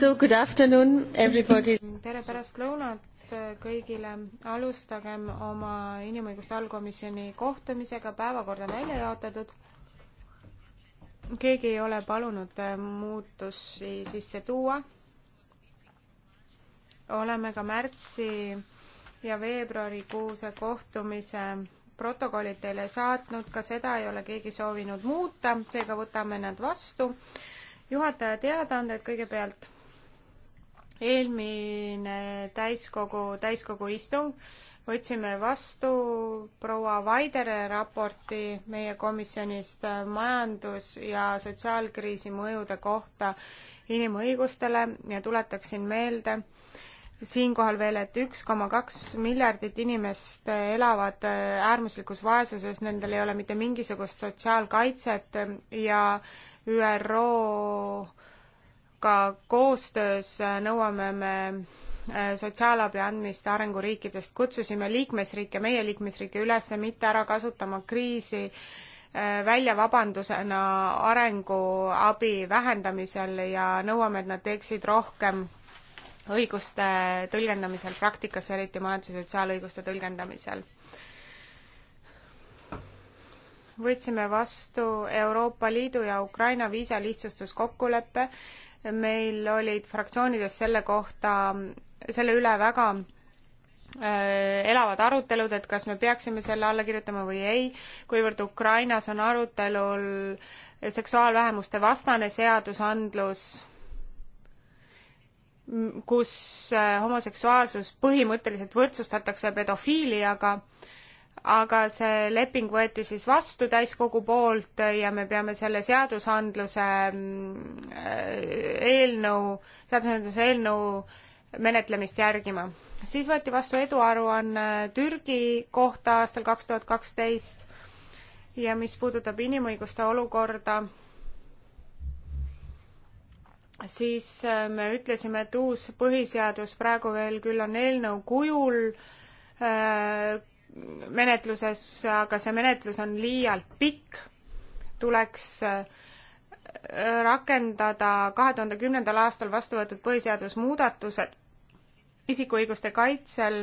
So good afternoon everybody. tere pärastlõunat kõigile. alustagem oma inimõiguste allkomisjoni kohtumisega. päevakord on välja jaotatud. keegi ei ole palunud muutusi sisse tuua. oleme ka märtsi ja veebruarikuuse kohtumise protokollid teile saatnud, ka seda ei ole keegi soovinud muuta, seega võtame nad vastu. juhataja teadaanded kõigepealt eelmine täiskogu, täiskogu istung võtsime vastu proua Vaidere raporti meie komisjonist äh, majandus- ja sotsiaalkriisi mõjude kohta inimõigustele ja tuletaksin meelde siinkohal veel, et üks koma kaks miljardit inimest äh, elavad äh, äärmuslikus vaesuses, nendel ei ole mitte mingisugust sotsiaalkaitset ja ÜRO ka koostöös äh, nõuame me äh, sotsiaalabi andmist arenguriikidest, kutsusime liikmesriike, meie liikmesriike üles mitte ära kasutama kriisi äh, välja vabandusena arenguabi vähendamisel ja nõuame, et nad teeksid rohkem õiguste tõlgendamisel praktikas, eriti majandus- ja sotsiaalõiguste tõlgendamisel. võtsime vastu Euroopa Liidu ja Ukraina viisalihtsustuskokkuleppe, meil olid fraktsioonides selle kohta, selle üle väga äh, elavad arutelud, et kas me peaksime selle alla kirjutama või ei, kuivõrd Ukrainas on arutelul seksuaalvähemuste vastane seadusandlus, kus äh, homoseksuaalsus põhimõtteliselt võrdsustatakse pedofiiliaga äh,, aga see leping võeti siis vastu täiskogu poolt ja me peame selle seadusandluse mm, äh, eelnõu, seadusandluse eelnõu menetlemist järgima. siis võeti vastu eduaruanne Türgi kohta aastal kaks tuhat kaksteist ja mis puudutab inimõiguste olukorda, siis äh, me ütlesime, et uus põhiseadus praegu veel küll on eelnõu kujul äh, menetluses, aga see menetlus on liialt pikk, tuleks äh, rakendada kahe tuhande kümnendal aastal vastu võetud põhiseadusmuudatused isikuõiguste kaitsel,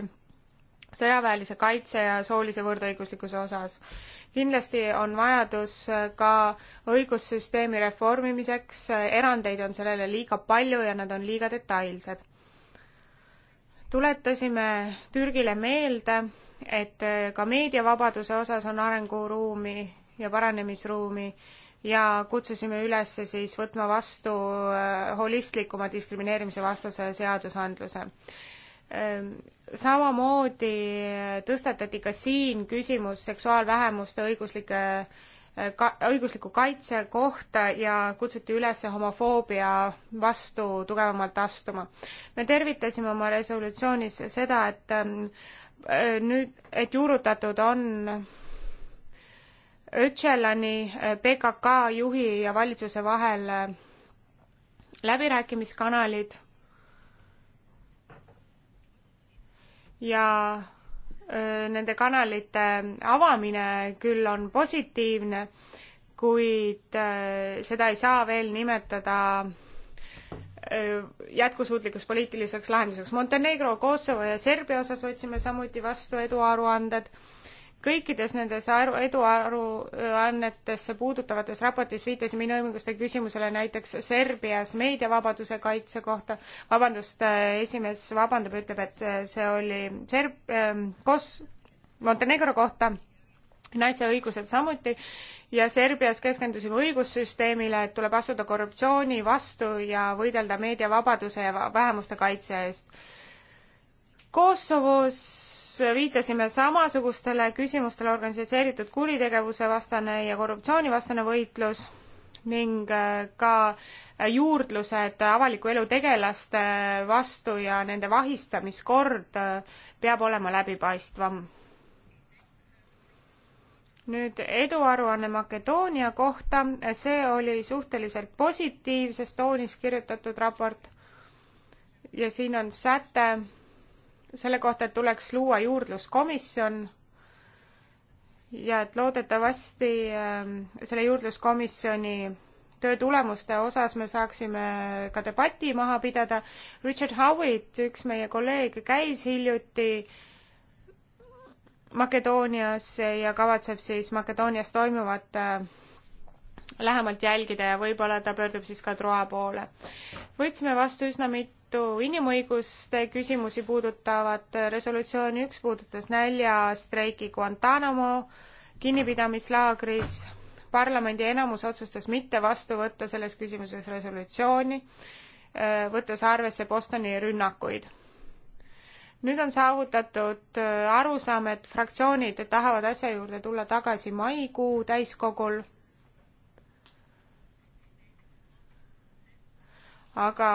sõjaväelise kaitse ja soolise võrdõiguslikkuse osas. kindlasti on vajadus äh, ka õigussüsteemi reformimiseks, erandeid on sellele liiga palju ja nad on liiga detailsed. tuletasime Türgile meelde, et äh, ka meediavabaduse osas on arenguruumi ja paranemisruumi ja kutsusime üles siis võtma vastu äh, holistlikuma diskrimineerimise vastase seadusandluse. Ähm, samamoodi äh, tõstatati ka siin küsimus seksuaalvähemuste õiguslike ka-, õigusliku kaitse kohta ja kutsuti üles homofoobia vastu tugevamalt astuma. me tervitasime oma resolutsioonis seda, et ähm, Äh, nüüd, et juurutatud on Öcalani äh, PKK juhi ja valitsuse vahel äh, läbirääkimiskanalid ja nende kanalite avamine küll on positiivne, kuid seda ei saa veel nimetada Äh, jätkusuutlikuks poliitiliseks lahenduseks. Montenegro, Kosovo ja Serbia osas võtsime samuti vastu eduaruanded. kõikides nendes eduaruannetesse puudutavates raportis viitasime inimõiguste küsimusele näiteks Serbias meediavabaduse kaitse kohta. vabandust, äh, esimees vabandab, ütleb, et äh, see oli Serb- äh,, Kos-, Montenegro kohta naiste õigused samuti ja Serbias keskendusime õigussüsteemile, et tuleb astuda korruptsiooni vastu ja võidelda meediavabaduse ja vähemuste kaitse eest. Kosovos viitasime samasugustele küsimustele organiseeritud kuritegevuse vastane ja korruptsioonivastane võitlus ning äh, ka äh, juurdlused avaliku elu tegelaste vastu ja nende vahistamiskord äh, peab olema läbipaistvam nüüd eduaruanne Makedoonia kohta, see oli suhteliselt positiivses toonis kirjutatud raport ja siin on säte selle kohta, et tuleks luua juurdluskomisjon ja et loodetavasti äh, selle juurdluskomisjoni töö tulemuste osas me saaksime ka debati maha pidada. Richard Howitt, üks meie kolleeg, käis hiljuti äh, Makedoonias ja kavatseb siis Makedoonias toimuvat äh, lähemalt jälgida ja võib-olla ta pöördub siis ka Troa poole. võtsime vastu üsna mitu inimõiguste küsimusi puudutavat äh, resolutsiooni, üks puudutas näljastreiki Guantanamo kinnipidamislaagris, parlamendi enamus otsustas mitte vastu võtta selles küsimuses resolutsiooni, äh, võttes arvesse Bostoni rünnakuid nüüd on saavutatud äh, arusaam, et fraktsioonid tahavad asja juurde tulla tagasi maikuu täiskogul. aga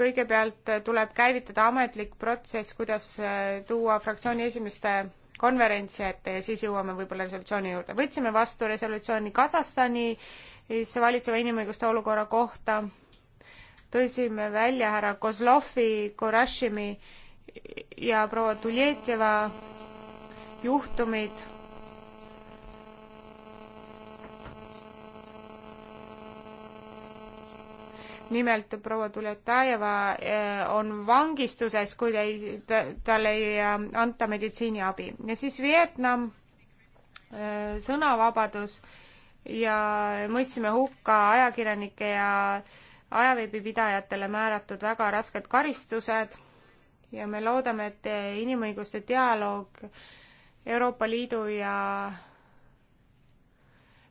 kõigepealt äh, tuleb käivitada ametlik protsess, kuidas äh, tuua fraktsiooni esimeste konverentsi ette ja siis jõuame võib-olla resolutsiooni juurde. võtsime vastu resolutsiooni Kasahstanis valitseva inimõiguste olukorra kohta tõsime välja härra Kozlovi, Korashimi ja proua Tuljetjeva juhtumid. nimelt proua Tuletajeva eh, on vangistuses, kuid ei ta,, talle ei eh, anta meditsiiniabi ja siis Vietnam, eh, sõnavabadus ja mõistsime hukka ajakirjanike ja äh, ajaveebipidajatele määratud väga rasked karistused ja me loodame, et inimõiguste dialoog Euroopa Liidu ja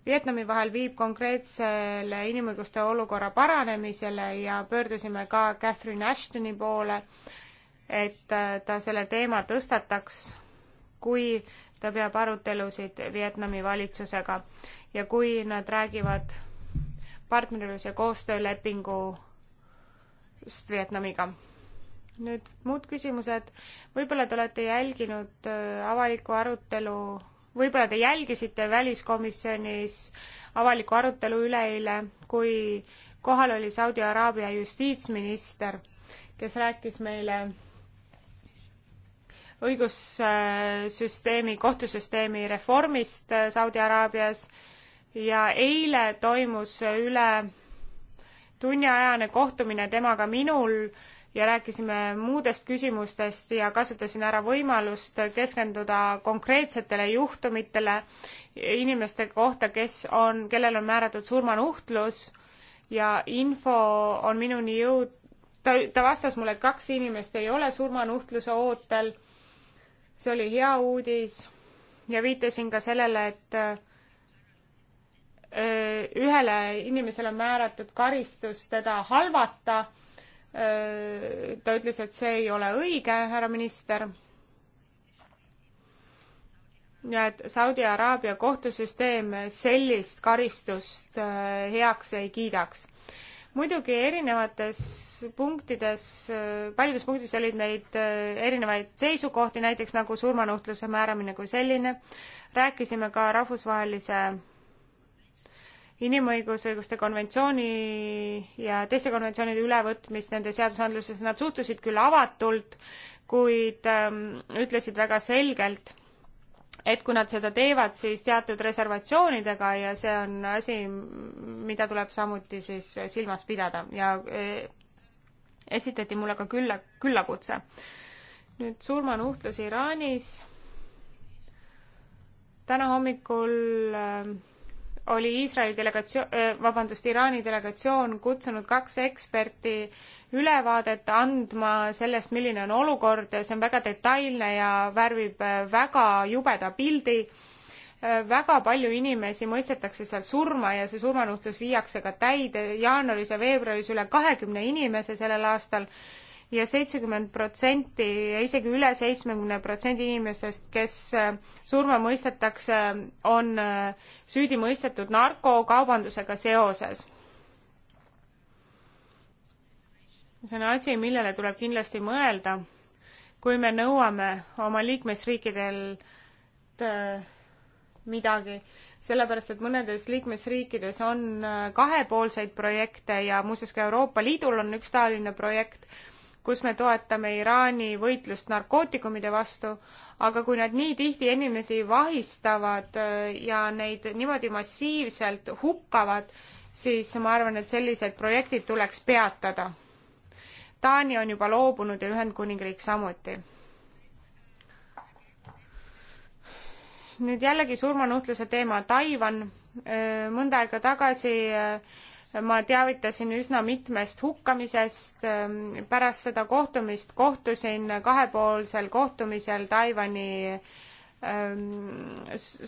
Vietnami vahel viib konkreetsele inimõiguste olukorra paranemisele ja pöördusime ka Catherine Ashtoni poole, et ta selle teema tõstataks, kui ta peab arutelusid Vietnami valitsusega ja kui nad räägivad partnerlus- ja koostöölepingust Vietnamiga. nüüd muud küsimused. võib-olla te olete jälginud äh, avalikku arutelu, võib-olla te jälgisite väliskomisjonis avalikku arutelu üleeile, kui kohal oli Saudi Araabia justiitsminister, kes rääkis meile õigussüsteemi, kohtusüsteemi reformist äh, Saudi Araabias ja eile toimus üle tunniajane kohtumine temaga minul ja rääkisime muudest küsimustest ja kasutasin ära võimalust keskenduda konkreetsetele juhtumitele inimeste kohta, kes on, kellel on määratud surmanuhtlus ja info on minuni jõud-, ta, ta vastas mulle, et kaks inimest ei ole surmanuhtluse ootel. see oli hea uudis ja viitasin ka sellele, et Äh, ühele inimesele määratud karistus teda halvata. Äh, ta ütles, et see ei ole õige, härra minister. ja et Saudi Araabia kohtusüsteem sellist karistust äh, heaks ei kiidaks muidugi erinevates punktides, paljudes punktides olid neid erinevaid seisukohti, näiteks nagu surmanuhtluse määramine kui selline. rääkisime ka rahvusvahelise inimõigusõiguste konventsiooni ja teiste konventsioonide ülevõtmist nende seadusandluses, nad suhtusid küll avatult, kuid ähm, ütlesid väga selgelt, et kui nad seda teevad, siis teatud reservatsioonidega ja see on asi, mida tuleb samuti siis silmas pidada ja äh, esitati mulle ka külla, küllakutse. nüüd surmanuhtlus Iraanis. täna hommikul äh, oli Iisraeli delegatsioon, äh, vabandust, Iraani delegatsioon kutsunud kaks eksperti ülevaadet andma sellest, milline on olukord, see on väga detailne ja värvib äh, väga jubeda pildi. Äh, väga palju inimesi mõistetakse seal surma ja see surmanuhtlus viiakse ka täide, jaanuaris ja veebruaris üle kahekümne inimese sellel aastal ja seitsekümmend protsenti ja isegi üle seitsmekümne protsendi inimestest, kes äh, surma mõistetakse, on äh, süüdi mõistetud narkokaubandusega seoses. see on asi, millele tuleb kindlasti mõelda, kui me nõuame oma liikmesriikidelt äh, midagi, sellepärast et mõnedes liikmesriikides on kahepoolseid projekte ja muuseas ka Euroopa Liidul on üks taoline projekt kus me toetame Iraani võitlust narkootikumide vastu, aga kui nad nii tihti inimesi vahistavad äh, ja neid niimoodi massiivselt hukkavad, siis ma arvan, et sellised projektid tuleks peatada. Taani on juba loobunud ja Ühendkuningriik samuti. nüüd jällegi surmanuhtluse teema, Taiwan äh, mõnda aega tagasi äh, ma teavitasin üsna mitmest hukkamisest, ähm, pärast seda kohtumist kohtusin kahepoolsel kohtumisel Taiwan'i ähm,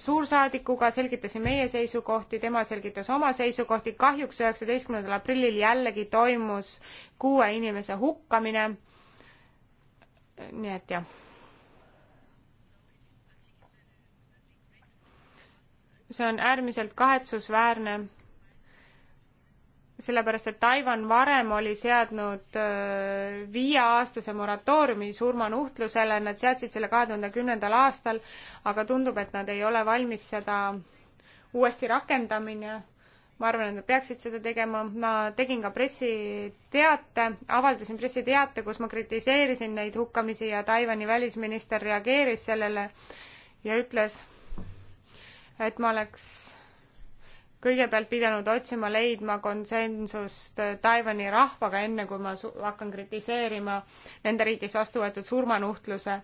suursaadikuga, selgitasin meie seisukohti, tema selgitas oma seisukohti, kahjuks üheksateistkümnendal aprillil jällegi toimus kuue inimese hukkamine. nii et jah. see on äärmiselt kahetsusväärne sellepärast, et Taiwan varem oli seadnud äh, viieaastase moratooriumi surmanuhtlusele, nad seadsid selle kahe tuhande kümnendal aastal, aga tundub, et nad ei ole valmis seda uuesti rakendamine. ma arvan, et nad peaksid seda tegema, ma tegin ka pressiteate, avaldasin pressiteate, kus ma kritiseerisin neid hukkamisi ja Taiwan'i välisminister reageeris sellele ja ütles, et ma oleks kõigepealt pidanud otsima, leidma konsensust Taiwan'i rahvaga, enne kui ma hakkan kritiseerima nende riigis vastu võetud surmanuhtluse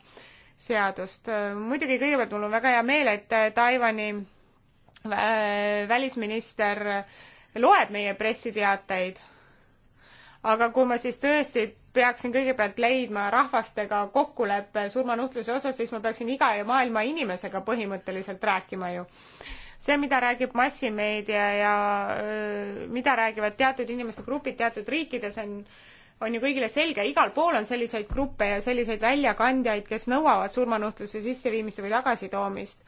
seadust. muidugi kõigepealt mul on väga hea meel, et Taiwan'i äh, välisminister loeb meie pressiteateid. aga kui ma siis tõesti peaksin kõigepealt leidma rahvastega kokkuleppe surmanuhtluse osas, siis ma peaksin iga maailma inimesega põhimõtteliselt rääkima ju see, mida räägib massimeedia ja öö, mida räägivad teatud inimeste grupid teatud riikides, on on ju kõigile selge, igal pool on selliseid gruppe ja selliseid väljakandjaid, kes nõuavad surmanuhtluse sisseviimist või tagasitoomist.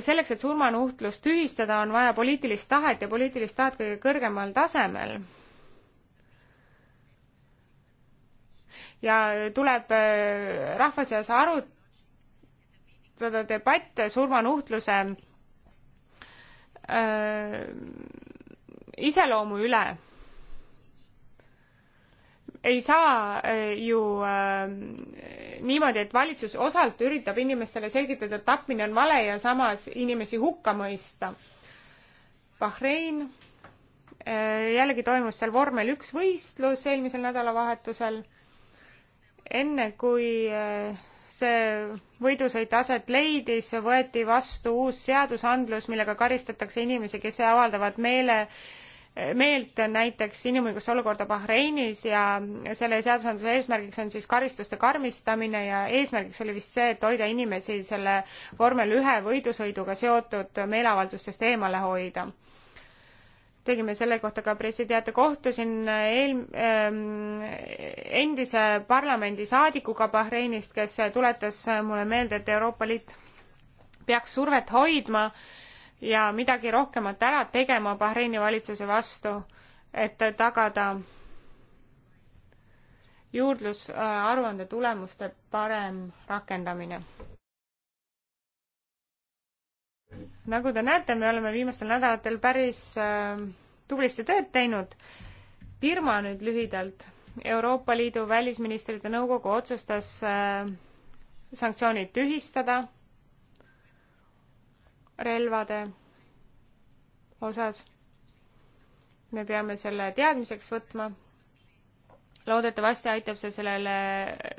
selleks, et surmanuhtlus tühistada, on vaja poliitilist tahet ja poliitilist tahet kõige kõrgemal tasemel. ja tuleb rahva seas arutada debatt surmanuhtluse äh, iseloomu üle. ei saa äh, ju äh, niimoodi, et valitsus osalt üritab inimestele selgitada, et tapmine on vale ja samas inimesi hukka mõista. Bahrein äh,, jällegi toimus seal vormel üks võistlus eelmisel nädalavahetusel, enne kui äh, see võidusõit aset leidis, võeti vastu uus seadusandlus, millega karistatakse inimesi, kes avaldavad meele, meelt näiteks inimõiguste olukorda Bahreinis ja selle seadusandluse eesmärgiks on siis karistuste karmistamine ja eesmärgiks oli vist see, et hoida inimesi selle vormel ühe võidusõiduga seotud meeleavaldustest eemale hoida tegime selle kohta ka pressiteate, kohtusin eel- ähm,, endise parlamendisaadikuga Bahreinist, kes tuletas mulle meelde, et Euroopa Liit peaks survet hoidma ja midagi rohkemat ära tegema Bahreini valitsuse vastu, et tagada juurdlusaruande tulemuste parem rakendamine nagu te näete, me oleme viimastel nädalatel päris äh, tublisti tööd teinud. Birma nüüd lühidalt. Euroopa Liidu välisministrite nõukogu otsustas äh, sanktsioonid tühistada relvade osas. me peame selle teadmiseks võtma loodetavasti aitab see sellele,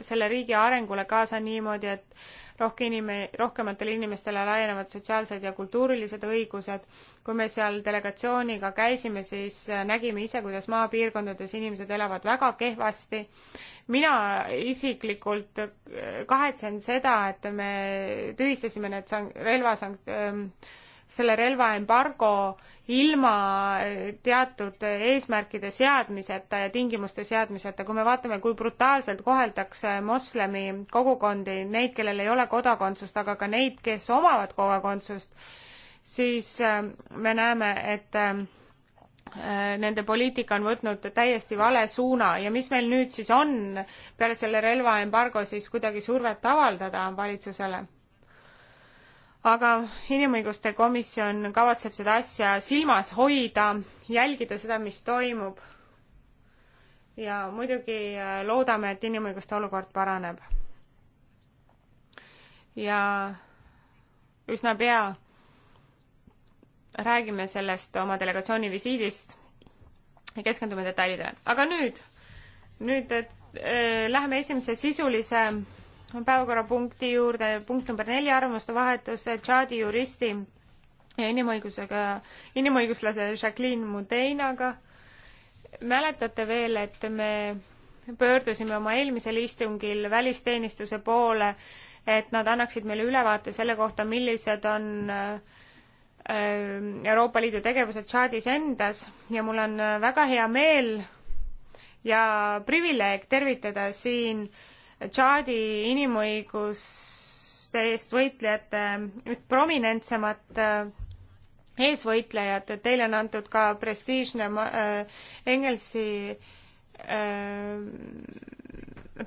selle riigi arengule kaasa niimoodi, et rohke inime-, rohkematele inimestele laienevad sotsiaalsed ja kultuurilised õigused. kui me seal delegatsiooniga käisime, siis nägime ise, kuidas maapiirkondades inimesed elavad väga kehvasti. mina isiklikult eh, kahetsen seda, et me tühistasime need sang-, relvasank-, ehm, selle relvaembargo ilma eh, teatud eh, eesmärkide seadmiseta ja tingimuste seadmiseta, kui me vaatame, kui brutaalselt koheldakse moslemi kogukondi, neid, kellel ei ole kodakondsust, aga ka neid, kes omavad kodakondsust, siis eh, me näeme, et nende poliitika on võtnud täiesti vale suuna ja mis meil nüüd siis on peale selle relvaembargo siis kuidagi survet avaldada valitsusele? aga Inimõiguste Komisjon kavatseb seda asja silmas hoida, jälgida seda, mis toimub. ja muidugi äh, loodame, et inimõiguste olukord paraneb. ja üsna pea räägime sellest oma delegatsiooni visiidist ja keskendume detailidele. aga nüüd, nüüd et, äh, läheme esimese sisulise päevakorrapunkti juurde, punkt number neli, arvamuste vahetus Tšaadi juristi ja inimõigusega, inimõiguslase Jacqueline Mudeinaga. mäletate veel, et me pöördusime oma eelmisel istungil välisteenistuse poole, et nad annaksid meile ülevaate selle kohta, millised on äh, Euroopa Liidu tegevused Tšaadis endas ja mul on väga hea meel ja privileeg tervitada siin äh, Tšaadi inimõiguste eest võitlejate üht prominentsemat äh, eesvõitlejat, et teile on antud ka prestiižne äh, Engelsi äh,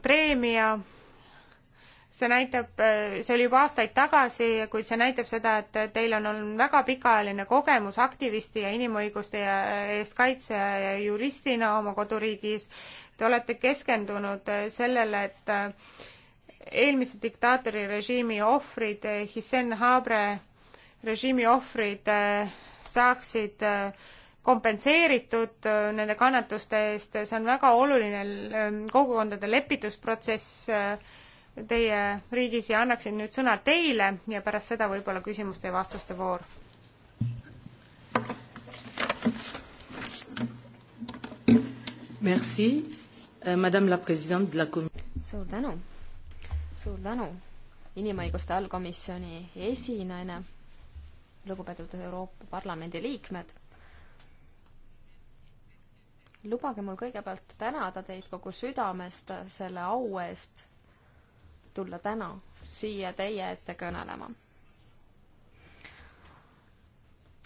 preemia see näitab, see oli juba aastaid tagasi, kuid see näitab seda, et teil on olnud väga pikaajaline kogemus aktivisti ja inimõiguste eest kaitsja ja juristina oma koduriigis. Te olete keskendunud sellele, et eelmise diktaatori režiimi ohvrid, Hissen Habre režiimi ohvrid saaksid kompenseeritud nende kannatuste eest, see on väga oluline kogukondade lepitusprotsess teie riigis ja annaksin nüüd sõna teile ja pärast seda võib-olla küsimuste ja vastuste voor. Merci, euh, madame la president de la com-. suur tänu, suur tänu, inimõiguste allkomisjoni esinaine, lugupeetud Euroopa Parlamendi liikmed lubage mul kõigepealt tänada teid kogu südamest selle au eest, tulla täna siia teie ette kõnelema.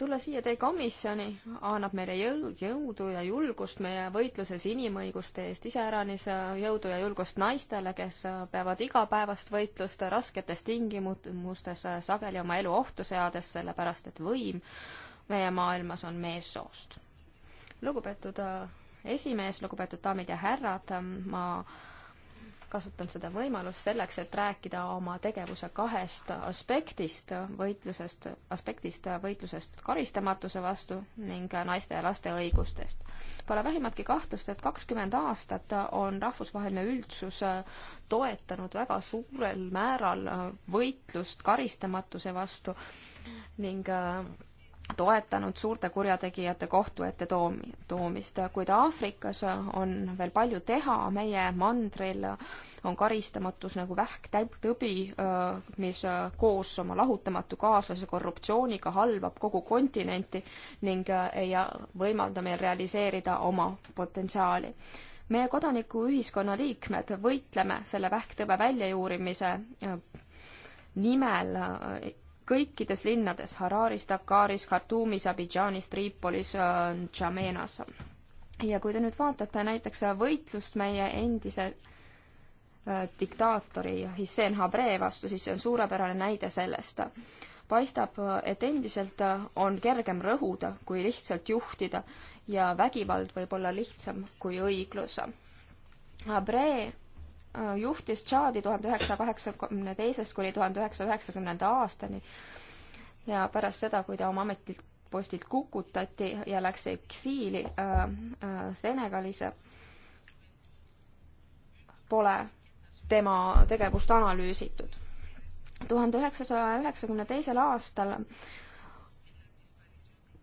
tulla siia teie komisjoni annab meile jõud, jõudu ja julgust meie võitluses inimõiguste eest, iseäranis äh, jõudu ja julgust naistele, kes äh, peavad igapäevast võitlust rasketes tingimustes, äh, sageli oma elu ohtu seades, sellepärast et võim meie maailmas on meessoost. lugupeetud esimees, lugupeetud daamid ja härrad, ähm, ma kasutan seda võimalust selleks, et rääkida oma tegevuse kahest aspektist, võitlusest, aspektist võitlusest karistamatuse vastu ning naiste ja laste õigustest. Pole vähimatki kahtlust, et kakskümmend aastat on rahvusvaheline üldsus toetanud väga suurel määral võitlust karistamatuse vastu ning toetanud suurte kurjategijate kohtu ette toomi-, toomist, kuid Aafrikas on veel palju teha, meie mandril on karistamatus nagu vähk tõbi, mis koos oma lahutamatu kaaslase korruptsiooniga halvab kogu kontinenti ning ei võimalda meil realiseerida oma potentsiaali meie kodanikuühiskonna liikmed võitleme selle vähktõbe väljajuurimise nimel kõikides linnades Hararis, Dakaris, Khartoumis, Abidžaanis, Tripolis, äh, Džamenas. ja kui te nüüd vaatate näiteks võitlust meie endise äh, diktaatori Hisseen Habre vastu, siis see on suurepärane näide sellest. paistab, et endiselt on kergem rõhuda, kui lihtsalt juhtida ja vägivald võib olla lihtsam kui õiglus. Habre Äh, juhtis Tšaadi tuhande üheksasaja kaheksakümne teisest kuni tuhande üheksasaja üheksakümnenda aastani. ja pärast seda, kui ta oma ametilt, postilt kukutati ja läks eksiili äh, äh, Senegalis, pole tema tegevust analüüsitud. tuhande üheksasaja üheksakümne teisel aastal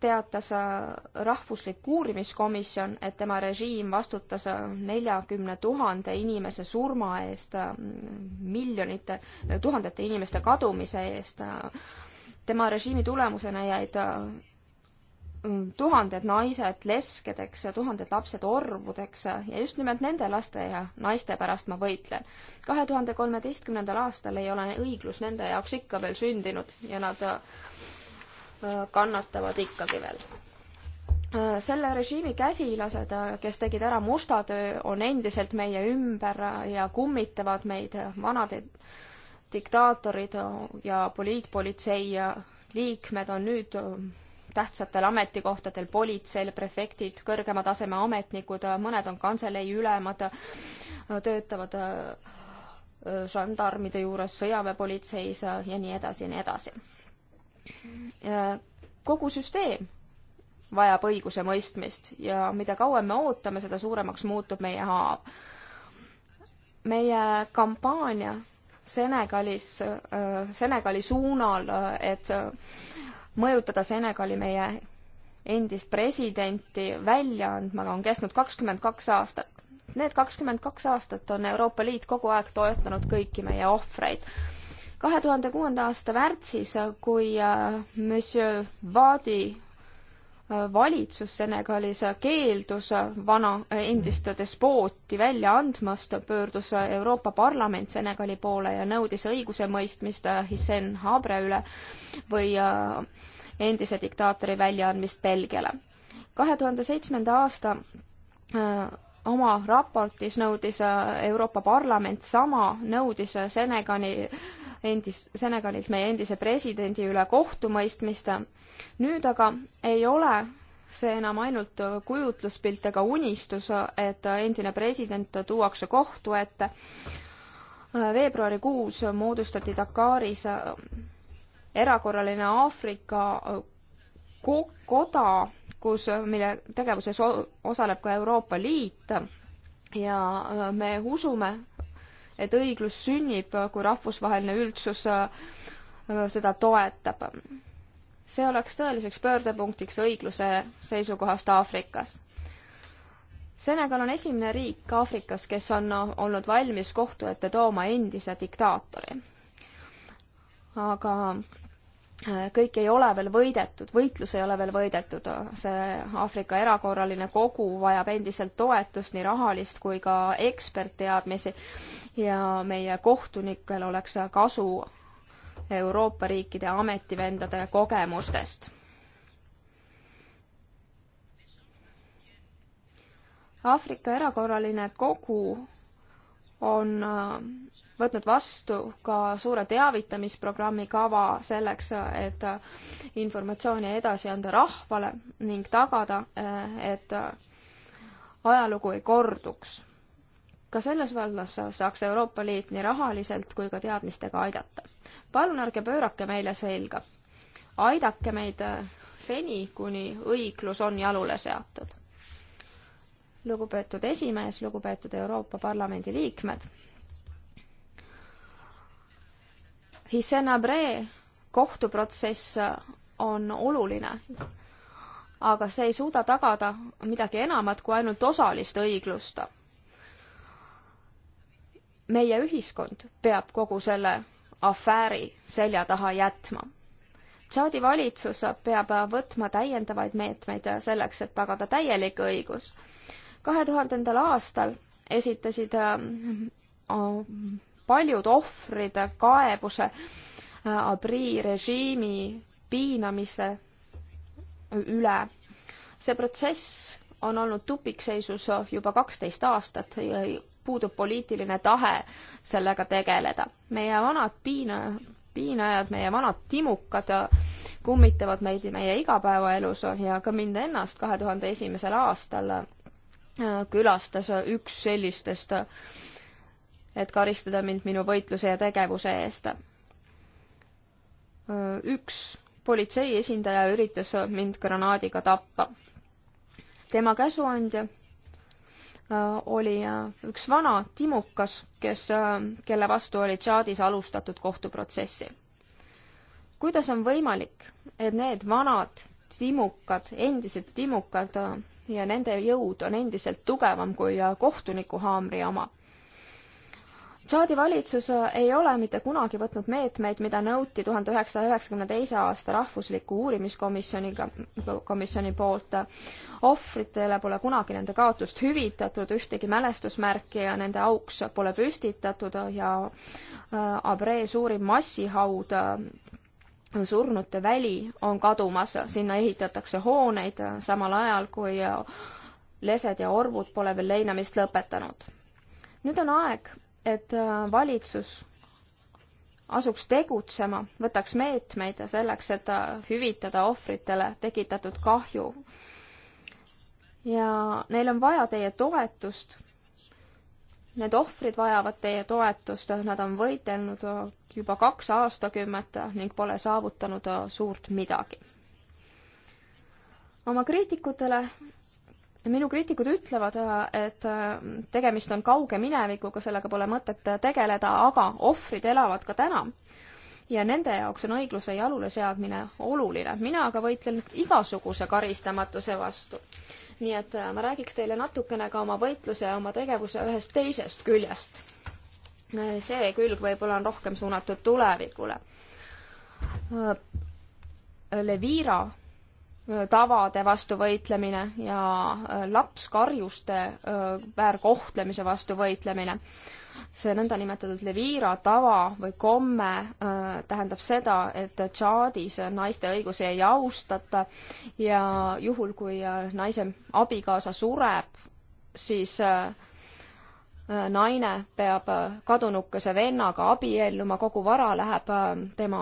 teatas äh, rahvuslik uurimiskomisjon, et tema režiim vastutas äh, neljakümne tuhande inimese surma eest, äh, miljonite, tuhandete inimeste kadumise eest. tema režiimi tulemusena jäid tuhanded naised leskedeks ja tuhanded lapsed orvudeks ja just nimelt nende laste ja naiste pärast ma võitlen. kahe tuhande kolmeteistkümnendal aastal ei ole õiglus nende jaoks ikka veel sündinud ja nad Äh, kannatavad ikkagi veel. Äh, selle režiimi käsilased, äh, kes tegid ära musta töö, on endiselt meie ümber ja kummitavad meid vanad diktaatorid ja poliitpolitsei liikmed on nüüd tähtsatel ametikohtadel, politseil, prefektid, kõrgema taseme ametnikud, mõned on kantselei ülemad, töötavad žandarmide juures, sõjaväepolitseis ja nii edasi ja nii edasi. Äh, kogu süsteem vajab õigusemõistmist ja mida kauem me ootame, seda suuremaks muutub meie haav. meie kampaania Senegalis, äh, Senegali suunal, äh, et mõjutada Senegali meie endist presidenti välja andma, on kestnud kakskümmend kaks aastat. Need kakskümmend kaks aastat on Euroopa Liit kogu aeg toetanud kõiki meie ohvreid kahe tuhande kuuenda aasta märtsis, kui äh, Monsieur Vaadi äh, valitsus Senegalis keeldus vana äh, endist despooti välja andmast, pöördus Euroopa Parlament Senegali poole ja nõudis õigusemõistmist Hissen Habre üle või endise diktaatori väljaandmist Belgiale. kahe tuhande seitsmenda aasta oma raportis nõudis Euroopa Parlament sama, nõudis Senegali endis, Senegalilt meie endise presidendi üle kohtumõistmist. nüüd aga ei ole see enam ainult kujutluspilt ega unistus, et endine president tuuakse kohtu ette. veebruarikuus moodustati Dakaris erakorraline Aafrika ko-, koda, kus, mille tegevuses osaleb ka Euroopa Liit ja me usume, et õiglus sünnib, kui rahvusvaheline üldsus äh, seda toetab. see oleks tõeliseks pöördepunktiks õigluse seisukohast Aafrikas. Senegal on esimene riik Aafrikas, kes on olnud valmis kohtu ette tooma endise diktaatori. aga kõik ei ole veel võidetud, võitlus ei ole veel võidetud, see Aafrika erakorraline kogu vajab endiselt toetust, nii rahalist kui ka ekspertteadmisi ja meie kohtunikel oleks kasu Euroopa riikide ametivendade kogemustest Aafrika erakorraline kogu on äh, võtnud vastu ka suure teavitamisprogrammi kava selleks, äh, et äh, informatsiooni edasi anda rahvale ning tagada, et ajalugu ei korduks. ka selles vallas saaks Euroopa Liit nii rahaliselt kui ka teadmistega aidata. palun ärge pöörake meile selga. aidake meid seni, kuni õiglus on jalule seatud lugupeetud esimees, lugupeetud Euroopa Parlamendi liikmed. Hissena Bre kohtuprotsess on oluline, aga see ei suuda tagada midagi enamat kui ainult osalist õiglust. meie ühiskond peab kogu selle afääri selja taha jätma Tšaadi valitsus peab võtma täiendavaid meetmeid selleks, et tagada täielik õigus kahe tuhandendal aastal esitasid äh, äh, paljud ohvrid kaebuse äh, Abri režiimi piinamise üle. see protsess on olnud tupikseisus juba kaksteist aastat, puudub poliitiline tahe sellega tegeleda. meie vanad piina, piinajad, meie vanad timukad kummitavad meid meie igapäevaelus ja ka mind ennast kahe tuhande esimesel aastal külastas üks sellistest, et karistada mind minu võitluse ja tegevuse eest. üks politsei esindaja üritas mind granaadiga tappa. tema käsuandja äh, oli äh, üks vana timukas, kes, äh, kelle vastu oli Tšaadis alustatud kohtuprotsessi. kuidas on võimalik, et need vanad timukad, endised timukad ja nende jõud on endiselt tugevam kui äh, kohtuniku haamri oma. Tšaadi valitsus äh, ei ole mitte kunagi võtnud meetmeid, mida nõuti tuhande üheksasaja üheksakümne teise aasta rahvusliku uurimiskomisjoniga, komisjoni poolt. ohvritele pole kunagi nende kaotust hüvitatud, ühtegi mälestusmärki ja nende auks pole püstitatud ja äh, Abre suurim massihaud surnute väli on kadumas, sinna ehitatakse hooneid, samal ajal kui lesed ja orvud pole veel leinamist lõpetanud. nüüd on aeg, et äh, valitsus asuks tegutsema, võtaks meetmeid selleks, et äh, hüvitada ohvritele tekitatud kahju. ja neil on vaja teie toetust Need ohvrid vajavad teie toetust, nad on võidelnud juba kaks aastakümmet ning pole saavutanud suurt midagi. oma kriitikutele minu kriitikud ütlevad, et tegemist on kauge minevikuga, sellega pole mõtet tegeleda, aga ohvrid elavad ka täna ja nende jaoks on õigluse jalule seadmine oluline. mina aga võitlen igasuguse karistamatuse vastu. nii et äh, ma räägiks teile natukene ka oma võitluse ja oma tegevuse ühest teisest küljest. Äh, see külg võib-olla on rohkem suunatud tulevikule. Äh, Levira tavade vastu võitlemine ja lapskarjuste väärkohtlemise vastu võitlemine see nõndanimetatud Levira tava või komme äh, tähendab seda, et Tšaadis naiste õigusi ei austata ja juhul, kui äh, naise abikaasa sureb, siis äh, naine peab kadunukese vennaga abielluma, kogu vara läheb tema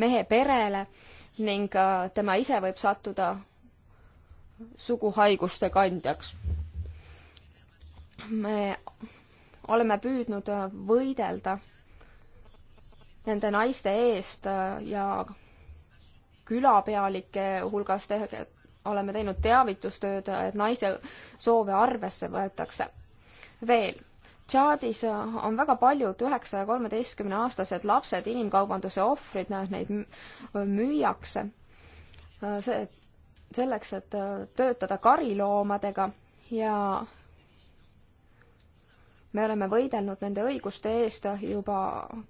mehe perele ning tema ise võib sattuda suguhaiguste kandjaks me oleme püüdnud äh, võidelda nende naiste eest äh, ja külapealike hulgas te-, oleme teinud teavitustööd, et naise soove arvesse võetakse. veel, Tšaadis äh, on väga paljud üheksa ja kolmeteistkümne aastased lapsed inimkaubanduse ohvrid, neid müüakse see, selleks, et töötada kariloomadega ja me oleme võidelnud nende õiguste eest juba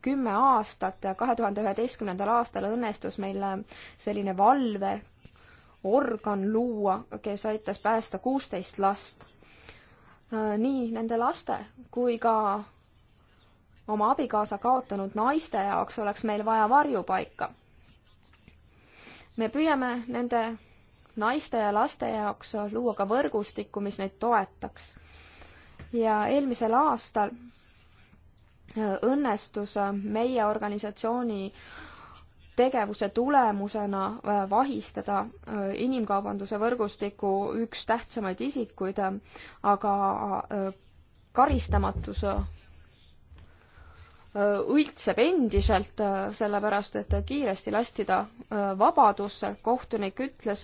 kümme aastat ja kahe tuhande üheteistkümnendal aastal õnnestus meil selline valveorgan luua, kes aitas päästa kuusteist last. nii nende laste kui ka oma abikaasa kaotanud naiste jaoks oleks meil vaja varjupaika. me püüame nende naiste ja laste jaoks luua ka võrgustikku, mis neid toetaks ja eelmisel aastal äh, õnnestus äh, meie organisatsiooni tegevuse tulemusena äh, vahistada inimkaubanduse võrgustiku üks tähtsamaid isikuid, aga karistamatus õiltseb endiselt, sellepärast et kiiresti lasti ta vabadusse, kohtunik ütles,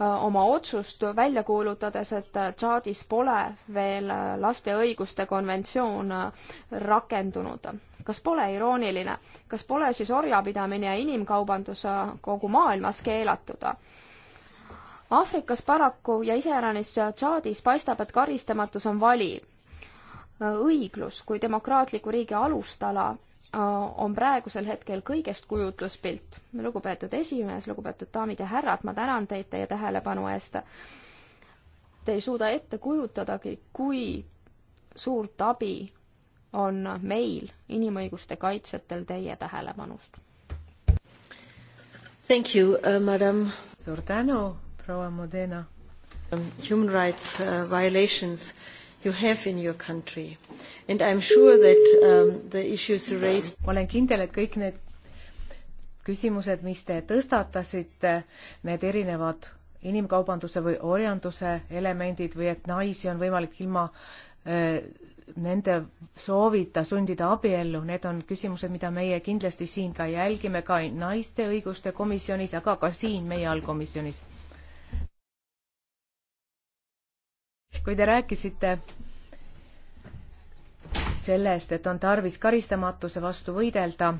Äh, oma otsust välja kuulutades, et äh, Tšaadis pole veel äh, laste õiguste konventsioon rakendunud. kas pole irooniline, kas pole siis orjapidamine ja inimkaubandus kogu maailmas keelatud? Aafrikas paraku ja iseäranis Tšaadis paistab, et karistamatus on valiv õiglus kui demokraatliku riigi alustala Äh, on praegusel hetkel kõigest kujutluspilt. lugupeetud esimees, lugupeetud daamid ja härrad, ma tänan teid teie tähelepanu eest. Te ei suuda ette kujutadagi, kui suurt abi on meil, inimõiguste kaitsjatel, teie tähelepanust. Thank you uh,, madam. suur tänu, proua Modena um,. Human rights uh, violations uh, you have in your country. And I am sure that um, the issues you raised olen kindel, et kõik need küsimused, mis te tõstatasite, need erinevad inimkaubanduse või orjanduse elemendid või et naisi on võimalik ilma öö, äh, nende soovita sundida abiellu, need on küsimused, mida meie kindlasti siin ka jälgime, ka naiste õiguste komisjonis, aga ka siin meie allkomisjonis. kui te rääkisite sellest, et on tarvis karistamatuse vastu võidelda,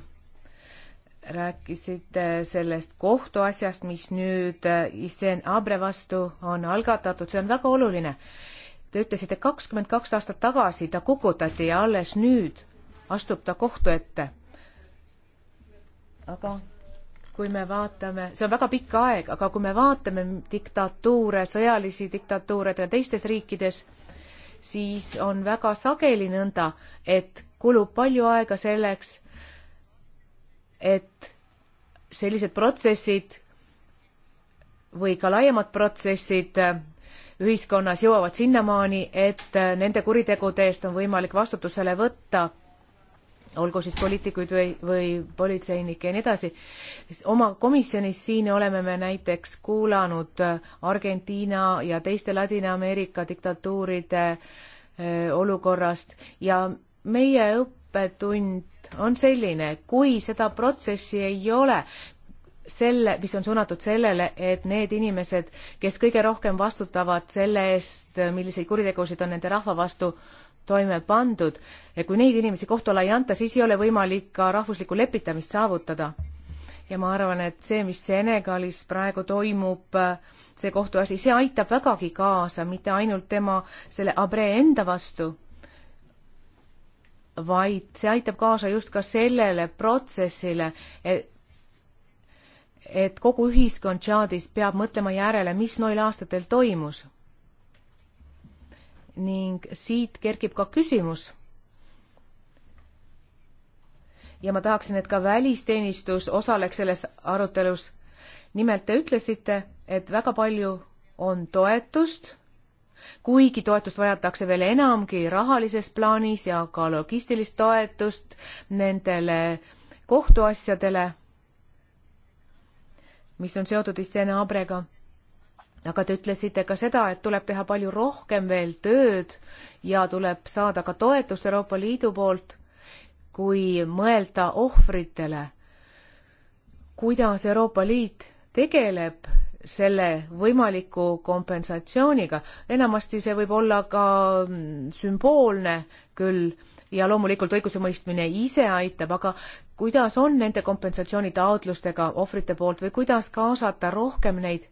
rääkisite sellest kohtuasjast, mis nüüd Isen Abre vastu on algatatud, see on väga oluline. Te ütlesite, kakskümmend kaks aastat tagasi ta kukutati ja alles nüüd astub ta kohtu ette. aga kui me vaatame, see on väga pikk aeg, aga kui me vaatame diktatuure, sõjalisi diktatuure teistes riikides, siis on väga sageli nõnda, et kulub palju aega selleks, et sellised protsessid või ka laiemad protsessid ühiskonnas jõuavad sinnamaani, et nende kuritegude eest on võimalik vastutusele võtta olgu siis poliitikuid või, või politseinikke ja nii edasi. oma komisjonis siin oleme me näiteks kuulanud äh, Argentiina ja teiste Ladina-Ameerika diktatuuride äh, olukorrast ja meie õppetund on selline, kui seda protsessi ei ole, selle, mis on suunatud sellele, et need inimesed, kes kõige rohkem vastutavad selle eest, milliseid kuritegusid on nende rahva vastu toime pandud ja kui neid inimesi kohtu alla ei anta, siis ei ole võimalik ka rahvuslikku lepitamist saavutada. ja ma arvan, et see, mis Senegalis praegu toimub, see kohtuasi, see aitab vägagi kaasa mitte ainult tema selle Abre enda vastu, vaid see aitab kaasa just ka sellele protsessile, et et kogu ühiskond Tšaadis peab mõtlema järele, mis neil aastatel toimus ning siit kerkib ka küsimus. ja ma tahaksin, et ka välisteenistus osaleks selles arutelus. nimelt te ütlesite, et väga palju on toetust, kuigi toetust vajatakse veel enamgi rahalises plaanis ja ka logistilist toetust nendele kohtuasjadele, mis on seotud Istene Abrega aga te ütlesite ka seda, et tuleb teha palju rohkem veel tööd ja tuleb saada ka toetust Euroopa Liidu poolt, kui mõelda ohvritele. kuidas Euroopa Liit tegeleb selle võimaliku kompensatsiooniga, enamasti see võib olla ka sümboolne küll ja loomulikult õigusemõistmine ise aitab, aga kuidas on nende kompensatsioonitaotlustega ohvrite poolt või kuidas kaasata rohkem neid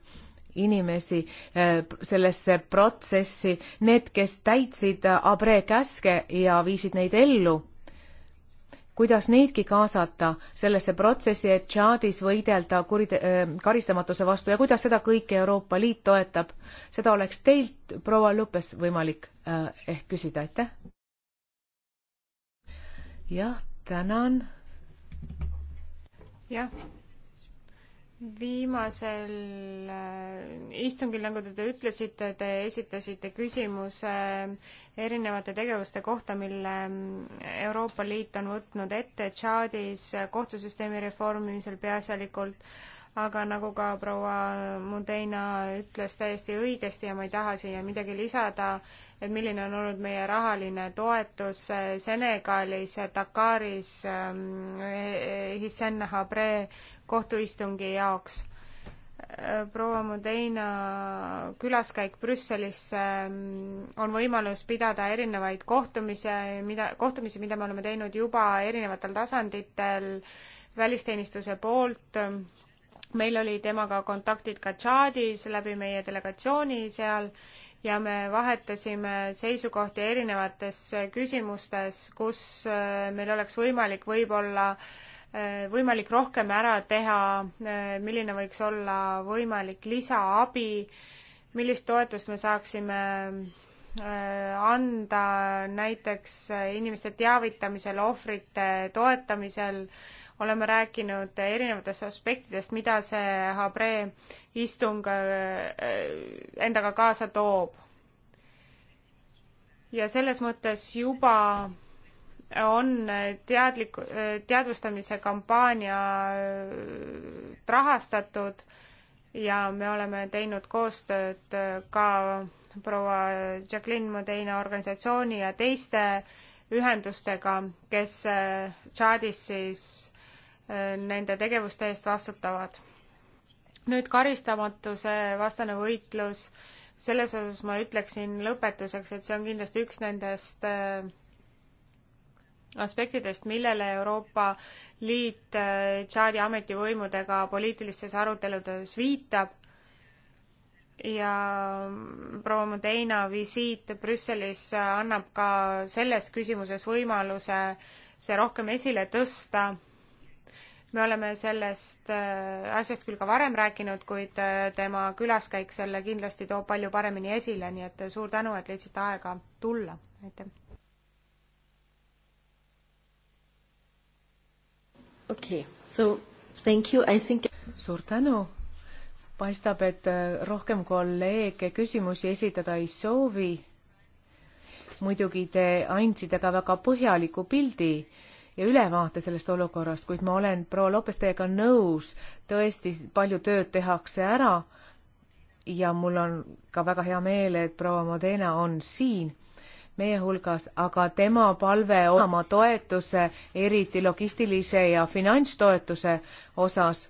inimesi eh, sellesse protsessi, need, kes täitsid eh, Abre käske ja viisid neid ellu, kuidas neidki kaasata sellesse protsessi, et Tšaadis võidelda kurite-, eh, karistamatuse vastu ja kuidas seda kõike Euroopa Liit toetab, seda oleks teilt, proua Lupes, võimalik ehk küsida, aitäh! jah, tänan! jah viimasel äh, istungil, nagu te ütlesite, te esitasite küsimuse äh, erinevate tegevuste kohta, mille äh, Euroopa Liit on võtnud ette Tšaadis kohtusüsteemi reformimisel peaasjalikult, aga nagu ka proua Mudeina ütles täiesti õigesti ja ma ei taha siia midagi lisada, et milline on olnud meie rahaline toetus Senegalis, Dakaris, ähm, Hissen Habre kohtuistungi jaoks. proua Modena külaskäik Brüsselisse mm, on võimalus pidada erinevaid kohtumisi, mida, kohtumisi, mida me oleme teinud juba erinevatel tasanditel välisteenistuse poolt meil oli temaga kontaktid ka Tšaadis läbi meie delegatsiooni seal ja me vahetasime seisukohti erinevates küsimustes, kus äh, meil oleks võimalik võib-olla äh, Äh, võimalik rohkem ära teha, äh, milline võiks olla võimalik lisaabi, millist toetust me saaksime äh, anda näiteks inimeste teavitamisel, ohvrite toetamisel, oleme rääkinud erinevatest aspektidest, mida see Habre istung endaga kaasa toob. ja selles mõttes juba on teadlik, teadvustamise kampaania äh, rahastatud ja me oleme teinud koostööd äh, ka proua Jacqueline Modeina organisatsiooni ja teiste ühendustega, kes äh, Tšaadis siis nende tegevuste eest vastutavad. nüüd karistamatuse vastane võitlus, selles osas ma ütleksin lõpetuseks, et see on kindlasti üks nendest äh, aspektidest, millele Euroopa Liit äh, Tšaadi ametivõimudega poliitilistes aruteludes viitab ja mm, proua Modeina visiit Brüsselis äh, annab ka selles küsimuses võimaluse see rohkem esile tõsta. me oleme sellest äh, asjast küll ka varem rääkinud, kuid tema külaskäik selle kindlasti toob palju paremini esile, nii et suur tänu, et leidsite aega tulla, aitäh! okei okay., so thank you, I think. suur tänu. paistab, et äh, rohkem kolleege küsimusi esitada ei soovi. muidugi te andsite ka väga põhjaliku pildi ja ülevaate sellest olukorrast, kuid ma olen, proua Lopes, teiega nõus. tõesti, palju tööd tehakse ära. ja mul on ka väga hea meel, et proua Modena on siin meie hulgas, aga tema palve oma toetuse, eriti logistilise ja finantstoetuse osas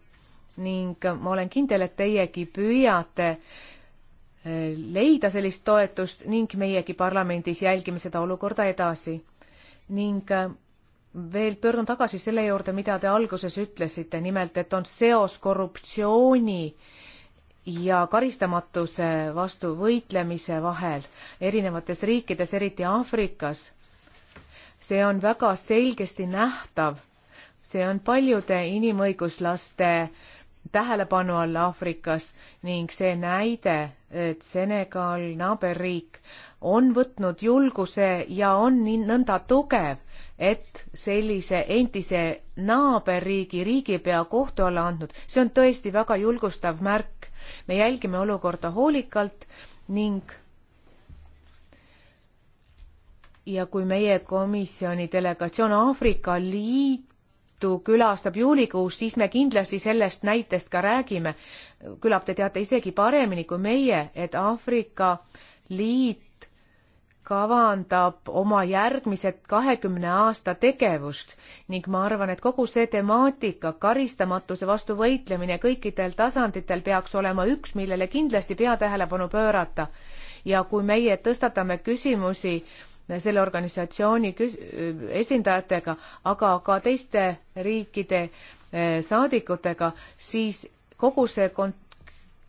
ning ma olen kindel, et teiegi püüate eh, leida sellist toetust ning meiegi parlamendis jälgime seda olukorda edasi. ning eh, veel pöördun tagasi selle juurde, mida te alguses ütlesite, nimelt et on seos korruptsiooni ja karistamatuse vastu võitlemise vahel erinevates riikides, eriti Aafrikas. see on väga selgesti nähtav, see on paljude inimõiguslaste tähelepanu all Aafrikas ning see näide, et Senegal, naaberriik, on võtnud julguse ja on nii nõnda tugev, et sellise endise naaberriigi riigipea kohtu alla andnud, see on tõesti väga julgustav märk me jälgime olukorda hoolikalt ning ja kui meie komisjoni delegatsioon Aafrika Liitu külastab juulikuus, siis me kindlasti sellest näitest ka räägime. küllap te teate isegi paremini kui meie, et Aafrika Liit kavandab oma järgmised kahekümne aasta tegevust ning ma arvan, et kogu see temaatika, karistamatuse vastu võitlemine kõikidel tasanditel peaks olema üks, millele kindlasti peatähelepanu pöörata. ja kui meie tõstatame küsimusi selle organisatsiooni küs-, esindajatega, aga ka teiste riikide eh, saadikutega, siis kogu see kon-,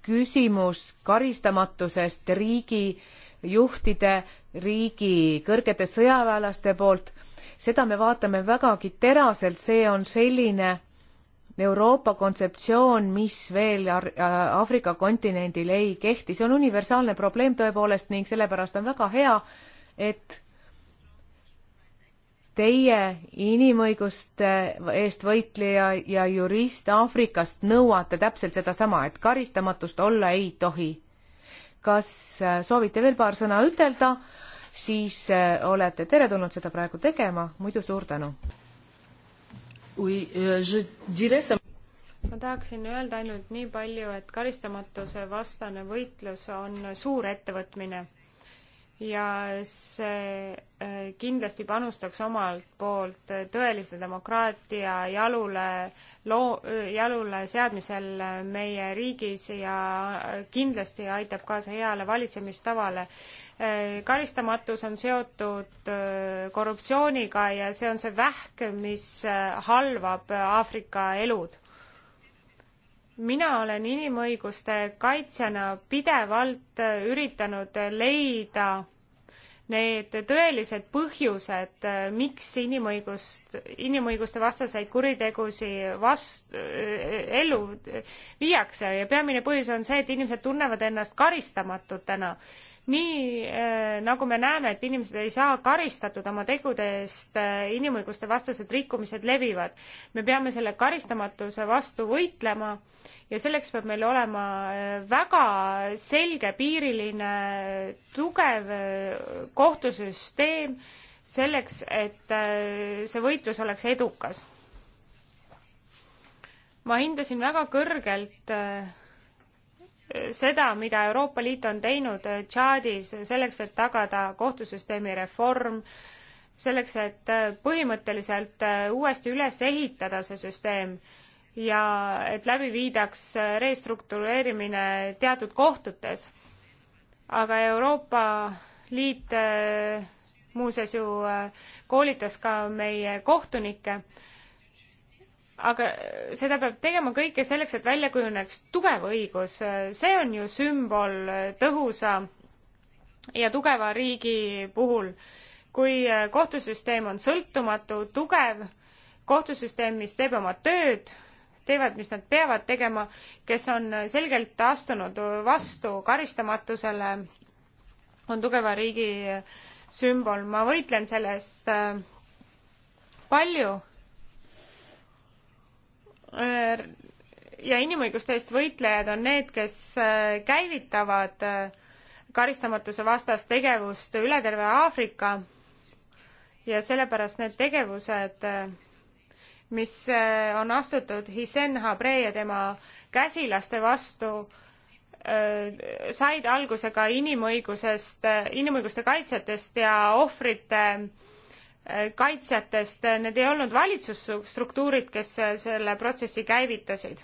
küsimus karistamatusest riigi juhtide riigi kõrgete sõjaväelaste poolt, seda me vaatame vägagi teraselt, see on selline Euroopa kontseptsioon, mis veel äh, Aafrika kontinendil ei kehti, see on universaalne probleem tõepoolest ning sellepärast on väga hea, et teie inimõiguste eest võitleja ja jurist Aafrikast nõuate täpselt sedasama, et karistamatust olla ei tohi kas äh, soovite veel paar sõna ütelda, siis äh, olete teretulnud seda praegu tegema, muidu suur tänu. Euh, ma tahaksin öelda ainult nii palju, et karistamatuse vastane võitlus on suur ettevõtmine ja see äh, kindlasti panustaks omalt poolt äh, tõelise demokraatia jalule loo-, jalule seadmisel äh, meie riigis ja kindlasti aitab kaasa heale valitsemistavale. karistamatus on seotud korruptsiooniga ja see on see vähk, mis halvab Aafrika elud mina olen inimõiguste kaitsjana pidevalt äh, üritanud leida need tõelised põhjused, äh, miks inimõigust, inimõiguste vastaseid kuritegusi vast-, äh, ellu viiakse ja peamine põhjus on see, et inimesed tunnevad ennast karistamatutena nii eh, nagu me näeme, et inimesed ei saa karistatud oma tegude eest, eh, inimõiguste vastased rikkumised levivad. me peame selle karistamatuse vastu võitlema ja selleks peab meil olema eh, väga selgepiiriline tugev kohtusüsteem selleks, et see võitlus oleks edukas. ma hindasin väga kõrgelt äh, seda, mida Euroopa Liit on teinud Tšaadis selleks, et tagada kohtusüsteemi reform, selleks, et põhimõtteliselt uuesti üles ehitada see süsteem ja et läbi viidaks restruktureerimine teatud kohtutes. aga Euroopa Liit eh, muuseas ju eh, koolitas ka meie kohtunikke aga seda peab tegema kõike selleks, et välja kujuneks tugev õigus, see on ju sümbol tõhusa ja tugeva riigi puhul. kui kohtusüsteem on sõltumatu, tugev, kohtusüsteem, mis teeb oma tööd, teevad, mis nad peavad tegema, kes on selgelt astunud vastu karistamatusele, on tugeva riigi sümbol, ma võitlen selle eest äh, palju Äh, ja inimõiguste eest võitlejad on need, kes äh, käivitavad äh, karistamatuse vastast tegevust üle terve Aafrika ja sellepärast need tegevused, mis on astutud Hisen Habre ja tema käsilaste vastu, said alguse ka inimõigusest, inimõiguste kaitsjatest ja ohvrite äh, kaitsjatest, need ei olnud valitsusstruktuurid, kes selle protsessi käivitasid.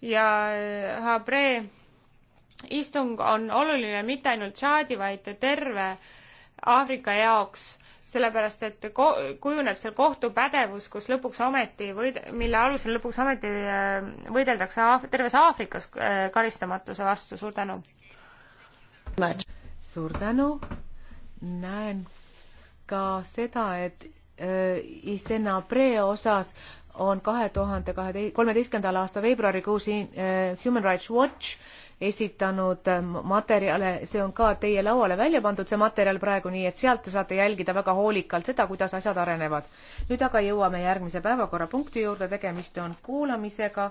ja äh, Habre istung on oluline mitte ainult Tšaadi, vaid terve Aafrika jaoks, sellepärast et ko-, kujuneb seal kohtupädevus, kus lõpuks ometi võid-, mille alusel lõpuks ometi äh, võideldakse Aaf-, terves Aafrikas äh, karistamatuse vastu, suur tänu! suur tänu, näen ka seda, et äh, Isena Pre osas on kahe tuhande kahe, kolmeteistkümnendal aasta veebruarikuus äh, Human Rights Watch esitanud äh, materjale, see on ka teie lauale välja pandud, see materjal praegu, nii et sealt te saate jälgida väga hoolikalt seda, kuidas asjad arenevad. nüüd aga jõuame järgmise päevakorrapunkti juurde, tegemist on kuulamisega,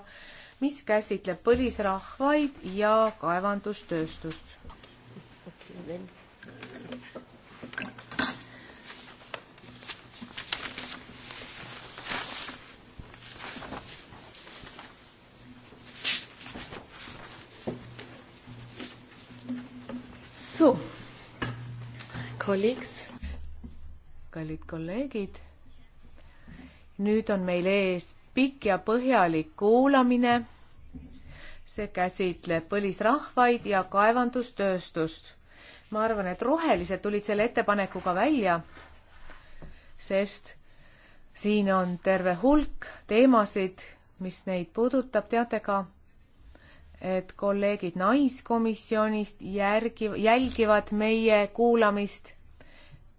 mis käsitleb põlisrahvaid ja kaevandustööstust okay,. So, colleagues. kallid kolleegid, nüüd on meil ees pikk ja põhjalik kuulamine. see käsitleb põlisrahvaid ja kaevandustööstust. ma arvan, et rohelised tulid selle ettepanekuga välja, sest siin on terve hulk teemasid, mis neid puudutab, teate ka et kolleegid naiskomisjonist järgi, jälgivad meie kuulamist,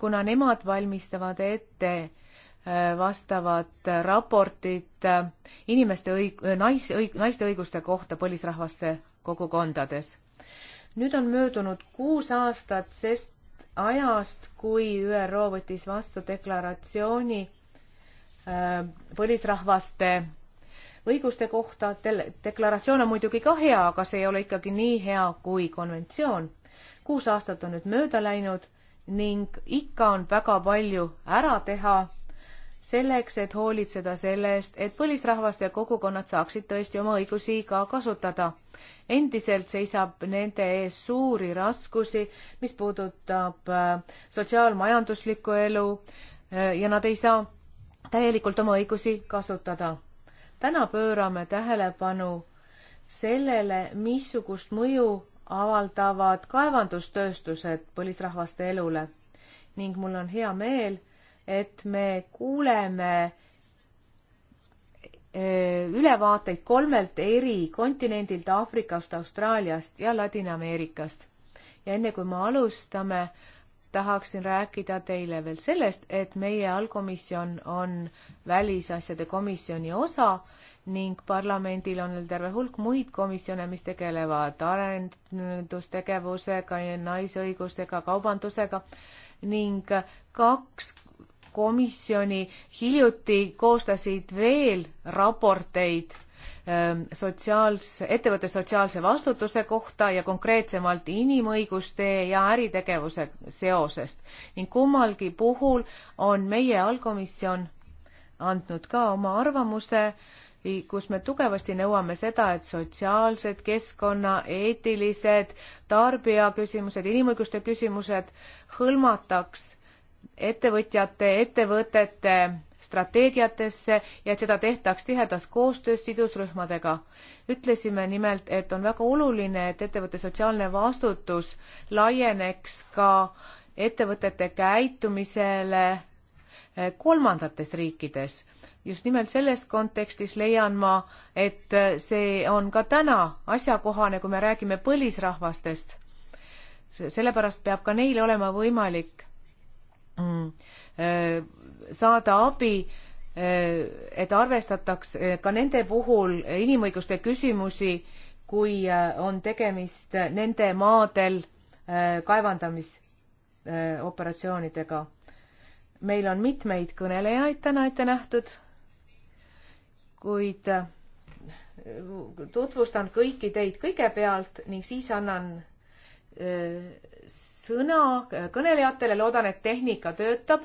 kuna nemad valmistavad ette äh, vastavat raportit äh, inimeste õig-, äh, nais-, õig-, naiste õiguste kohta põlisrahvaste kogukondades. nüüd on möödunud kuus aastat sest ajast, kui ÜRO võttis vastu deklaratsiooni põlisrahvaste õiguste kohta, deklaratsioon on muidugi ka hea, aga see ei ole ikkagi nii hea kui konventsioon. kuus aastat on nüüd mööda läinud ning ikka on väga palju ära teha selleks, et hoolitseda selle eest, et põlisrahvaste kogukonnad saaksid tõesti oma õigusi ka kasutada. endiselt seisab nende ees suuri raskusi, mis puudutab äh, sotsiaalmajanduslikku elu äh, ja nad ei saa täielikult oma õigusi kasutada täna pöörame tähelepanu sellele, missugust mõju avaldavad kaevandustööstused põlisrahvaste elule ning mul on hea meel, et me kuuleme eh, ülevaateid kolmelt eri kontinendilt Aafrikast, Austraaliast ja Ladina-Ameerikast. ja enne kui me alustame, tahaksin rääkida teile veel sellest, et meie allkomisjon on välisasjade komisjoni osa ning parlamendil on veel terve hulk muid komisjone, mis tegelevad arendustegevusega, naisõigustega, kaubandusega ning kaks komisjoni hiljuti koostasid veel raporteid Ähm, sotsiaalse, ettevõtte sotsiaalse vastutuse kohta ja konkreetsemalt inimõiguste ja äritegevuse seosest ning kummalgi puhul on meie allkomisjon andnud ka oma arvamuse, kus me tugevasti nõuame seda, et sotsiaalsed, keskkonna, eetilised, tarbijaküsimused, inimõiguste küsimused hõlmataks ettevõtjate, ettevõtete strateegiatesse ja et seda tehtaks tihedas koostöös sidusrühmadega. ütlesime nimelt, et on väga oluline, et ettevõtte sotsiaalne vastutus laieneks ka ettevõtete käitumisele eh, kolmandates riikides. just nimelt selles kontekstis leian ma, et see on ka täna asjakohane, kui me räägime põlisrahvastest. sellepärast peab ka neil olema võimalik mm, saada abi, et arvestataks eh, ka nende puhul inimõiguste küsimusi, kui eh, on tegemist eh, nende maadel kaevandamisoperatsioonidega. meil on mitmeid kõnelejaid täna ette nähtud, kuid tutvustan kõiki teid kõigepealt ning siis annan sõna kõnelejatele, loodan, et tehnika töötab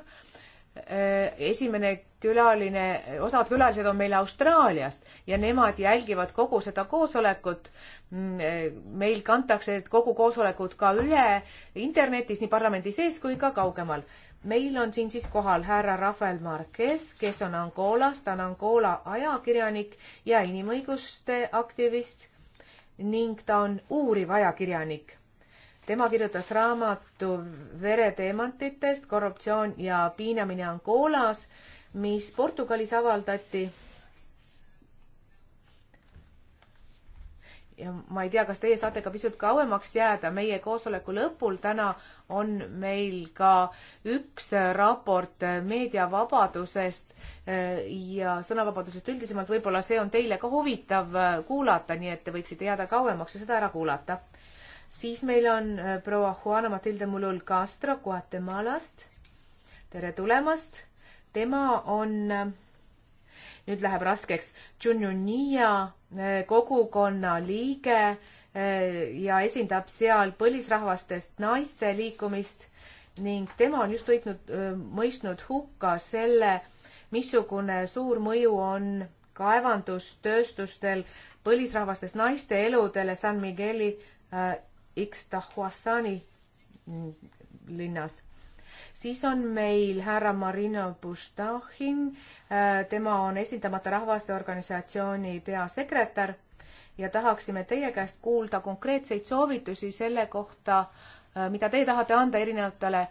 Äh, esimene külaline, osad külalised on meil Austraaliast ja nemad jälgivad kogu seda koosolekut. Mm, äh, meil kantakse kogu koosolekut ka üle internetis nii parlamendi sees kui ka kaugemal. meil on siin siis kohal härra Rafael Marquez, kes on Angolas, ta on Angola ajakirjanik ja inimõiguste aktivist ning ta on uuriv ajakirjanik tema kirjutas raamatu Vereteemantitest, korruptsioon ja piinamine Angolas, mis Portugalis avaldati. ja ma ei tea, kas teie saate ka pisut kauemaks jääda, meie koosoleku lõpul täna on meil ka üks raport meediavabadusest eh, ja sõnavabadusest üldisemalt, võib-olla see on teile ka huvitav eh, kuulata, nii et te võiksite jääda kauemaks ja seda ära kuulata siis meil on äh, proua Juana Matilde Mulul Castro Guatemalast. tere tulemast. tema on, äh, nüüd läheb raskeks, Jununia äh, kogukonna liige ja esindab seal põlisrahvastest naiste liikumist ning tema on just võitnud, mõistnud hukka selle, missugune suur mõju on kaevandustööstustel põlisrahvastest naiste eludele San Migueli Iktahuasani linnas. siis on meil härra Marino Pustahin, äh, tema on esindamata rahvaste organisatsiooni peasekretär ja tahaksime teie käest kuulda konkreetseid soovitusi selle kohta, äh, mida teie tahate anda erinevatele äh,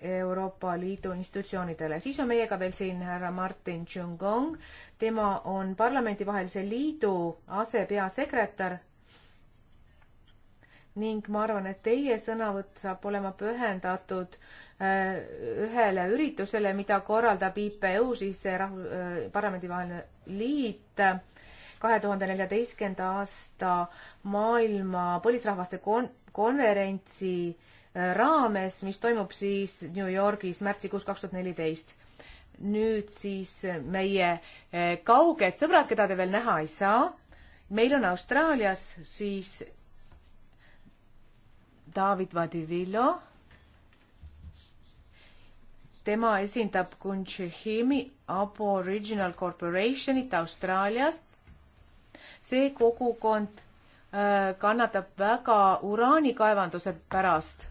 Euroopa Liidu institutsioonidele. siis on meiega veel siin härra Martin Tšungong, tema on Parlamendivahelise Liidu asepeasekretär ning ma arvan, et teie sõnavõtt saab olema pühendatud äh, ühele üritusele, mida korraldab IPU, siis rahu-, äh, parlamendivaheline liit, kahe tuhande neljateistkümnenda aasta maailma põlisrahvaste kon-, konverentsi äh, raames, mis toimub siis New Yorgis märtsikuus kaks tuhat neliteist nüüd siis meie kauged sõbrad, keda te veel näha ei saa. meil on Austraalias siis David Vadivilo. tema esindab Kunšehimi Aboriginal Corporationit Austraaliast. see kogukond äh, kannatab väga uraanikaevanduse pärast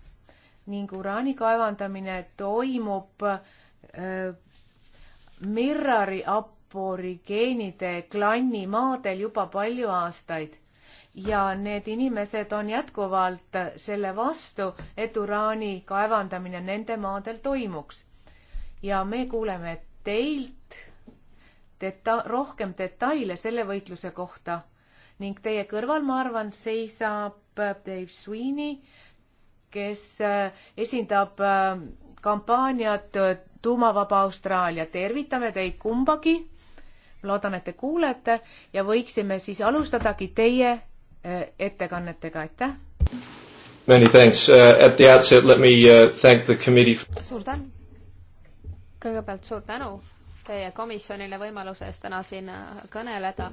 ning uraani kaevandamine toimub äh, Mirrari aborigeenide klanni maadel juba palju aastaid ja need inimesed on jätkuvalt selle vastu, et uraani kaevandamine nende maadel toimuks. ja me kuuleme teilt deta-, rohkem detaile selle võitluse kohta ning teie kõrval, ma arvan, seisab Dave Sweeney, kes äh, esindab äh, kampaaniat äh, Tuumavaba Austraalia. tervitame teid kumbagi loodan, et te kuulete ja võiksime siis alustadagi teie Äh, ettekannetega, aitäh! Many thanks uh,. At the outset let me uh, thank the committee for.... suur tänu! kõigepealt suur tänu teie komisjonile võimaluse eest täna siin äh, kõneleda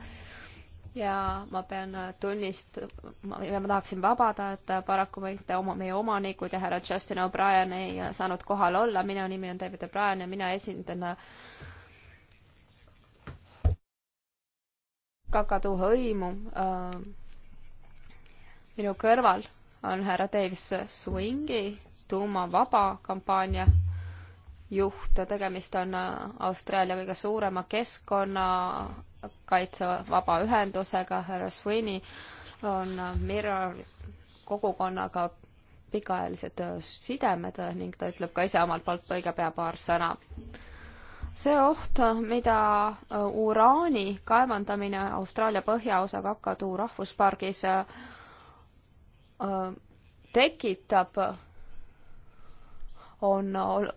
ja ma pean äh, tunnist-, ma tahaksin vabada, et paraku mitte oma, meie omanikud ja härra Justin O'Brien ei saanud kohal olla, minu nimi on David O'Brien ja mina esindan kakatuuhõimu äh, minu kõrval on härra Davis Swingi tuumavaba kampaania juht, tegemist on äh, Austraalia kõige suurema keskkonnakaitsevaba ühendusega, härra Sweeney on äh, Mirror kogukonnaga pikaajalised äh, sidemed ning ta ütleb ka ise omalt poolt õige pea paar sõna. see oht, mida uraani kaevandamine Austraalia põhjaosa Kakadu rahvuspargis Äh, tekitab, on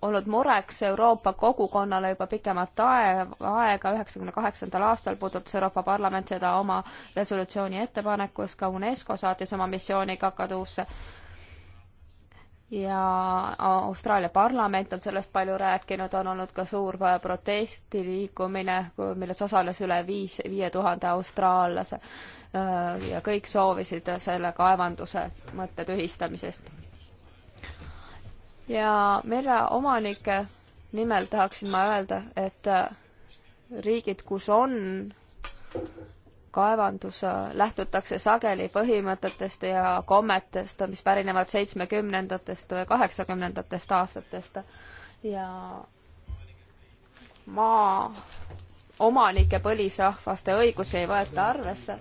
olnud mureks Euroopa kogukonnale juba pikemat aega, üheksakümne kaheksandal aastal puudutas Euroopa Parlament seda oma resolutsiooni ettepanekus, ka UNESCO saatis oma missiooni Kakaduusse ja Austraalia parlament on sellest palju rääkinud, on olnud ka suur äh, protestiliikumine, milles osales üle viis, viie tuhande austraallase äh, ja kõik soovisid selle kaevanduse mõtte tühistamisest. ja mereomanike nimel tahaksin ma öelda, et äh, riigid, kus on kaevandus äh, lähtutakse sageli põhimõtetest ja kommetest, mis pärinevad seitsmekümnendatest või kaheksakümnendatest aastatest ja maa omanike põlisrahvaste õigusi ei võeta arvesse.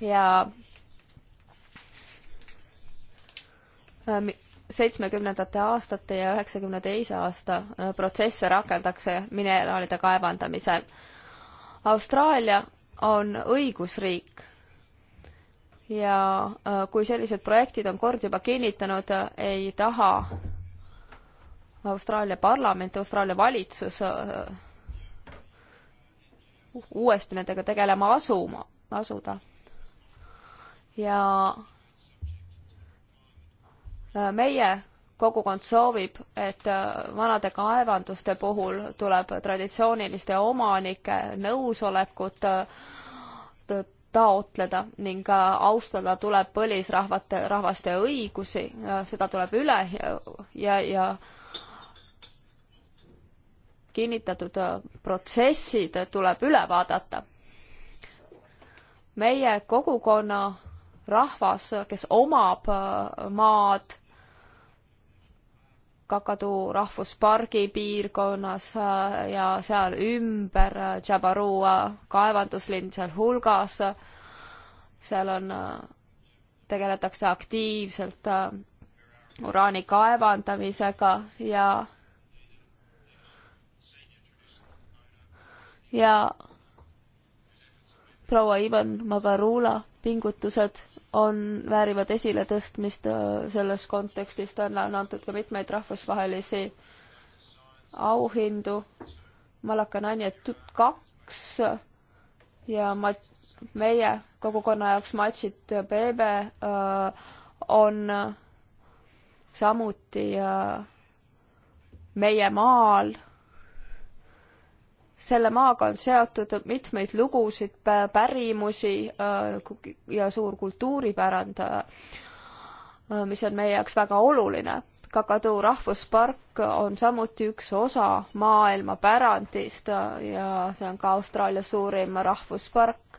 ja äh, seitsmekümnendate aastate ja üheksakümne teise aasta äh, protsesse rakeldakse mineraalide kaevandamisel. Austraalia on õigusriik ja äh, kui sellised projektid on kord juba kinnitanud, äh, ei taha Austraalia parlament, Austraalia valitsus äh, uuesti nendega tegelema asuma, asuda. ja meie kogukond soovib, et äh, vanade kaevanduste puhul tuleb traditsiooniliste omanike nõusolekut äh, taotleda ning äh, austada tuleb põlisrahvate, rahvaste õigusi, seda tuleb üle ja, ja, ja kinnitatud protsessid tuleb üle vaadata. meie kogukonna rahvas, kes omab maad, Kakadu rahvuspargi piirkonnas äh, ja seal ümber, äh, Jabarua kaevanduslind sealhulgas, äh, seal on, tegeletakse aktiivselt uraani kaevandamisega ja ja proua Ivan Magarula pingutused on, väärivad esiletõstmist äh, selles kontekstis, talle on antud ka mitmeid rahvusvahelisi auhindu, Malaka Nanje kaks ja mat-, meie kogukonna jaoks Matšit Beebe äh, on samuti äh, meie maal selle maaga on seotud mitmeid lugusid, pärimusi äh, ja suur kultuuripärand, äh, äh, mis on meie jaoks väga oluline. Kakadu rahvuspark on samuti üks osa maailmapärandist ja see on ka Austraalia suurim rahvuspark.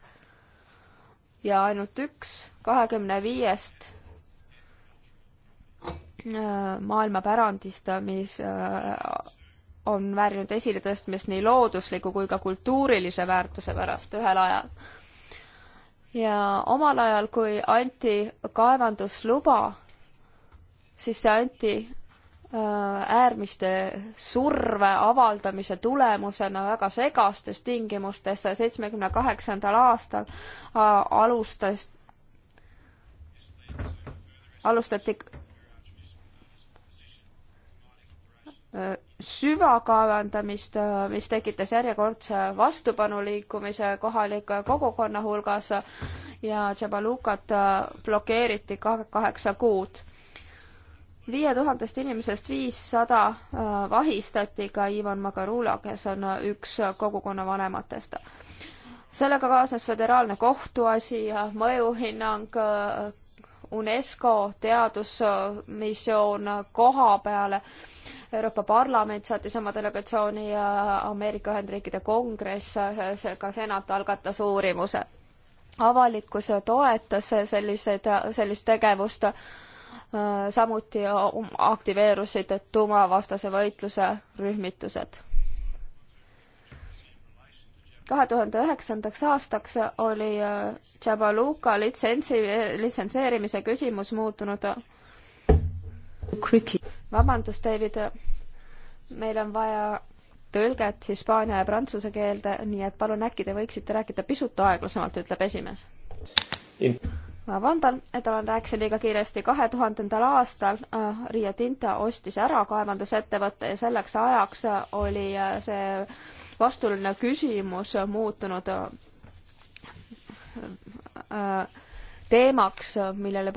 ja ainult üks kahekümne viiest maailmapärandist, mis on väärinud esiletõstmist nii loodusliku kui ka kultuurilise väärtuse pärast ühel ajal. ja omal ajal, kui anti kaevandusluba, siis see anti äh, äärmiste surve avaldamise tulemusena väga segastes tingimustes seitsmekümne kaheksandal aastal äh, alustas, alustati äh, süvakaevandamist, äh, mis tekitas järjekordse vastupanuliikumise kohalike kogukonna hulgas ja Tšabalukat äh, blokeeriti kaheksa kuud viie tuhandest inimesest viissada äh, vahistati ka Ivan Magarula, kes on üks kogukonna vanematest. sellega kaasnes föderaalne kohtuasi ja mõjuhinnang, UNESCO teadusmissioon koha peale Euroopa Parlament saatis oma delegatsiooni ja Ameerika Ühendriikide Kongress, ka senat algatas uurimuse. avalikkus toetas selliseid, sellist tegevust, samuti aktiveerusid tuumavastase võitluse rühmitused kahe tuhande üheksandaks aastaks oli Jabaluka litsentsi, litsenseerimise küsimus muutunud vabandust, David, meil on vaja tõlget hispaania ja prantsuse keelde, nii et palun äkki te võiksite rääkida pisut aeglasemalt, ütleb esimees. vabandan, et olen, rääkisin liiga kiiresti. kahe tuhandendal aastal äh, Rio Tinto ostis ära kaevandusettevõtte ja selleks ajaks äh, oli äh, see vastuoluline küsimus muutunud äh, äh, teemaks, millele,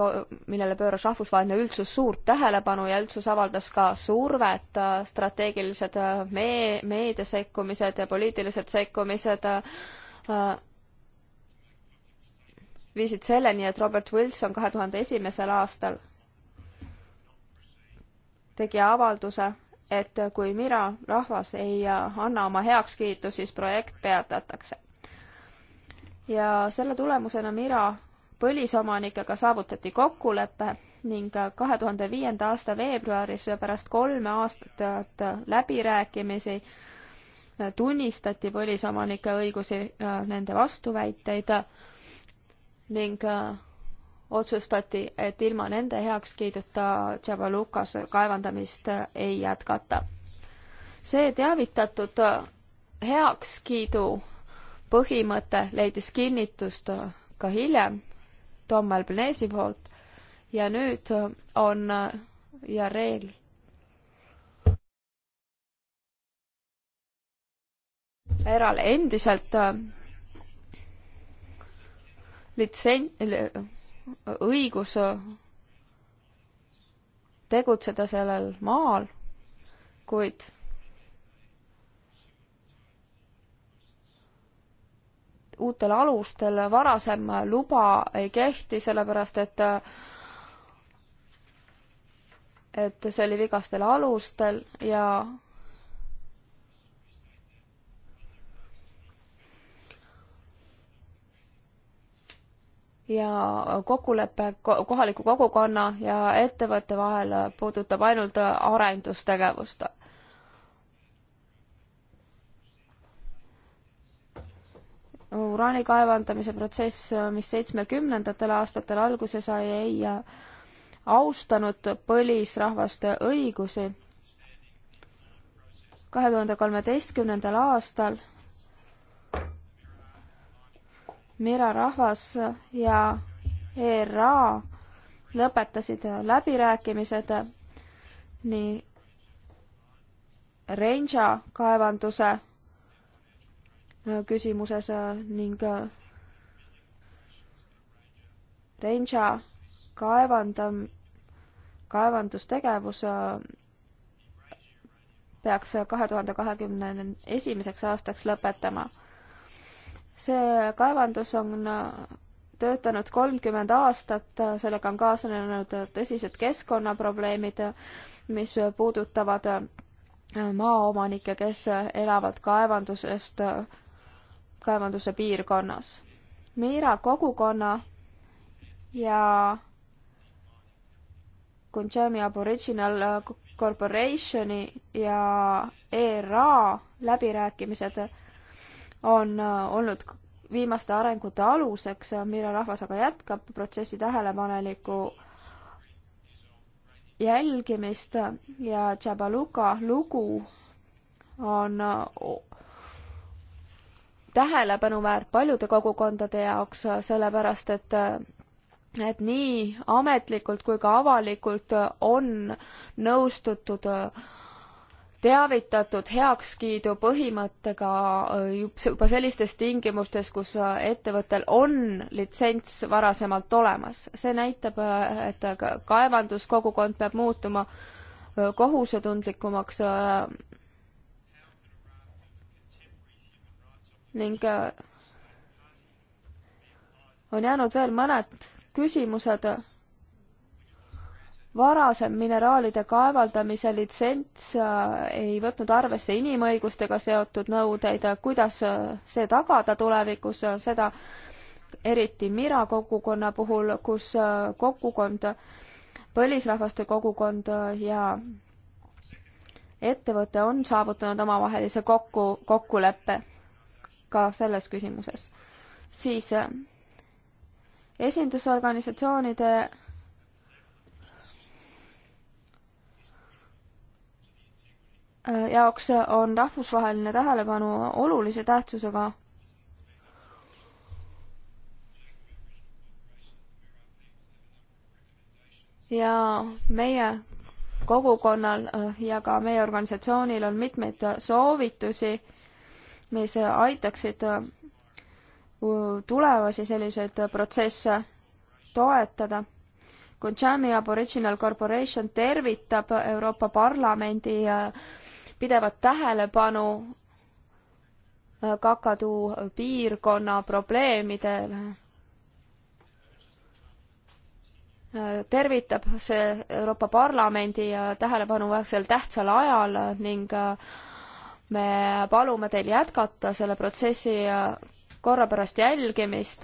millele pööras rahvusvaheline üldsus suurt tähelepanu ja üldsus avaldas ka survet, strateegilised mee-, meediasekkumised ja poliitilised sekkumised viisid selleni, et Robert Wilson kahe tuhande esimesel aastal tegi avalduse, et kui Mira rahvas ei anna oma heakskiitu, siis projekt peatatakse. ja selle tulemusena Mira põlisomanikega saavutati kokkulepe ning kahe tuhande viienda aasta veebruaris pärast kolme aastat läbirääkimisi tunnistati põlisomanike õigusi, äh, nende vastuväiteid ning äh, otsustati, et ilma nende heakskiiduta Tšabalukas kaevandamist äh, ei jätkata. see teavitatud heakskiidu põhimõte leidis kinnitust ka hiljem Tom Albanesi poolt ja nüüd äh, on äh, Jareel Eral endiselt äh, litsen-, õigus tegutseda sellel maal, kuid uutel alustel, varasem luba ei kehti, sellepärast et et see oli vigastel alustel ja ja kokkulepe kohaliku kogukonna ja ettevõtte vahel puudutab ainult arendustegevust uraani kaevandamise protsess, mis seitsmekümnendatel aastatel alguse sai, ei austanud põlisrahvaste õigusi. kahe tuhande kolmeteistkümnendal aastal Mira rahvas ja ERA lõpetasid läbirääkimised nii Renja kaevanduse Äh, küsimuses äh, ning äh, Renja kaevandam-, kaevandustegevus peaks kahe tuhande kahekümne esimeseks aastaks lõpetama. see kaevandus on töötanud kolmkümmend aastat, sellega on kaasnenud tõsised keskkonnaprobleemid, mis puudutavad maaomanikke, kes elavad kaevandusest kaevanduse piirkonnas. Miira kogukonna ja Kunjami Aboriginal Corporationi ja ERA läbirääkimised on olnud viimaste arengute aluseks, mille rahvas aga jätkab protsessi tähelepanelikku jälgimist ja Tšabaluka lugu on tähelepanuväärt paljude kogukondade jaoks, sellepärast et et nii ametlikult kui ka avalikult on nõustutud teavitatud heakskiidu põhimõttega juba sellistes tingimustes, kus ettevõttel on litsents varasemalt olemas. see näitab, et kaevanduskogukond peab muutuma kohusetundlikumaks ning äh, on jäänud veel mõned küsimused. varasem mineraalide kaevaldamise litsents äh, ei võtnud arvesse inimõigustega seotud nõudeid, kuidas äh, see tagada tulevikus, seda eriti Mira kogukonna puhul, kus kogukond, põlisrahvaste kogukond ja ettevõte on saavutanud omavahelise kokku, kokkuleppe ka selles küsimuses. siis äh, esindusorganisatsioonide äh, jaoks on rahvusvaheline tähelepanu olulise tähtsusega. ja meie kogukonnal äh, ja ka meie organisatsioonil on mitmeid soovitusi äh, mis aitaksid äh, tulevasi selliseid äh, protsesse toetada. Kunjami Aboriginal Corporation tervitab Euroopa Parlamendi äh, pidevat tähelepanu Kakadu piirkonna probleemidele tervitab see Euroopa Parlamendi tähelepanuväärsel tähtsal ajal ning me palume teil jätkata selle protsessi korrapärast jälgimist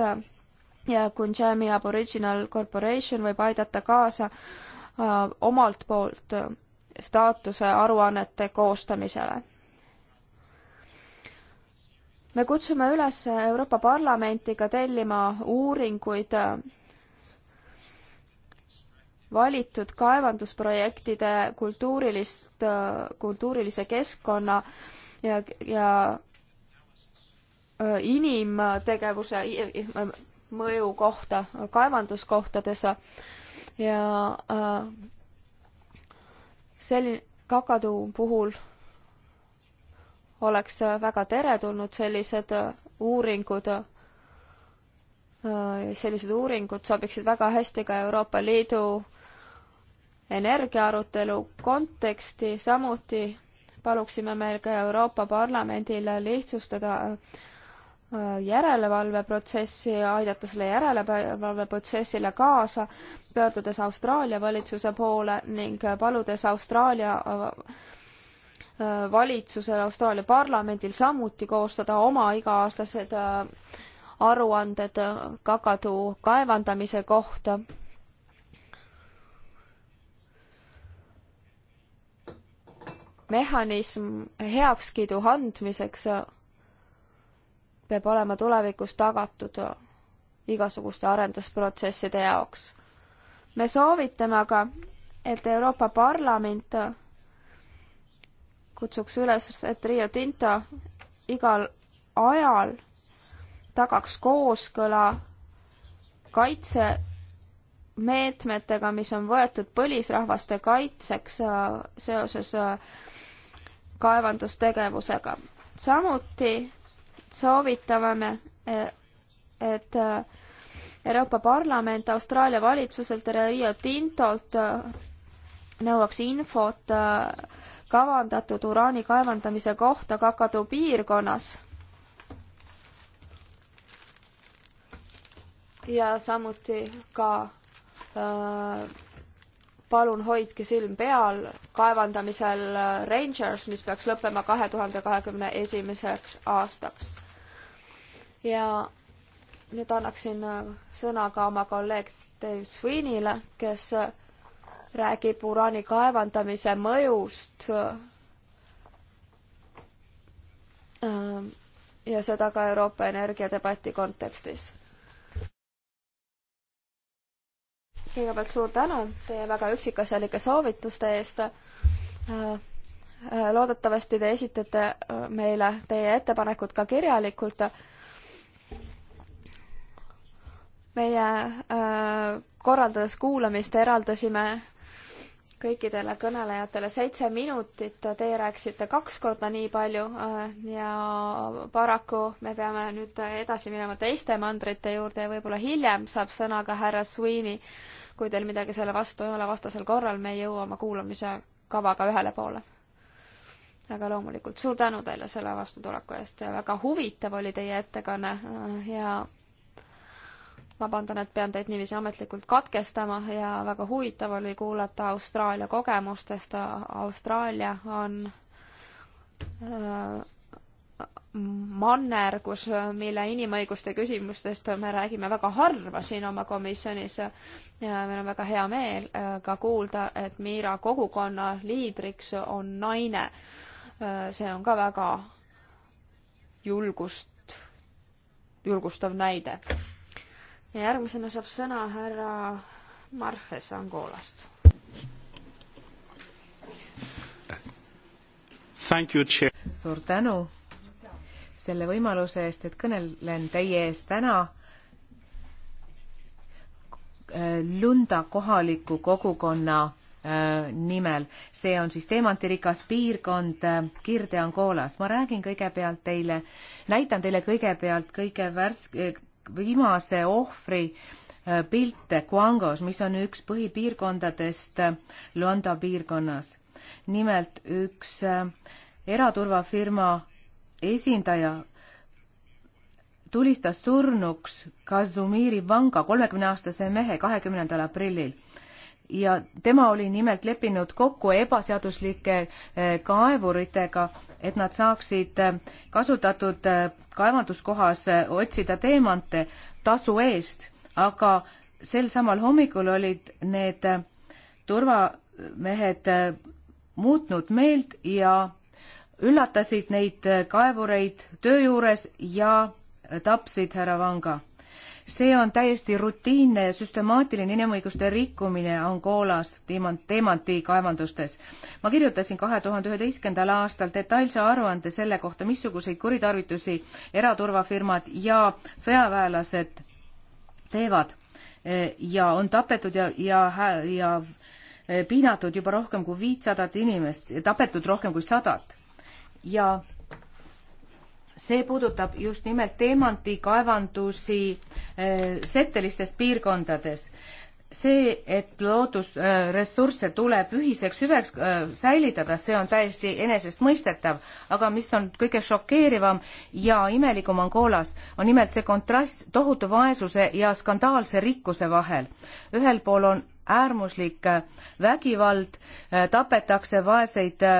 ja Punjabi Aboriginal Corporation võib aidata kaasa äh, omalt poolt staatuse aruannete koostamisele. me kutsume üles Euroopa Parlamenti ka tellima uuringuid äh, valitud kaevandusprojektide kultuurilist, kultuurilise keskkonna ja, ja inimtegevuse mõju kohta kaevanduskohtades ja selline kakaduu puhul oleks väga teretulnud sellised uuringud, sellised uuringud sobiksid väga hästi ka Euroopa Liidu energiaarutelu konteksti, samuti paluksime meil ka Euroopa Parlamendil lihtsustada äh, järelevalveprotsessi, aidata selle järelevalveprotsessile kaasa, pöördudes Austraalia valitsuse poole ning paludes Austraalia äh, valitsusel, Austraalia parlamendil samuti koostada oma iga-aastased äh, aruanded kakadu kaevandamise kohta mehhanism heakskiidu andmiseks peab olema tulevikus tagatud igasuguste arendusprotsesside jaoks. me soovitame aga, et Euroopa Parlament kutsuks üles, et Rio Tinto igal ajal tagaks kooskõla kaitsemeetmetega, mis on võetud põlisrahvaste kaitseks äh, seoses äh, kaevandustegevusega. samuti soovitame me, et e, Euroopa Parlament Austraalia valitsuselt ja Rio Tintolt e, nõuaks infot e, kavandatud uraani kaevandamise kohta Kakadu piirkonnas. ja samuti ka äh, palun hoidke silm peal kaevandamisel Rangers, mis peaks lõppema kahe tuhande kahekümne esimeseks aastaks. ja nüüd annaksin sõna ka oma kolleeg Dave Sweenile, kes räägib uraani kaevandamise mõjust ähm, ja seda ka Euroopa energiadebati kontekstis kõigepealt suur tänu teie väga üksikasjalike soovituste eest. Äh, äh, loodetavasti te esitate äh, meile teie ettepanekud ka kirjalikult. meie korraldades kuulamist eraldasime kõikidele kõnelejatele seitse minutit, teie rääkisite kaks korda nii palju äh, ja paraku me peame nüüd edasi minema teiste mandrite juurde ja võib-olla hiljem saab sõna ka härra Sweeney, kui teil midagi selle vastu ei ole, vastasel korral me ei jõua oma kuulamise kavaga ühele poole. aga loomulikult suur tänu teile selle vastutuleku eest ja väga huvitav oli teie ettekanne äh, ja vabandan, et pean teid niiviisi ametlikult katkestama ja väga huvitav oli kuulata Austraalia kogemustest. Austraalia on äh, manner, kus, mille inimõiguste küsimustest me räägime väga harva siin oma komisjonis ja meil on väga hea meel äh, ka kuulda, et Miira kogukonna liidriks on naine äh,. see on ka väga julgust, julgustav näide ja järgmisena saab sõna härra Marhes Angolast. suur tänu selle võimaluse eest, et kõnelen teie ees täna Lunda kohaliku kogukonna äh, nimel. see on siis teemantirikas piirkond äh, Kirde-Angolas. ma räägin kõigepealt teile, näitan teile kõigepealt kõige värske, viimase ohvri äh, pilte Kuangos, mis on üks põhipiirkondadest äh, Luanda piirkonnas. nimelt üks äh, eraturvafirma esindaja tulistas surnuks Kazumiri vanga, kolmekümneaastase mehe, kahekümnendal aprillil. ja tema oli nimelt leppinud kokku ebaseaduslike kaevuritega et nad saaksid äh, kasutatud äh, kaevanduskohas äh, otsida teemante tasu eest, aga sel samal hommikul olid need turvamehed muutnud meelt ja üllatasid neid kaevureid töö juures ja tapsid härra Vanga see on täiesti rutiinne ja süstemaatiline inimõiguste rikkumine Angolas teemanti kaevandustes. ma kirjutasin kahe tuhande üheteistkümnendal aastal detailse aruande selle kohta, missuguseid kuritarvitusi eraturvafirmad ja sõjaväelased teevad e, ja on tapetud ja, ja, ja e, piinatud juba rohkem kui viitsadat inimest, tapetud rohkem kui sadat. ja see puudutab just nimelt teemantikaevandusi eh, settelistest piirkondades. see, et loodusressursse tuleb ühiseks hüveks eh, säilitada, see on täiesti enesestmõistetav, aga mis on kõige šokeerivam ja imelikum Angolas, on nimelt see kontrast tohutu vaesuse ja skandaalse rikkuse vahel. ühel pool on äärmuslik vägivald, tapetakse vaeseid äh,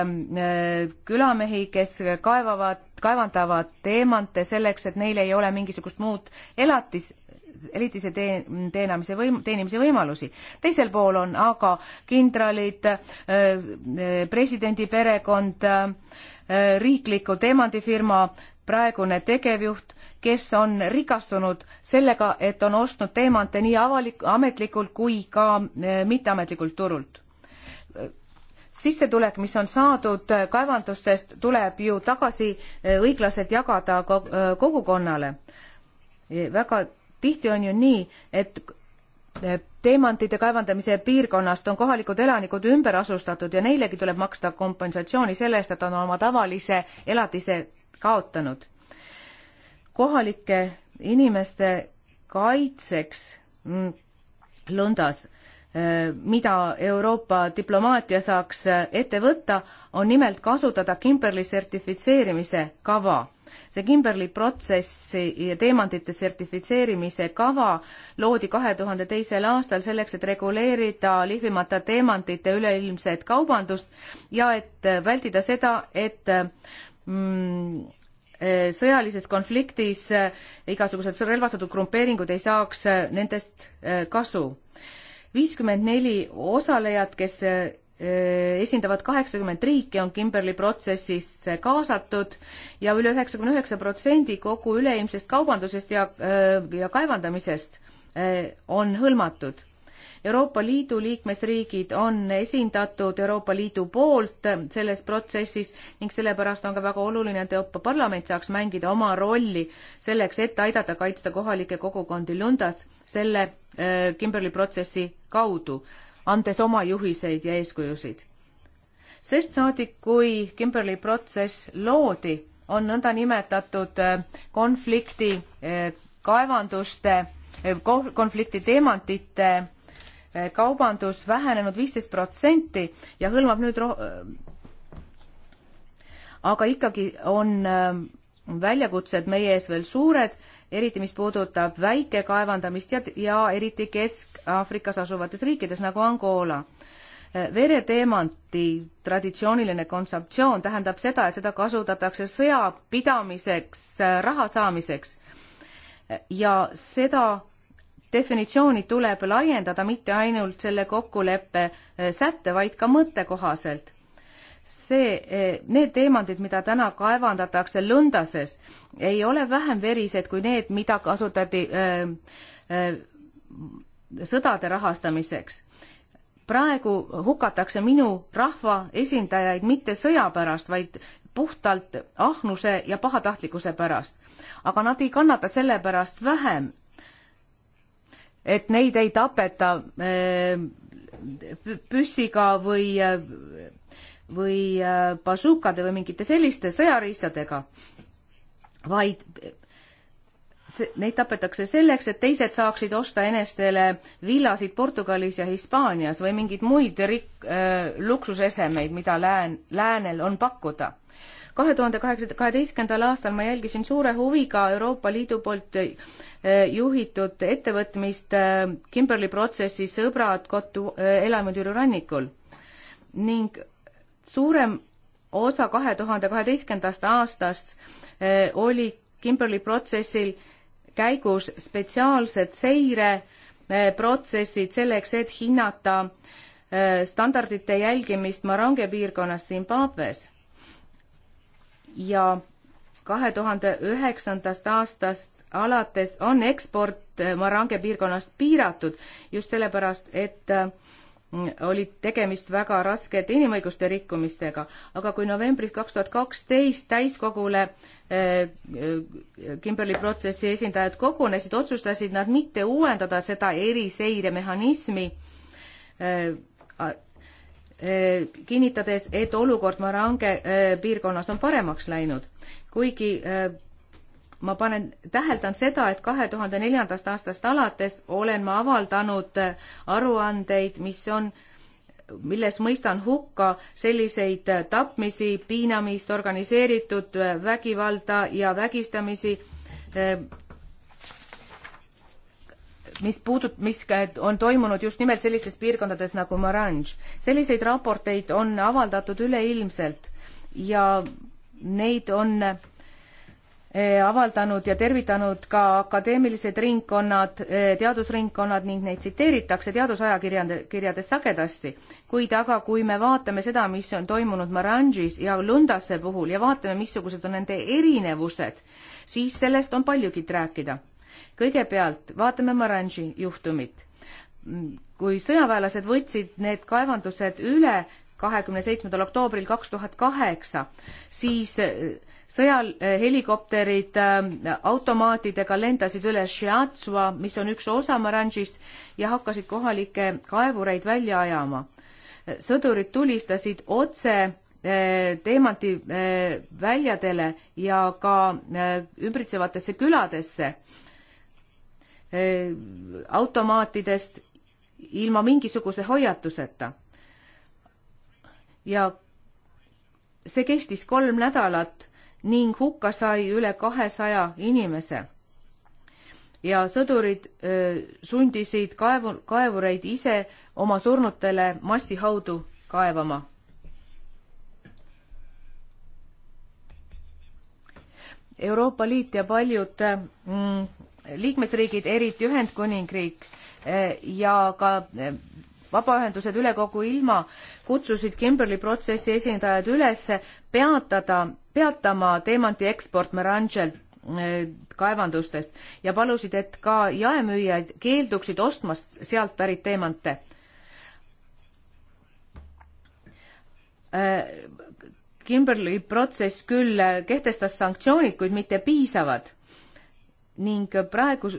külamehi, kes kaevavad, kaevandavad teemante selleks, et neil ei ole mingisugust muud elatis, elitise tee-, teenamise võim-, teenimise võimalusi. teisel pool on aga kindralid, äh, presidendi perekond, äh, riikliku teemandifirma praegune tegevjuht, kes on rikastunud sellega, et on ostnud teemante nii avalik, ametlikult kui ka eh, mitteametlikult turult. sissetulek, mis on saadud eh, kaevandustest, tuleb ju tagasi eh, õiglaselt jagada kogukonnale. väga tihti on ju nii, et teemantide kaevandamise piirkonnast on kohalikud elanikud ümber asustatud ja neilegi tuleb maksta kompensatsiooni selle eest, et on oma tavalise elatise kaotanud. kohalike inimeste kaitseks mm, Lundas, äh, mida Euroopa diplomaatia saaks äh, ette võtta, on nimelt kasutada Kimberli sertifitseerimise kava see Kimberli protsessi ja teemantide sertifitseerimise kava loodi kahe tuhande teisel aastal selleks, et reguleerida lihvimata teemantide üleilmset kaubandust ja et vältida seda, et äh, Mm, eh, sõjalises konfliktis eh, igasugused relvastatud grupeeringud ei saaks eh, nendest kasu. viiskümmend neli osalejat, kes esindavad kaheksakümmend riiki, on Kimberli protsessis kaasatud ja üle üheksakümne üheksa protsendi kogu üleilmsest kaubandusest ja, ja kaevandamisest on hõlmatud Euroopa Liidu liikmesriigid on esindatud Euroopa Liidu poolt selles protsessis ning sellepärast on ka väga oluline, et Euroopa Parlament saaks mängida oma rolli selleks, et aidata kaitsta kohalikke kogukondi Lundas selle äh, Kimberli protsessi kaudu, andes oma juhiseid ja eeskujusid. sest saadik, kui Kimberli protsess loodi, on nõndanimetatud äh, konflikti äh, kaevanduste, konflikti teemantite Eh, kaubandus vähenenud viisteist protsenti ja hõlmab nüüd roh-, eh, aga ikkagi on eh, väljakutsed meie ees veel suured, eriti mis puudutab väikekaevandamist ja, ja eriti Kesk-Aafrikas asuvates riikides nagu Angola. vereteemanti traditsiooniline konsumptsioon tähendab seda, et seda kasutatakse sõjapidamiseks, raha saamiseks. ja seda definitsiooni tuleb laiendada mitte ainult selle kokkuleppe eh, sätte, vaid ka mõtte kohaselt. see, eh, need teemandid, mida täna kaevandatakse Lõndases, ei ole vähem verised kui need, mida kasutati öö, eh, öö, sõdade rahastamiseks praegu hukatakse minu rahva esindajaid mitte sõja pärast, vaid puhtalt ahnuse ja pahatahtlikkuse pärast. aga nad ei kannata selle pärast vähem et neid ei tapeta äh, püssiga või, või äh, bazukade või mingite selliste sõjariistadega, vaid neid tapetakse selleks, et teised saaksid osta enestele villasid Portugalis ja Hispaanias või mingeid muid rik-, äh, luksusesemeid, mida lään, läänel on pakkuda kahe tuhande kaheksa, kaheteistkümnendal aastal ma jälgisin suure huviga Euroopa Liidu poolt eh, juhitud ettevõtmist eh, Kimberli protsessi Sõbrad kodu eh, Elamutüri rannikul ning suurem osa kahe tuhande kaheteistkümnendast aastast oli Kimberli protsessil käigus spetsiaalsed seireprotsessid selleks, et hinnata standardite jälgimist Marange piirkonnas Zimbabwes ja kahe tuhande üheksandast aastast alates on eksport äh, Marange piirkonnast piiratud just sellepärast, et äh, olid tegemist väga raskete inimõiguste rikkumistega, aga kui novembris kaks tuhat kaksteist täiskogule äh, Kimberli protsessi esindajad kogunesid, otsustasid nad mitte uuendada seda eriseiremehanismi Äh, kinnitades, et olukord Marange äh, piirkonnas on paremaks läinud, kuigi äh, ma panen, täheldan seda, et kahe tuhande neljandast aastast alates olen ma avaldanud aruandeid, mis on, milles mõistan hukka selliseid tapmisi, piinamist, organiseeritud vägivalda ja vägistamisi mis puudut-, mis on toimunud just nimelt sellistes piirkondades nagu Maranj. selliseid raporteid on avaldatud üleilmselt ja neid on eh, avaldanud ja tervitanud ka akadeemilised ringkonnad, eh, teadusringkonnad ning neid tsiteeritakse teadusajakirjades sagedasti. kuid aga, kui me vaatame seda, mis on toimunud Maranžis ja Lundasse puhul ja vaatame, missugused on nende erinevused, siis sellest on paljugit rääkida kõigepealt vaatame Maranži juhtumit. kui sõjaväelased võtsid need kaevandused üle kahekümne seitsmendal oktoobril kaks tuhat kaheksa, siis äh, sõjal äh, helikopterid äh, automaatidega lendasid üle Shiatsua, mis on üks osa Maranžist, ja hakkasid kohalikke kaevureid välja ajama. sõdurid tulistasid otse teemanti väljadele ja ka ümbritsevatesse küladesse Eh, automaatidest ilma mingisuguse hoiatuseta. ja see kestis kolm nädalat ning hukka sai üle kahesaja inimese. ja sõdurid öö, eh, sundisid kaevu, kaevureid ise oma surnutele massihaudu kaevama. Euroopa Liit ja paljud mm, liikmesriigid, eriti Ühendkuningriik eh, ja ka eh, vabaühendused üle kogu ilma kutsusid Kimberli protsessi esindajad üles peatada, peatama teemanti eksport Merangelt eh, kaevandustest ja palusid, et ka jaemüüjad keelduksid ostmast sealt pärit teemante. Kimberli protsess küll kehtestas sanktsioonid, kuid mitte piisavad ning praegu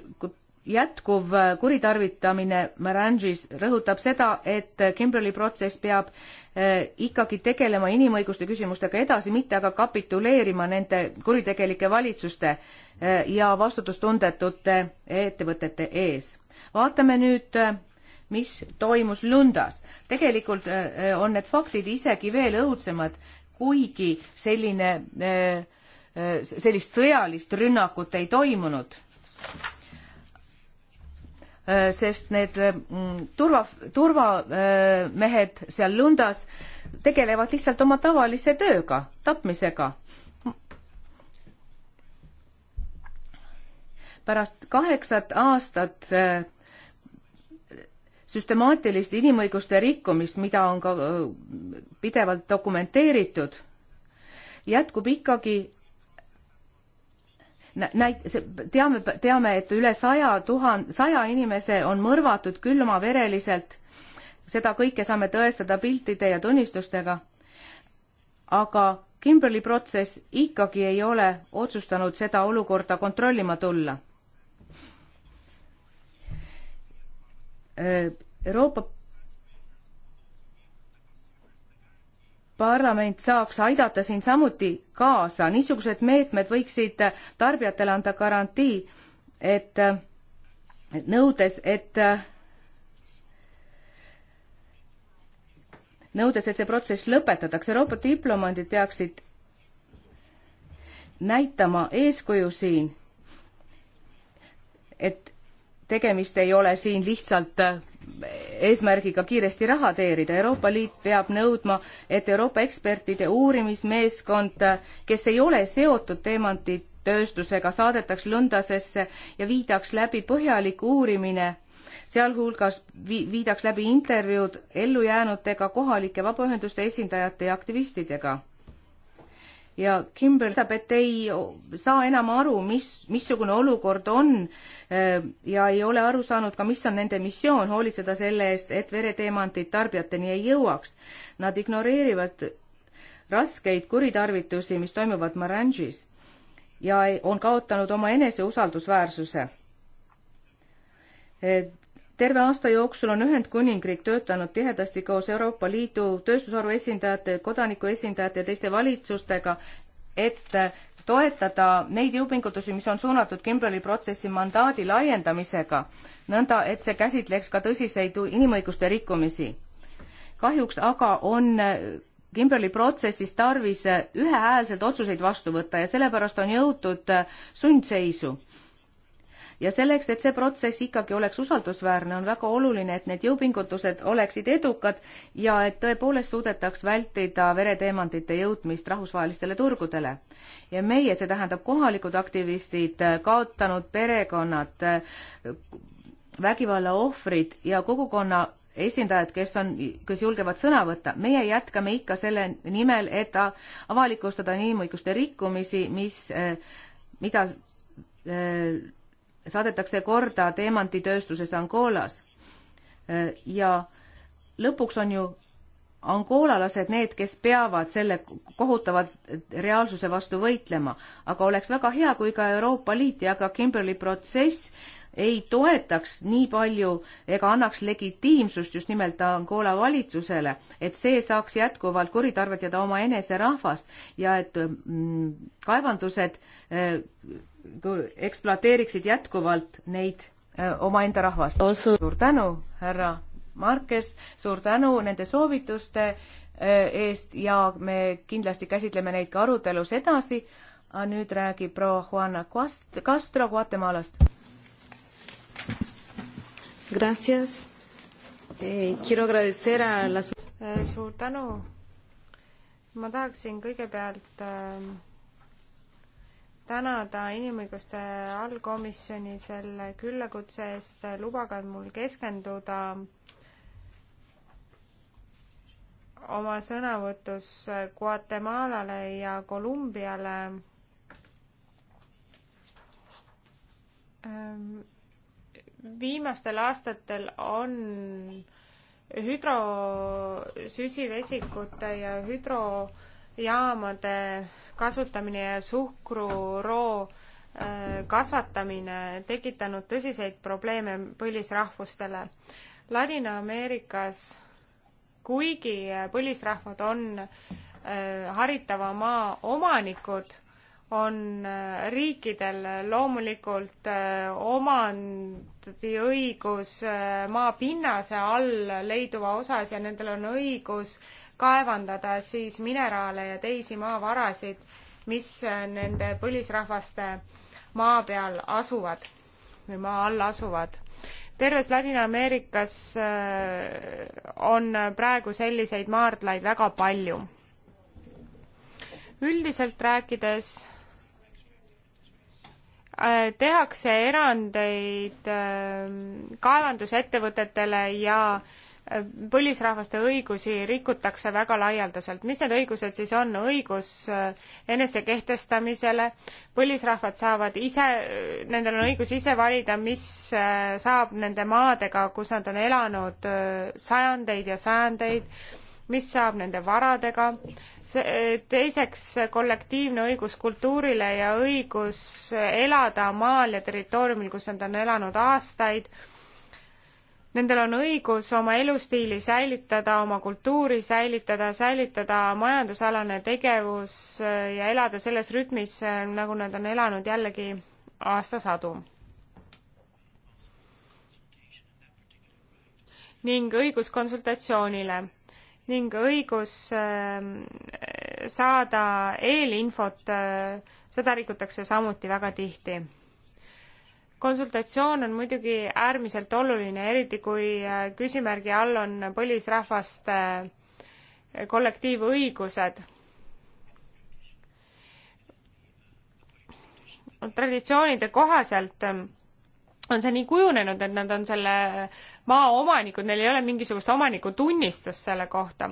jätkuv kuritarvitamine Marangis rõhutab seda, et Kimberli protsess peab eh, ikkagi tegelema inimõiguste küsimustega edasi, mitte aga kapituleerima nende kuritegelike valitsuste eh, ja vastutustundetute ettevõtete ees. vaatame nüüd, eh, mis toimus Lundas. tegelikult on need faktid isegi veel õudsemad, kuigi selline äh, sellist sõjalist rünnakut ei toimunud. Äh, sest need äh, mm, turva, turvamehed seal Lundas tegelevad lihtsalt oma tavalise tööga, tapmisega. pärast kaheksat aastat äh, süstemaatilist inimõiguste rikkumist, mida on ka pidevalt dokumenteeritud, jätkub ikkagi näit-, teame, teame, et üle saja tuhande, saja inimese on mõrvatud külmavereliselt. seda kõike saame tõestada piltide ja tunnistustega. aga Kimberli protsess ikkagi ei ole otsustanud seda olukorda kontrollima tulla. Euroopa parlament saaks aidata siin samuti kaasa, niisugused meetmed võiksid tarbijatele anda garantii, et, et nõudes, et nõudes, et see protsess lõpetatakse, Euroopa diplomaadid peaksid näitama eeskuju siin, et tegemist ei ole siin lihtsalt eesmärgiga kiiresti raha teenida. Euroopa Liit peab nõudma, et Euroopa ekspertide uurimismeeskond, kes ei ole seotud teemantitööstusega, saadetaks Lundasesse ja viidaks läbi põhjalik uurimine, sealhulgas vi-, viidaks läbi intervjuud ellujäänutega, kohalike vabaühenduste esindajate ja aktivistidega ja Kimber ütleb, et ei saa enam aru, mis, missugune olukord on eh, ja ei ole aru saanud ka, mis on nende missioon, hoolitseda selle eest, et vereteemantid tarbijateni ei jõuaks. Nad ignoreerivad raskeid kuritarvitusi, mis toimuvad Maranžis ja on kaotanud oma eneseusaldusväärsuse eh, terve aasta jooksul on Ühendkuningriik töötanud tihedasti koos Euroopa Liidu tööstusharu esindajate, kodaniku esindajate ja teiste valitsustega, et toetada neid jõupingutusi, mis on suunatud Kimberli protsessi mandaadi laiendamisega, nõnda et see käsitleks ka tõsiseid inimõiguste rikkumisi. kahjuks aga on Kimberli protsessis tarvis ühehäälselt otsuseid vastu võtta ja sellepärast on jõutud sundseisu ja selleks, et see protsess ikkagi oleks usaldusväärne, on väga oluline, et need jõupingutused oleksid edukad ja et tõepoolest suudetaks vältida vereteemantide jõudmist rahvusvahelistele turgudele. ja meie, see tähendab kohalikud aktivistid, kaotanud perekonnad, vägivalla ohvrid ja kogukonna esindajad, kes on, kes julgevad sõna võtta, meie jätkame ikka selle nimel, et avalikustada inimõiguste rikkumisi, mis, eh, mida eh, saadetakse korda teemantitööstuses Angolas. ja lõpuks on ju angoolalased need, kes peavad selle kohutava reaalsuse vastu võitlema, aga oleks väga hea, kui ka Euroopa Liit ja ka Kimberli protsess ei toetaks nii palju ega annaks legitiimsust just nimelt Angola valitsusele, et see saaks jätkuvalt kuritarvitada omaenese rahvast ja et mm, kaevandused eh, ekspluateeriksid jätkuvalt neid omaenda rahvast. suur tänu, härra Markes, suur tänu nende soovituste eest ja me kindlasti käsitleme neid ka arutelus edasi. nüüd räägib proua Juana Castro Guatemalast. Gracias eh,. Quiero agradecer a las. suur tänu. ma tahaksin kõigepealt äh, tänada inimõiguste allkomisjoni selle küllakutse eest, lubage mul keskenduda oma sõnavõtus Guatemalale ja Kolumbiale. Ehm, viimastel aastatel on hüdrosüsivesikute ja hüdro jaamade kasutamine ja suhkruroo äh, kasvatamine tekitanud tõsiseid probleeme põlisrahvustele. Ladina-Ameerikas, kuigi põlisrahvad on äh, haritava maa omanikud, on äh, riikidel loomulikult omandiõigus maapinnase all leiduva osas ja nendel on õigus kaevandada siis mineraale ja teisi maavarasid, mis nende põlisrahvaste maa peal asuvad või maa all asuvad. terves Ladina-Ameerikas äh, on praegu selliseid maardlaid väga palju. üldiselt rääkides äh, tehakse erandeid äh, kaevandusettevõtetele ja äh, põlisrahvaste õigusi rikutakse väga laialdaselt. mis need õigused siis on? õigus äh, enesekehtestamisele, põlisrahvad saavad ise, nendel on õigus ise valida, mis äh, saab nende maadega, kus nad on elanud äh, sajandeid ja sajandeid, mis saab nende varadega, teiseks kollektiivne õigus kultuurile ja õigus elada maal ja territooriumil, kus nad on elanud aastaid Nendel on õigus oma elustiili säilitada, oma kultuuri säilitada, säilitada majandusalane tegevus äh, ja elada selles rütmis, äh, nagu nad on elanud jällegi aastasadu. ning õigus konsultatsioonile ning õigus ähm, saada eelinfot, äh, seda rikutakse samuti väga tihti konsultatsioon on muidugi äärmiselt oluline, eriti kui äh, küsimärgi all on põlisrahvaste äh, kollektiivõigused. traditsioonide kohaselt ähm, on see nii kujunenud, et nad on selle maa omanikud, neil ei ole mingisugust omanikutunnistust selle kohta.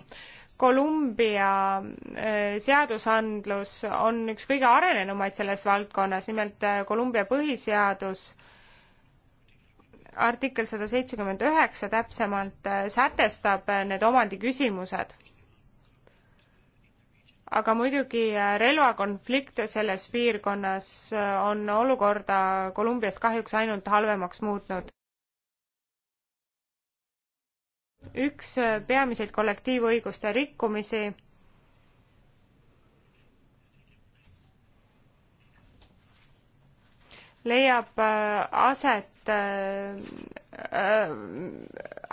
Kolumbia äh, seadusandlus on üks kõige arenenumaid selles valdkonnas, nimelt Kolumbia põhiseadus artikkel sada seitsekümmend üheksa täpsemalt äh, sätestab äh, need omandiküsimused. aga muidugi äh, relvakonflikt selles piirkonnas on olukorda Kolumbias kahjuks ainult halvemaks muutnud. üks peamiseid kollektiivõiguste rikkumisi leiab äh, aset äh, äh,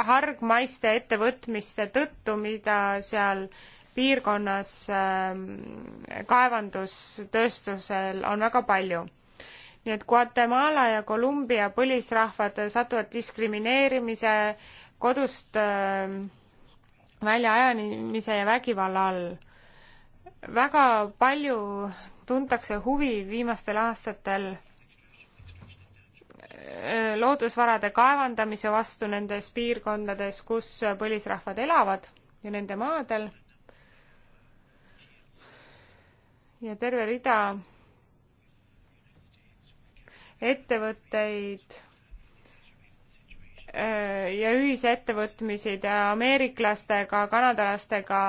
hargmaiste ettevõtmiste tõttu, mida seal piirkonnas kaevandustööstusel on väga palju. nii et Guatemala ja Kolumbia põlisrahvad satuvad diskrimineerimise, kodust väljaajamise ja vägivalla all. väga palju tuntakse huvi viimastel aastatel loodusvarade kaevandamise vastu nendes piirkondades, kus põlisrahvad elavad ja nende maadel. ja terve rida ettevõtteid äh, ja ühisi ettevõtmisi ameeriklastega, kanadalastega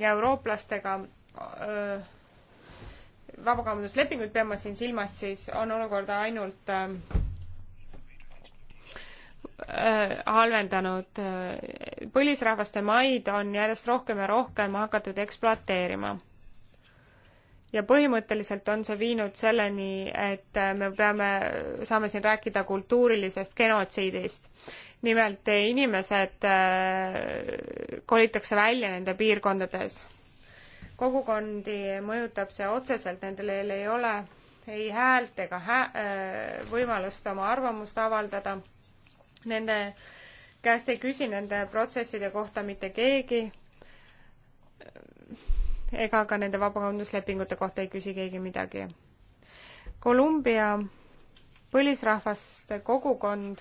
ja eurooplastega äh, vabakaubanduslepinguid pean ma siin silmas, siis on olukord ainult äh, Äh, halvendanud. Äh, põlisrahvaste maid on järjest rohkem ja rohkem hakatud ekspluateerima. ja põhimõtteliselt on see viinud selleni, et äh, me peame, saame siin rääkida kultuurilisest genotsiidist. nimelt inimesed kolitakse välja nende piirkondades. kogukondi mõjutab see otseselt, nendel ei ole ei häält ega hää-, võimalust oma arvamust avaldada Nende käest ei küsi nende protsesside kohta mitte keegi ega ka nende vabakaubanduslepingute kohta ei küsi keegi midagi. Kolumbia põlisrahvaste kogukond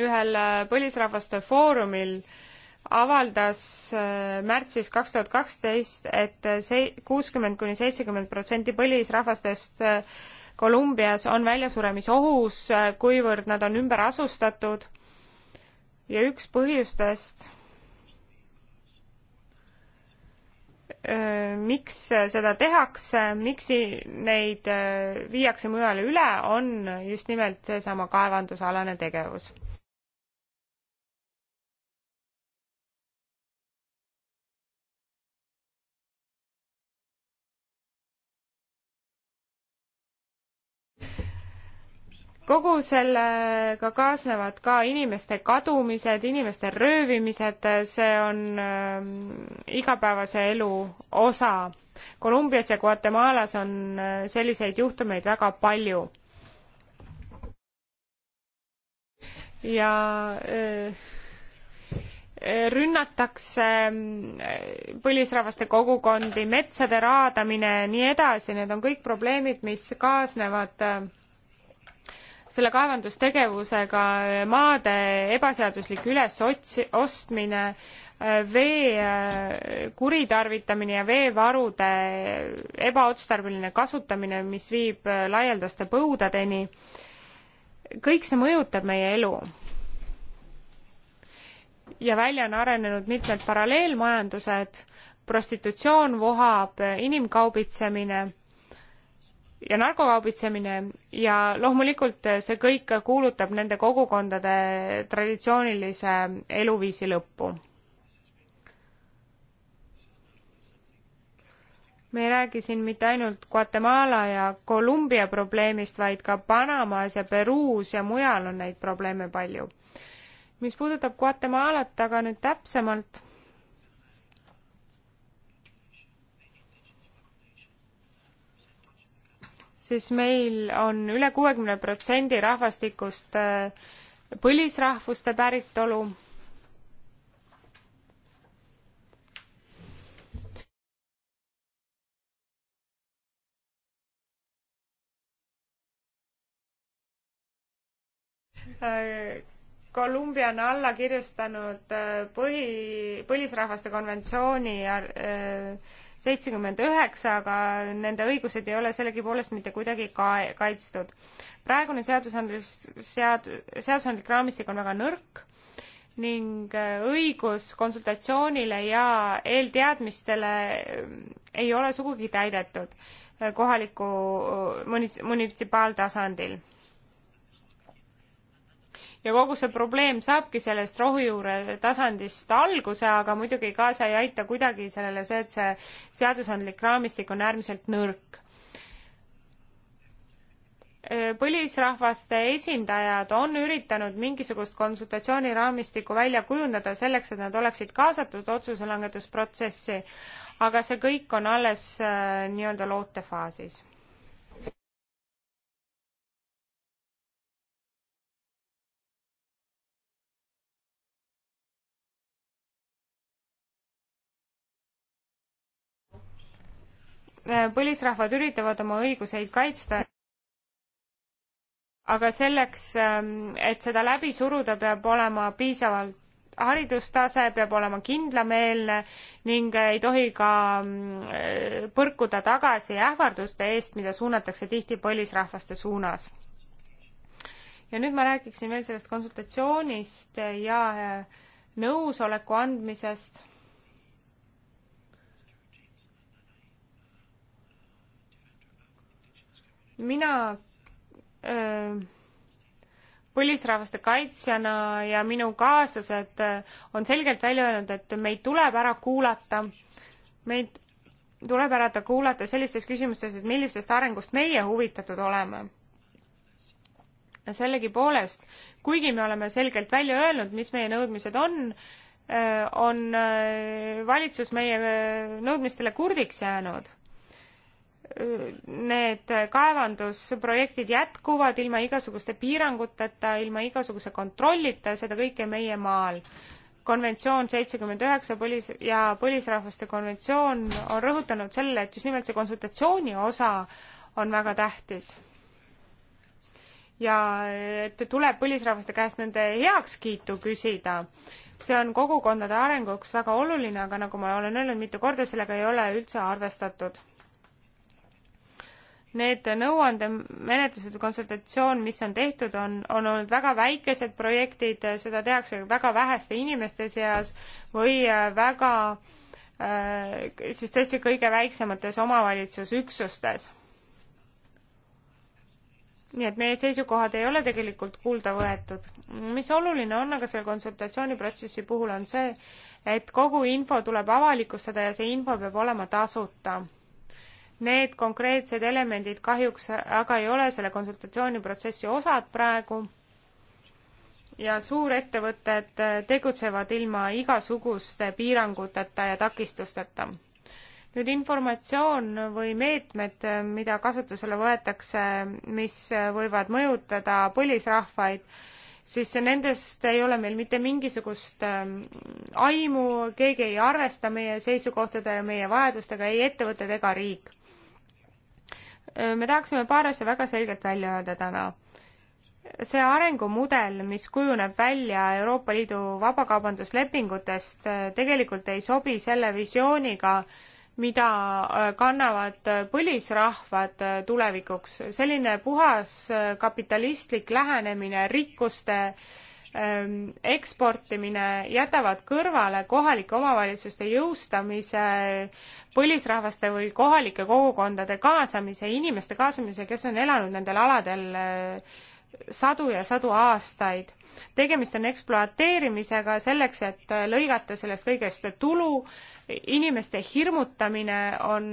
ühel põlisrahvaste foorumil äh, avaldas äh, märtsis kaks tuhat kaksteist, et see kuuskümmend kuni seitsekümmend protsenti põlisrahvastest äh, Kolumbias on väljasuremisohus, äh, kuivõrd nad on ümber asustatud ja üks põhjustest, miks seda tehakse, miks neid viiakse mujale üle, on just nimelt seesama kaevandusalane tegevus kogu sellega kaasnevad ka inimeste kadumised, inimeste röövimised, see on äh, igapäevase elu osa. Kolumbias ja Guatemalas on äh, selliseid juhtumeid väga palju. ja äh, rünnatakse ähm, põlisrahvaste kogukondi, metsade raadamine, nii edasi, need on kõik probleemid, mis kaasnevad äh, selle kaevandustegevusega maade ebaseaduslik ülesots-, ostmine, vee äh, kuritarvitamine ja veevarude ebaotstarbeline kasutamine, mis viib äh, laialdaste põudadeni, kõik see mõjutab meie elu. ja välja on arenenud mitmed paralleelmajandused, prostitutsioon vohab, äh, inimkaubitsemine ja narkokaubitsemine ja loomulikult eh, see kõik kuulutab nende kogukondade traditsioonilise eluviisi lõppu. me ei räägi siin mitte ainult Guatemala ja Kolumbia probleemist, vaid ka Panamas ja Peruus ja mujal on neid probleeme palju. mis puudutab Guatemalat aga nüüd täpsemalt siis meil on üle kuuekümne protsendi rahvastikust äh, põlisrahvuste päritolu äh, Kolumbia on alla kirjustanud äh, põhi, põlisrahvaste konventsiooni äh, seitsekümmend üheksa, aga nende õigused ei ole sellegipoolest mitte kuidagi ka-, kaitstud. praegune seadusandlus, sead-, seadusandlik raamistik on väga nõrk ning äh, õigus konsultatsioonile ja eelteadmistele ei ole sugugi täidetud kohaliku munits-, munitsipaaltasandil ja kogu see probleem saabki sellest rohujuure tasandist alguse, aga muidugi kaasa ei aita kuidagi sellele see, et see seadusandlik raamistik on äärmiselt nõrk. põlisrahvaste esindajad on üritanud mingisugust konsultatsiooniraamistikku välja kujundada selleks, et nad oleksid kaasatud otsuse langetusprotsessi, aga see kõik on alles äh, nii-öelda lootefaasis põlisrahvad üritavad oma õiguseid kaitsta, aga selleks, ähm, et seda läbi suruda, peab olema piisavalt haridustase, peab olema kindlameelne ning ei tohi ka ähm, põrkuda tagasi ähvarduste eest, mida suunatakse tihti põlisrahvaste suunas. ja nüüd ma räägiksin veel sellest konsultatsioonist ja äh, nõusoleku andmisest mina öö, põlisrahvaste kaitsjana ja minu kaaslased on selgelt välja öelnud, et meid tuleb ära kuulata, meid tuleb ära kuulata sellistes küsimustes, et millisest arengust meie huvitatud oleme. sellegipoolest, kuigi me oleme selgelt välja öelnud, mis meie nõudmised on, on valitsus meie nõudmistele kurdiks jäänud need kaevandusprojektid jätkuvad ilma igasuguste piiranguteta, ilma igasuguse kontrollita, seda kõike meie maal. konventsioon seitsekümmend üheksa põlis- ja põlisrahvaste konventsioon on rõhutanud sellele, et just nimelt see konsultatsiooni osa on väga tähtis. ja et tuleb põlisrahvaste käest nende heakskiitu küsida see on kogukondade arenguks väga oluline, aga nagu ma olen öelnud mitu korda, sellega ei ole üldse arvestatud Need nõuandemenetlused, konsultatsioon, mis on tehtud, on, on olnud väga väikesed projektid, seda tehakse väga väheste inimeste seas või äh, väga äh, siis tõesti kõige väiksemates omavalitsusüksustes. nii et meie seisukohad ei ole tegelikult kuulda võetud. mis oluline on aga selle konsultatsiooniprotsessi puhul, on see, et kogu info tuleb avalikustada ja see info peab olema tasuta Need konkreetsed elemendid kahjuks aga ei ole selle konsultatsiooniprotsessi osad praegu ja suurettevõtted tegutsevad ilma igasuguste piiranguteta ja takistusteta. nüüd informatsioon või meetmed, mida kasutusele võetakse, mis võivad mõjutada põlisrahvaid, siis nendest ei ole meil mitte mingisugust ähm, aimu, keegi ei arvesta meie seisukohtade ja meie vajadustega, ei ettevõtted ega riik me tahaksime paar asja väga selgelt välja öelda täna. see arengumudel, mis kujuneb välja Euroopa Liidu vabakaubanduslepingutest, tegelikult ei sobi selle visiooniga, mida äh, kannavad põlisrahvad äh, tulevikuks. selline puhas äh, kapitalistlik lähenemine rikkuste äh, Ehm, eksportimine jätavad kõrvale kohalike omavalitsuste jõustamise, põlisrahvaste või kohalike kogukondade kaasamise, inimeste kaasamise, kes on elanud nendel aladel eh, sadu ja sadu aastaid. tegemist on ekspluateerimisega selleks, et lõigata sellest kõigest tulu, inimeste hirmutamine on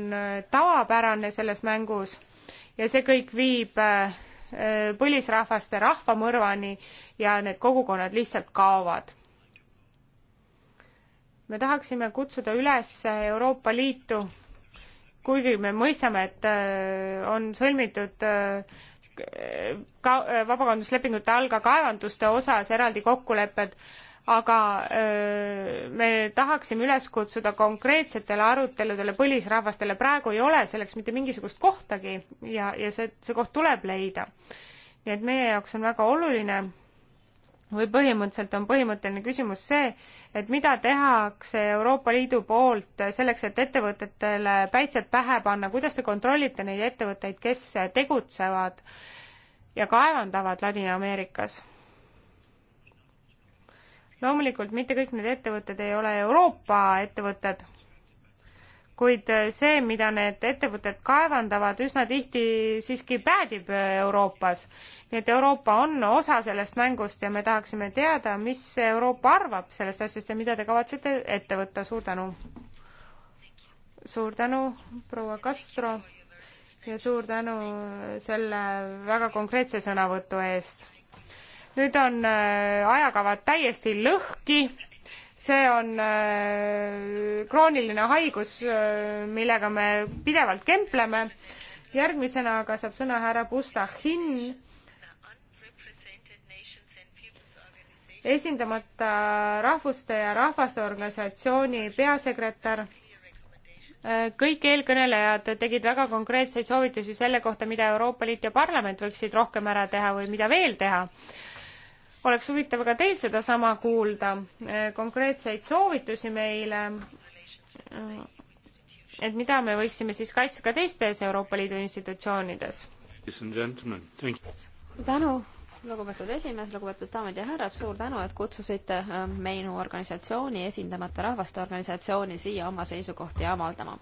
tavapärane selles mängus ja see kõik viib äh, Äh, põlisrahvaste rahvamõrvani ja need kogukonnad lihtsalt kaovad. me tahaksime kutsuda üles Euroopa Liitu, kuigi me mõistame, et äh, on sõlmitud äh, ka vabakaubanduslepingute all ka kaevanduste osas eraldi kokkulepped, aga öö, me tahaksime üles kutsuda konkreetsetele aruteludele põlisrahvastele, praegu ei ole selleks mitte mingisugust kohtagi ja, ja see, see koht tuleb leida. nii et meie jaoks on väga oluline või põhimõtteliselt on põhimõtteline küsimus see, et mida tehakse Euroopa Liidu poolt selleks, et ettevõtetele päitsed pähe panna, kuidas te kontrollite neid ettevõtteid, kes tegutsevad ja kaevandavad Ladina-Ameerikas? loomulikult mitte kõik need ettevõtted ei ole Euroopa ettevõtted, kuid see, mida need ettevõtted kaevandavad, üsna tihti siiski päädib Euroopas. nii et Euroopa on osa sellest mängust ja me tahaksime teada, mis Euroopa arvab sellest asjast ja mida te kavatsete ette võtta. suur tänu! suur tänu, proua Castro ja suur tänu selle väga konkreetse sõnavõtu eest nüüd on äh, ajakavad täiesti lõhki see on äh, krooniline haigus, äh, millega me pidevalt kempleme. järgmisena aga saab sõna härra Pustahin. esindamata rahvuste ja rahvaste organisatsiooni peasekretär. kõik eelkõnelejad tegid väga konkreetseid soovitusi selle kohta, mida Euroopa Liit ja parlament võiksid rohkem ära teha või mida veel teha oleks huvitav ka teilt sedasama kuulda, eh, konkreetseid soovitusi meile, eh, et mida me võiksime siis kaitsta ka teistes Euroopa Liidu institutsioonides. tänu, lugupeetud esimees, lugupeetud daamid ja härrad, suur tänu, et kutsusite eh, meinu organisatsiooni, Esindamata Rahvaste Organisatsiooni siia oma seisukohti avaldama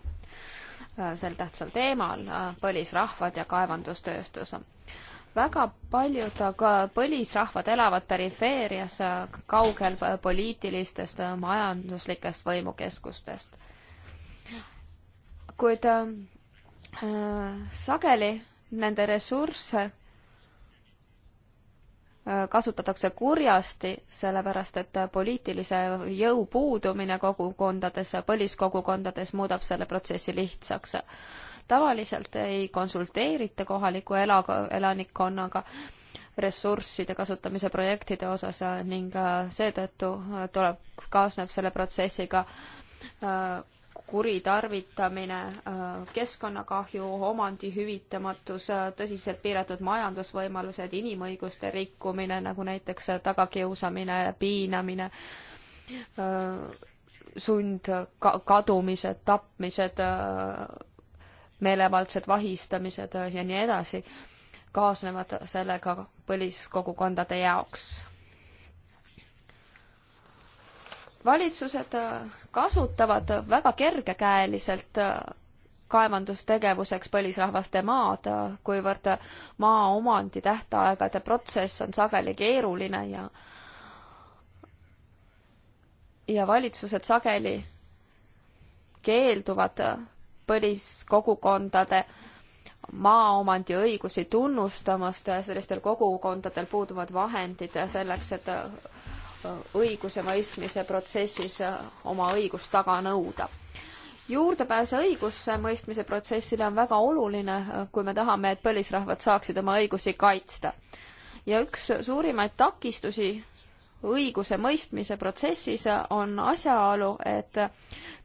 sel tähtsal teemal, põlisrahvad ja kaevandustööstus väga paljud aga põlisrahvad elavad perifeerias, kaugel poliitilistest, majanduslikest võimukeskustest. kuid äh, sageli nende ressursse äh, kasutatakse kurjasti, sellepärast et poliitilise jõu puudumine kogukondades, põliskogukondades muudab selle protsessi lihtsaks tavaliselt ei konsulteerita kohaliku ela-, elanikkonnaga ressursside kasutamise projektide osas ning äh, seetõttu äh, tuleb, kaasneb selle protsessiga äh, kuritarvitamine, keskkonnakahju, omandi hüvitamatus, tõsiselt piiratud majandusvõimalused, inimõiguste rikkumine, nagu näiteks tagakiusamine, piinamine, sund, kadumised, tapmised meelevaldsed vahistamised äh, ja nii edasi kaasnevad sellega põliskogukondade jaoks. valitsused äh, kasutavad väga kergekäeliselt äh, kaevandustegevuseks põlisrahvaste maad, kuivõrd maaomandi tähtaegade protsess on sageli keeruline ja ja valitsused sageli keelduvad põliskogukondade maaomandi õigusi tunnustamast, sellistel kogukondadel puuduvad vahendid selleks, et õigusemõistmise protsessis oma õigust taga nõuda juurdepääs õigusemõistmise protsessile on väga oluline, kui me tahame, et põlisrahvad saaksid oma õigusi kaitsta. ja üks suurimaid takistusi õigusemõistmise protsessis on asjaolu, et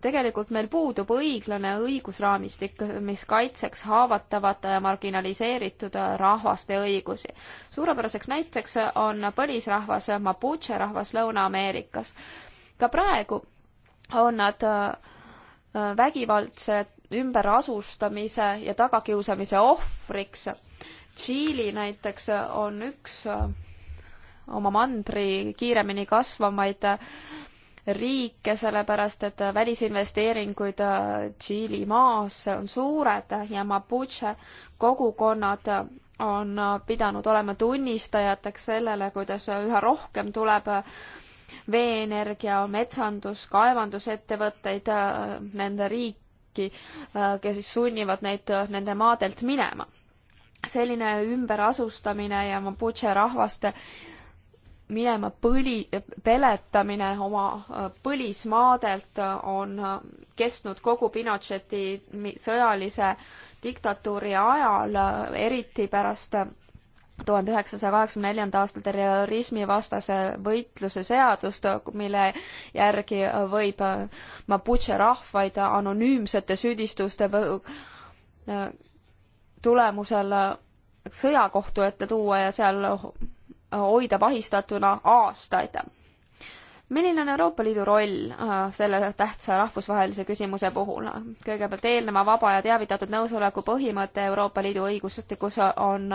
tegelikult meil puudub õiglane õigusraamistik, mis kaitseks haavatavate ja marginaliseeritud rahvaste õigusi. suurepäraseks näiteks on põlisrahvas Mapuche rahvas Lõuna-Ameerikas. ka praegu on nad äh, vägivaldse ümberasustamise ja tagakiusamise ohvriks. Tšiili näiteks on üks äh, oma mandri kiiremini kasvavaid riike, sellepärast et välisinvesteeringuid äh, Tšiili maasse on suured ja Mapuche kogukonnad on äh, pidanud olema tunnistajateks sellele, kuidas üha rohkem tuleb äh, veeenergia, metsandus, kaevandusettevõtteid nende riiki, kes siis sunnivad neid nende maadelt minema. selline ümberasustamine ja Mapuche rahvaste minema põli, peletamine oma äh, põlismaadelt äh, on äh, kestnud kogu Pinocheti sõjalise diktatuuri ajal, eriti pärast tuhande üheksasaja kaheksakümne neljanda aasta terrorismivastase võitluse seadust, mille järgi võib Mapuche rahvaid anonüümsete süüdistuste tulemusel sõjakohtu ette tuua ja seal hoida vahistatuna aastaid. milline on Euroopa Liidu roll äh, selle tähtsa rahvusvahelise küsimuse puhul? kõigepealt eelneva vaba ja teavitatud nõusoleku põhimõte Euroopa Liidu õigustikus on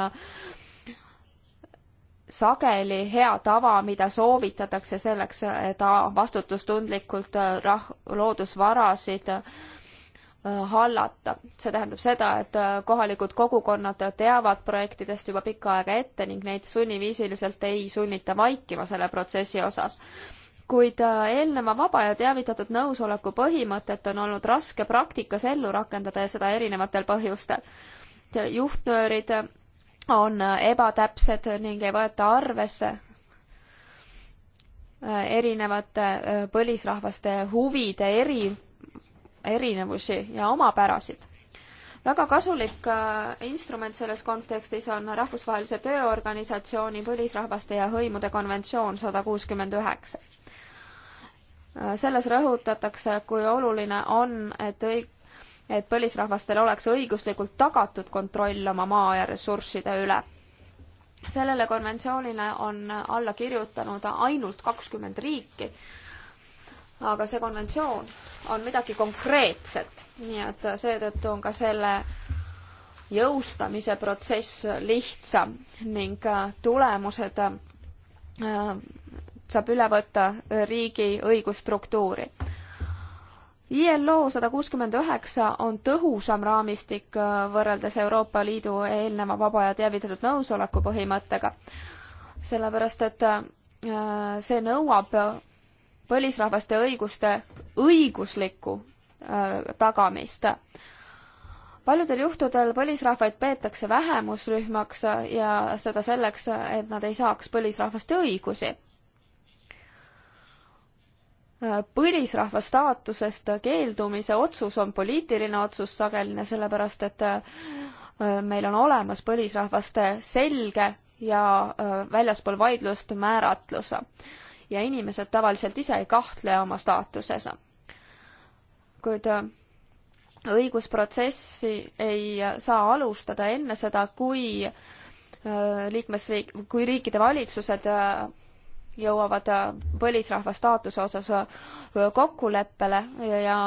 sageli hea tava, mida soovitatakse selleks, et vastutustundlikult rah-, loodusvarasid äh, hallata. see tähendab seda, et äh, kohalikud kogukonnad teavad projektidest juba pikka aega ette ning neid sunniviisiliselt ei sunnita vaikima selle protsessi osas. kuid äh, eelneva vaba ja teavitatud nõusoleku põhimõtet on olnud raske praktikas ellu rakendada ja seda erinevatel põhjustel. juhtnöörid on äh, ebatäpsed ning ei võeta arvesse erinevate põlisrahvaste huvide eri erinevusi ja omapärasid. väga kasulik äh, instrument selles kontekstis on Rahvusvahelise Tööorganisatsiooni põlisrahvaste ja hõimude konventsioon sada kuuskümmend üheksa. Äh, selles rõhutatakse, kui oluline on, et õig-, et põlisrahvastel oleks õiguslikult tagatud kontroll oma maa ja ressursside üle sellele konventsioonile on alla kirjutanud ainult kakskümmend riiki aga see konventsioon on midagi konkreetset, nii et seetõttu on ka selle jõustamise protsess lihtsam ning äh, tulemused äh, saab üle võtta riigi õigusstruktuuri. ILO sada kuuskümmend üheksa on tõhusam raamistik äh, võrreldes Euroopa Liidu eelneva vaba ja teavitatud nõusoleku põhimõttega, sellepärast et see nõuab põlisrahvaste õiguste õiguslikku äh, tagamist. paljudel juhtudel põlisrahvaid peetakse vähemusrühmaks äh, ja seda selleks, et nad ei saaks põlisrahvaste õigusi. Äh, põlisrahva staatusest keeldumise otsus on poliitiline otsus sageline, sellepärast et meil on olemas põlisrahvaste selge ja väljaspool vaidlust määratlus ja inimesed tavaliselt ise ei kahtle oma staatuses. kuid äh, õigusprotsessi ei saa alustada enne seda, kui äh, liikmesriik, kui riikide valitsused äh, jõuavad põlisrahva staatuse osas kokkuleppele ja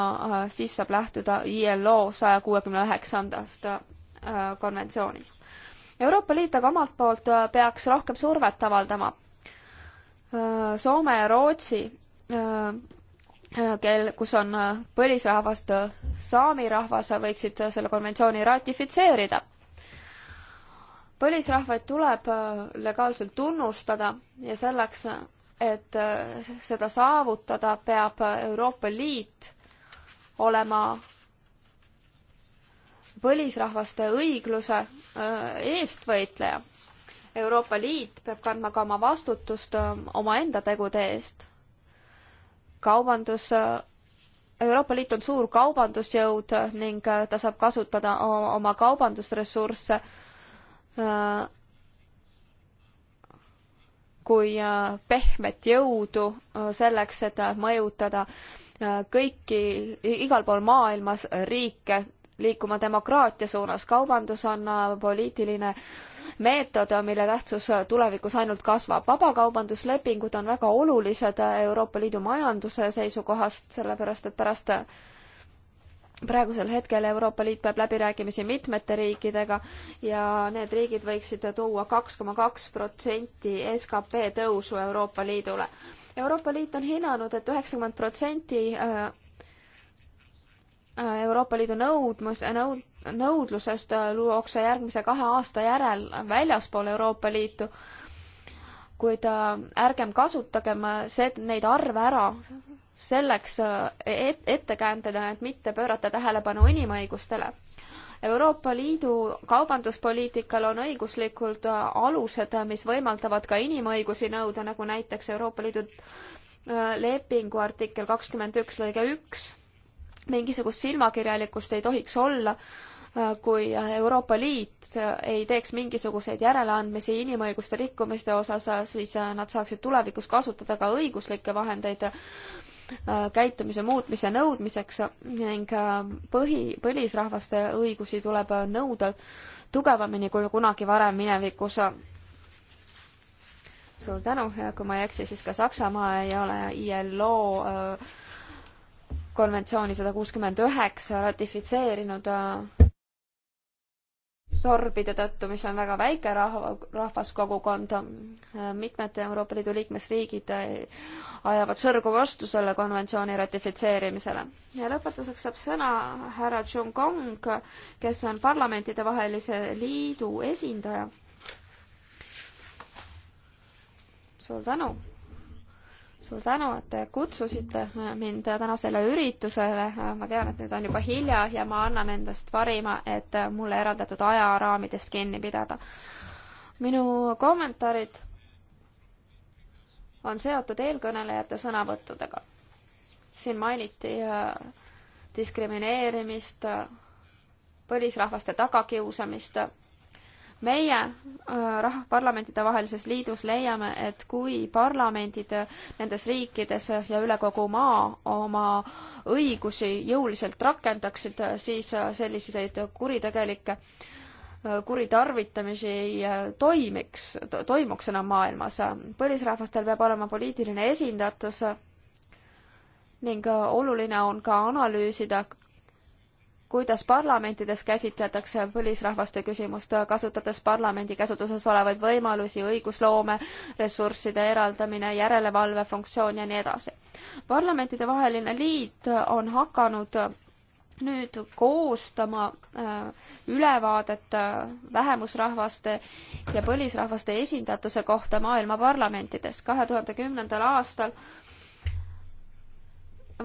siis saab lähtuda ILO saja kuuekümne üheksandast konventsioonist. Euroopa Liit aga omalt poolt peaks rohkem survet avaldama Äh, Soome ja Rootsi, äh, äh, kel, kus on põlisrahvast saami rahvas, võiksid selle konventsiooni ratifitseerida. põlisrahvaid tuleb legaalselt tunnustada ja selleks, et seda saavutada, peab Euroopa Liit olema põlisrahvaste õigluse eestvõitleja Euroopa Liit peab kandma ka oma vastutust ähm, omaenda tegude eest. kaubandus, äh, Euroopa Liit on suur kaubandusjõud ning äh, ta saab kasutada oma kaubandusressursse äh, kui pehmet jõudu selleks, et mõjutada kõiki, igal pool maailmas riike liikuma demokraatia suunas. kaubandus on poliitiline äh, meetod, mille tähtsus tulevikus ainult kasvab. vabakaubanduslepingud on väga olulised Euroopa Liidu majanduse seisukohast, sellepärast et pärast praegusel hetkel Euroopa Liit peab läbirääkimisi mitmete riikidega ja need riigid võiksid tuua kaks koma kaks protsenti skp tõusu Euroopa Liidule. Euroopa Liit on hinnanud et, et üheksakümmend protsenti äh, äh, Euroopa Liidu nõudmus, nõud-, nõudlusest luuakse järgmise kahe aasta järel väljaspool Euroopa Liitu, kuid äh, ärgem kasutagem see, neid arve ära selleks äh, et, ettekäändena, et mitte pöörata tähelepanu inimõigustele. Euroopa Liidu kaubanduspoliitikal on õiguslikud äh, alused, mis võimaldavad ka inimõigusi nõuda, nagu näiteks Euroopa Liidu lepingu artikkel kakskümmend üks lõige üks. mingisugust silmakirjalikkust ei tohiks olla kui Euroopa Liit ei teeks mingisuguseid järeleandmisi inimõiguste rikkumiste osas, siis nad saaksid tulevikus kasutada ka õiguslikke vahendeid äh, käitumise muutmise nõudmiseks ning äh, põhi, põlisrahvaste õigusi tuleb nõuda tugevamini kui kunagi varem minevikus suur tänu ja kui ma ei eksi, siis ka Saksamaa ei ole ILO äh, konventsiooni sada kuuskümmend üheksa ratifitseerinud äh, sorbide tõttu, mis on väga väike rahva, rahvaskogukond, mitmed Euroopa Liidu liikmesriigid ajavad sõrgu vastu selle konventsiooni ratifitseerimisele. ja lõpetuseks saab sõna härra Chung Kong, kes on parlamentidevahelise liidu esindaja. suur tänu! suur tänu, et te kutsusite mind tänasele üritusele. ma tean, et nüüd on juba hilja ja ma annan endast parima, et mulle eraldatud ajaraamidest kinni pidada. minu kommentaarid on seotud eelkõnelejate sõnavõttudega. siin mainiti äh, diskrimineerimist, äh, põlisrahvaste tagakiusamist meie äh, rah-, parlamentidevahelises liidus leiame, et kui parlamendid nendes riikides ja üle kogu maa oma õigusi jõuliselt rakendaksid, siis äh, selliseid kuritegelikke äh, kuritarvitamisi ei toimiks, toimuks enam maailmas. põlisrahvastel peab olema poliitiline esindatus ning oluline on ka analüüsida kuidas parlamentides käsitletakse põlisrahvaste küsimust, kasutades parlamendi käsutuses olevaid võimalusi, õigusloome, ressursside eraldamine, järelevalve funktsioon ja nii edasi. parlamentide vaheline liit on hakanud nüüd koostama äh, ülevaadet äh, vähemusrahvaste ja põlisrahvaste esindatuse kohta maailma parlamentides. kahe tuhande kümnendal aastal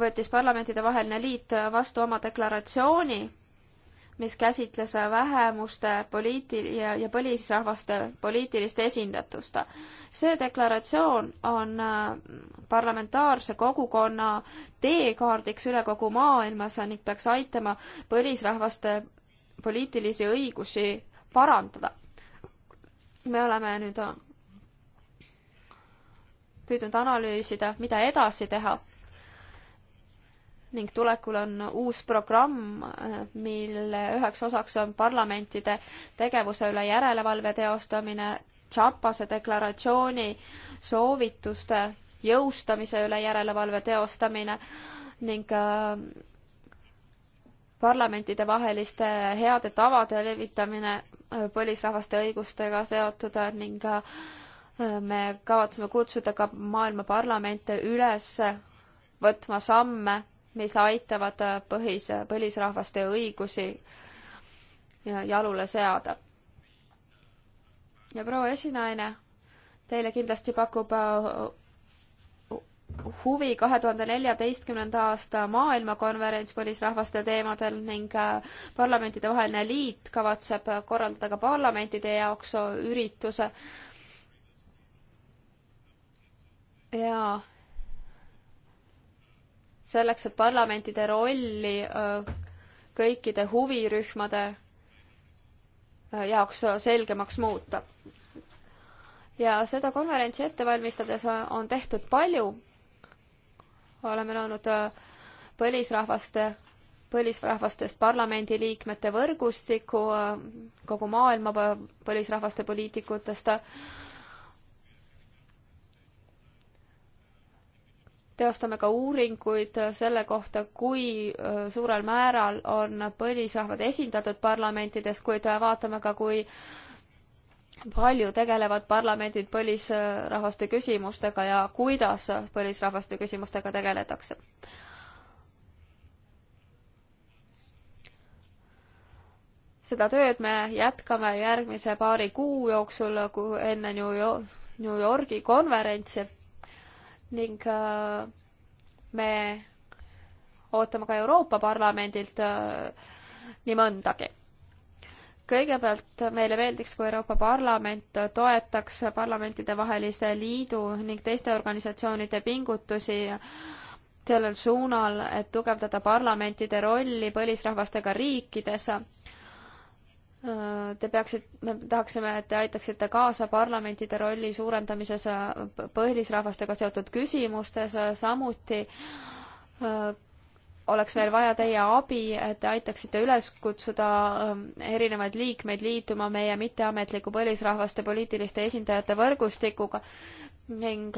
võttis parlamentidevaheline liit vastu oma deklaratsiooni, mis käsitles vähemuste poliiti- ja, ja põlisrahvaste poliitilist esindatust. see deklaratsioon on äh, parlamentaarse kogukonna teekaardiks üle kogu maailmas ning peaks aitama põlisrahvaste poliitilisi õigusi parandada. me oleme nüüd äh, püüdnud analüüsida, mida edasi teha ning tulekul on uus programm, äh, mille üheks osaks on parlamentide tegevuse üle järelevalve teostamine, Chapase deklaratsiooni soovituste jõustamise üle järelevalve teostamine ning äh, parlamentidevaheliste heade tavade levitamine äh, põlisrahvaste õigustega seotud ning me kavatseme kutsuda ka maailma parlamente üles võtma samme mis aitavad äh, põhis, põlisrahvaste õigusi jalule seada. ja proua esinaine, teile kindlasti pakub äh, huvi kahe tuhande neljateistkümnenda aasta maailmakonverents põlisrahvaste teemadel ning äh, parlamentidevaheline liit kavatseb korraldada ka parlamentide jaoks ürituse. ja selleks, et parlamentide rolli äh, kõikide huvirühmade äh, jaoks äh, selgemaks muuta. ja seda konverentsi ette valmistades on tehtud palju. oleme loonud põlisrahvaste, põlisrahvastest parlamendiliikmete võrgustiku kogu maailma põlisrahvaste poliitikutest teostame ka uuringuid selle kohta, kui suurel määral on põlisrahvad esindatud parlamentides, kuid vaatame ka, kui palju tegelevad parlamendid põlisrahvaste küsimustega ja kuidas põlisrahvaste küsimustega tegeletakse. seda tööd me jätkame järgmise paari kuu jooksul, enne New Yorgi konverentsi ning äh, me ootame ka Euroopa Parlamendilt äh, nii mõndagi. kõigepealt meile meeldiks, kui Euroopa Parlament toetaks parlamentidevahelise liidu ning teiste organisatsioonide pingutusi sellel suunal, et tugevdada parlamentide rolli põlisrahvastega riikides Te peaksite, me tahaksime, et te aitaksite kaasa parlamentide rolli suurendamises äh, põlisrahvastega seotud küsimustes, äh, samuti äh, oleks veel vaja teie abi, et te aitaksite üles kutsuda erinevaid liikmeid liituma meie mitteametliku põlisrahvaste poliitiliste esindajate võrgustikuga ning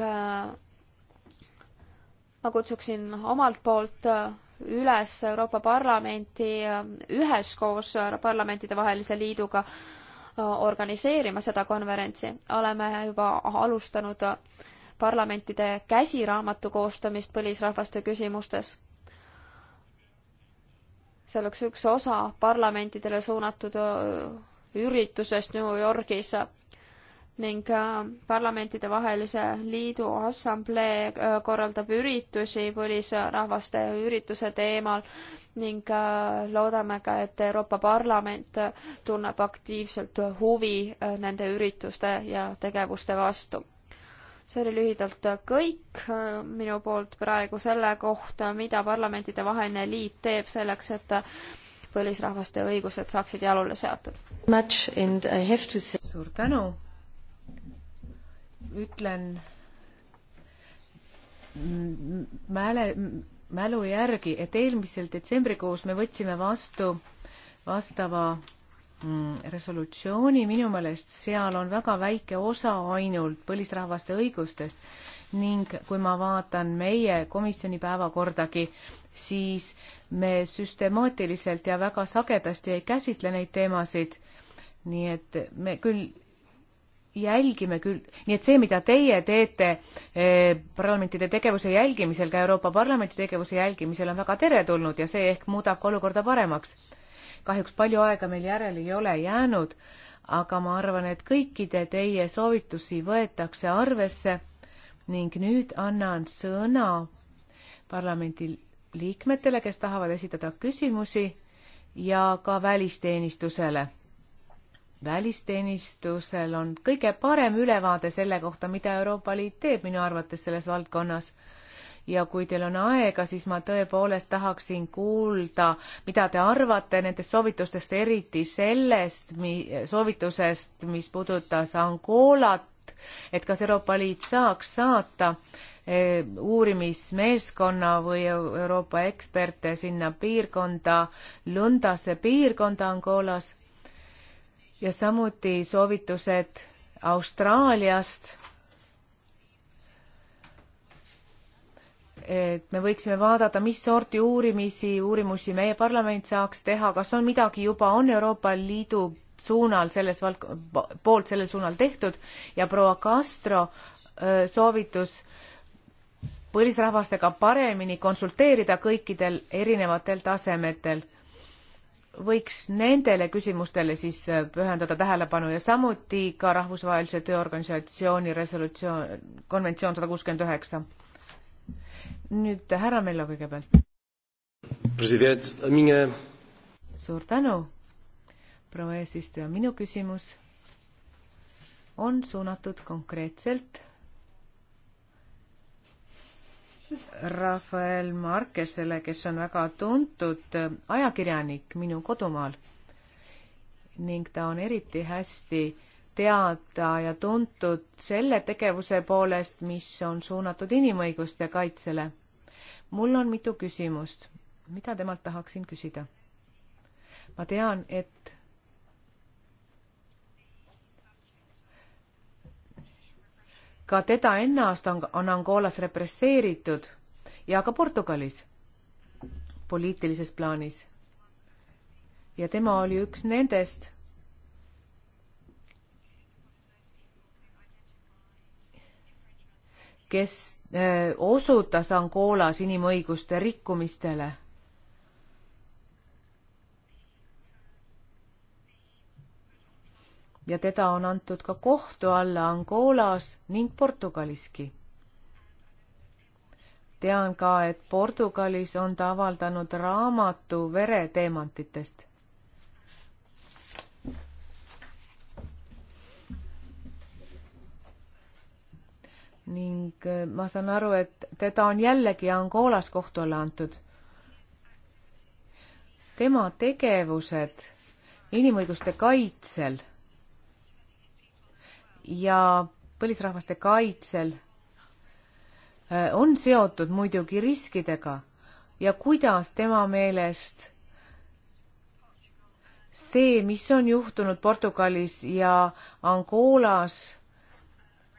ma kutsuksin omalt poolt üles Euroopa Parlamenti ähm, üheskoos parlamentidevahelise liiduga äh, organiseerima seda konverentsi. oleme juba alustanud äh, parlamentide käsiraamatu koostamist põlisrahvaste küsimustes. see oleks üks osa parlamentidele suunatud äh, üritusest New Yorgis ning äh, parlamentidevahelise liidu assamblee äh, korraldab üritusi põlisrahvaste ürituse teemal ning äh, loodame ka, et Euroopa Parlament tunneb aktiivselt huvi nende ürituste ja tegevuste vastu. see oli lühidalt kõik minu poolt praegu selle kohta, mida parlamentidevaheline liit teeb selleks, et põlisrahvaste õigused saaksid jalule seatud. suur tänu ütlen mäle, mälu järgi, et eelmisel detsembrikuus me võtsime vastu vastava mm, resolutsiooni, minu meelest seal on väga väike osa ainult põlisrahvaste õigustest ning kui ma vaatan meie komisjoni päevakordagi, siis me süstemaatiliselt ja väga sagedasti ei käsitle neid teemasid. nii et me küll jälgime küll, nii et see, mida teie teete eh, parlamentide tegevuse jälgimisel, ka Euroopa Parlamenti tegevuse jälgimisel, on väga teretulnud ja see ehk muudab ka olukorda paremaks. kahjuks palju aega meil järele ei ole jäänud, aga ma arvan, et kõikide teie soovitusi võetakse arvesse ning nüüd annan sõna parlamendi liikmetele, kes tahavad esitada küsimusi ja ka välisteenistusele välisteenistusel on kõige parem ülevaade selle kohta, mida Euroopa Liit teeb minu arvates selles valdkonnas. ja kui teil on aega, siis ma tõepoolest tahaksin kuulda, mida te arvate nendest soovitustest, eriti sellest mi-, soovitusest, mis puudutas Angolat, et kas Euroopa Liit saaks saata eh, uurimismeeskonna või Euroopa eksperte sinna piirkonda, Lundasse piirkonda Angolas ja samuti soovitused Austraaliast. et me võiksime vaadata, mis sorti uurimisi, uurimusi meie parlament saaks teha, kas on midagi juba, on Euroopa Liidu suunal selles valk-, poolt sellel suunal tehtud ja proua Castro soovitus põlisrahvastega paremini konsulteerida kõikidel erinevatel tasemetel võiks nendele küsimustele siis äh, pühendada tähelepanu ja samuti ka Rahvusvahelise Tööorganisatsiooni resolutsioon, konventsioon sada kuuskümmend üheksa. nüüd härra Mello kõigepealt. president, mine. suur tänu, proua eesistuja, minu küsimus on suunatud konkreetselt Rafael Markesele, kes on väga tuntud ajakirjanik minu kodumaal ning ta on eriti hästi teada ja tuntud selle tegevuse poolest, mis on suunatud inimõiguste kaitsele. mul on mitu küsimust, mida temalt tahaksin küsida. ma tean, et ka teda ennast on, on Angolas represseeritud ja ka Portugalis poliitilises plaanis. ja tema oli üks nendest, kes eh, osutas Angolas inimõiguste rikkumistele ja teda on antud ka kohtu alla Angolas ning Portugaliski. tean ka, et Portugalis on ta avaldanud raamatu vereteemantitest. ning äh, ma saan aru, et teda on jällegi Angolas kohtu alla antud. tema tegevused inimõiguste kaitsel ja põlisrahvaste kaitsel äh, on seotud muidugi riskidega ja kuidas tema meelest see, mis on juhtunud Portugalis ja Angolas,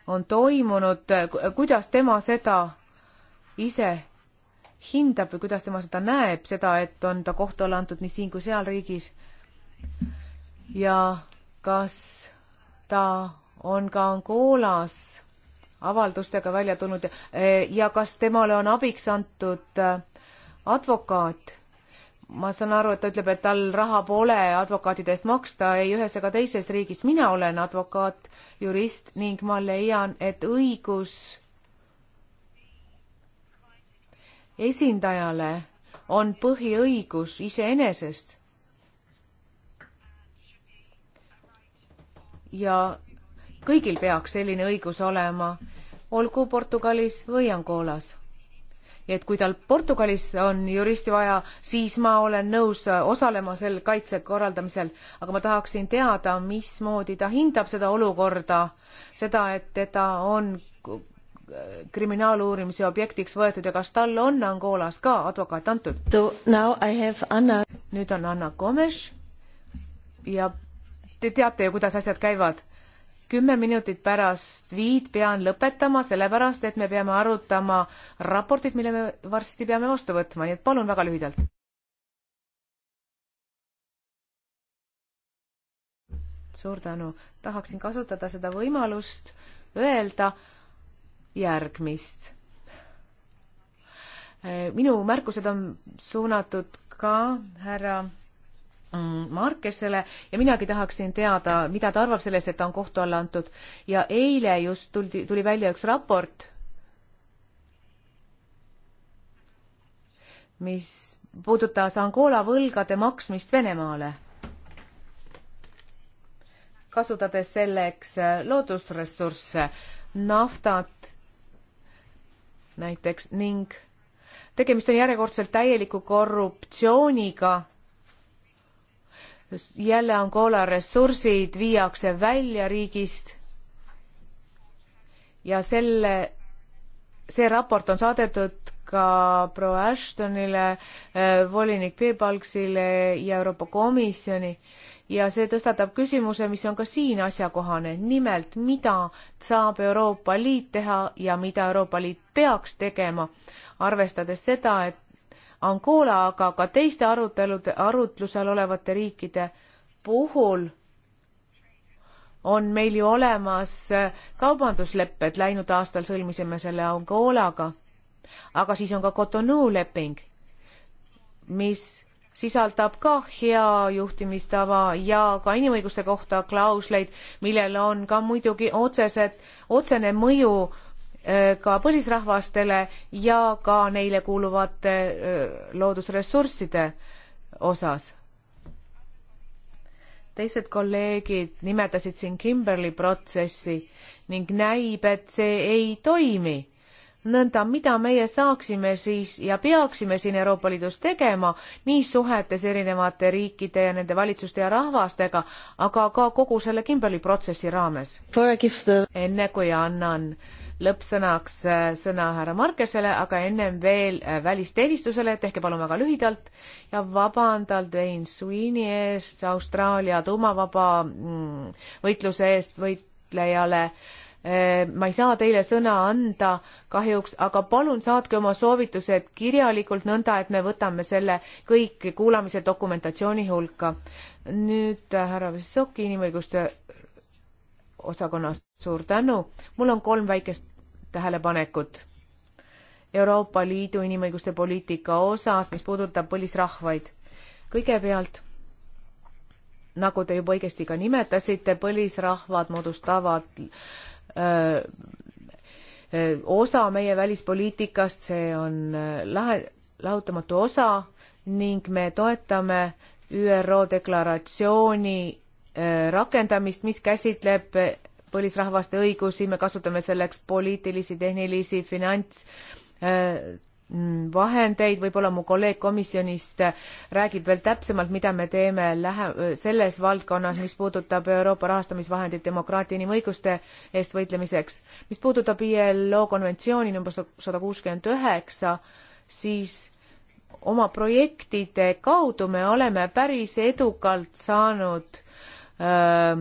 on toimunud, äh, kuidas tema seda ise hindab või kuidas tema seda näeb, seda, et on ta kohtu alla antud nii siin kui seal riigis ja kas ta on ka Angolas avaldustega välja tulnud eh, ja kas temale on abiks antud eh, advokaat? ma saan aru, et ta ütleb, et tal raha pole advokaatide eest maksta ei ühes ega teises riigis. mina olen advokaat, jurist ning ma leian, et õigus esindajale on põhiõigus iseenesest. ja kõigil peaks selline õigus olema, olgu Portugalis või Angolas. ja et kui tal Portugalis on juristi vaja, siis ma olen nõus äh, osalema sel kaitse korraldamisel, aga ma tahaksin teada, mismoodi ta hindab seda olukorda, seda, et teda on äh, kriminaaluurimise objektiks võetud ja kas tal on Angolas ka advokaat antud? nüüd on Anna Komes ja te teate ju, kuidas asjad käivad kümme minutit pärast viid pean lõpetama, sellepärast et me peame arutama raportit, mille me varsti peame vastu võtma, nii et palun väga lühidalt. suur tänu, tahaksin kasutada seda võimalust öelda järgmist. minu märkused on suunatud ka härra Mm, Markesele ja minagi tahaksin teada, mida ta arvab sellest, et ta on kohtu alla antud ja eile just tuldi, tuli välja üks raport, mis puudutas Angola võlgade maksmist Venemaale, kasutades selleks äh, loodusressursse, naftat näiteks ning tegemist on järjekordselt täieliku korruptsiooniga jälle Angola ressursid viiakse välja riigist ja selle, see raport on saadetud ka proua Ashtonile, äh, volinik Peebalgsile ja Euroopa Komisjoni ja see tõstatab küsimuse, mis on ka siin asjakohane, nimelt mida saab Euroopa Liit teha ja mida Euroopa Liit peaks tegema, arvestades seda, et Angola, aga ka teiste arutelude, arutlusel olevate riikide puhul on meil ju olemas äh, kaubanduslepped, läinud aastal sõlmisime selle Angolaga. aga siis on ka Cotonou leping, mis sisaldab ka hea juhtimistava ja ka inimõiguste kohta klausleid, millel on ka muidugi otsesed, otsene mõju Äh, ka põlisrahvastele ja ka neile kuuluvate äh, loodusressursside osas. teised kolleegid nimetasid siin Kimberli protsessi ning näib, et see ei toimi nõnda, mida meie saaksime siis ja peaksime siin Euroopa Liidus tegema, nii suhetes erinevate riikide ja nende valitsuste ja rahvastega, aga ka kogu selle Kimberli protsessi raames. The... enne kui annan lõppsõnaks äh, sõna härra Markesele, aga ennem veel äh, välisteenistusele, tehke palun väga lühidalt ja vabandan Dane Sweeney eest, Austraalia tuumavaba mm, võitluse eest võitlejale. Äh, ma ei saa teile sõna anda kahjuks, aga palun saatke oma soovitused kirjalikult, nõnda et me võtame selle kõik kuulamise dokumentatsiooni hulka. nüüd härra Vissoki inimõiguste osakonnast suur tänu. mul on kolm väikest tähelepanekut Euroopa Liidu inimõiguste poliitika osas, mis puudutab põlisrahvaid. kõigepealt, nagu te juba õigesti ka nimetasite, põlisrahvad moodustavad öö, öö, osa meie välispoliitikast, see on lahe, lahutamatu osa ning me toetame ÜRO deklaratsiooni Äh, rakendamist, mis käsitleb põlisrahvaste õigusi, me kasutame selleks poliitilisi, tehnilisi, finants, äh, vahendeid, võib-olla mu kolleeg komisjonist räägib veel täpsemalt, mida me teeme lähe-, selles valdkonnas, mis puudutab Euroopa rahastamisvahendit demokraatia inimõiguste eest võitlemiseks. mis puudutab ILO konventsiooni number sada kuuskümmend üheksa, siis oma projektide kaudu me oleme päris edukalt saanud Ähm,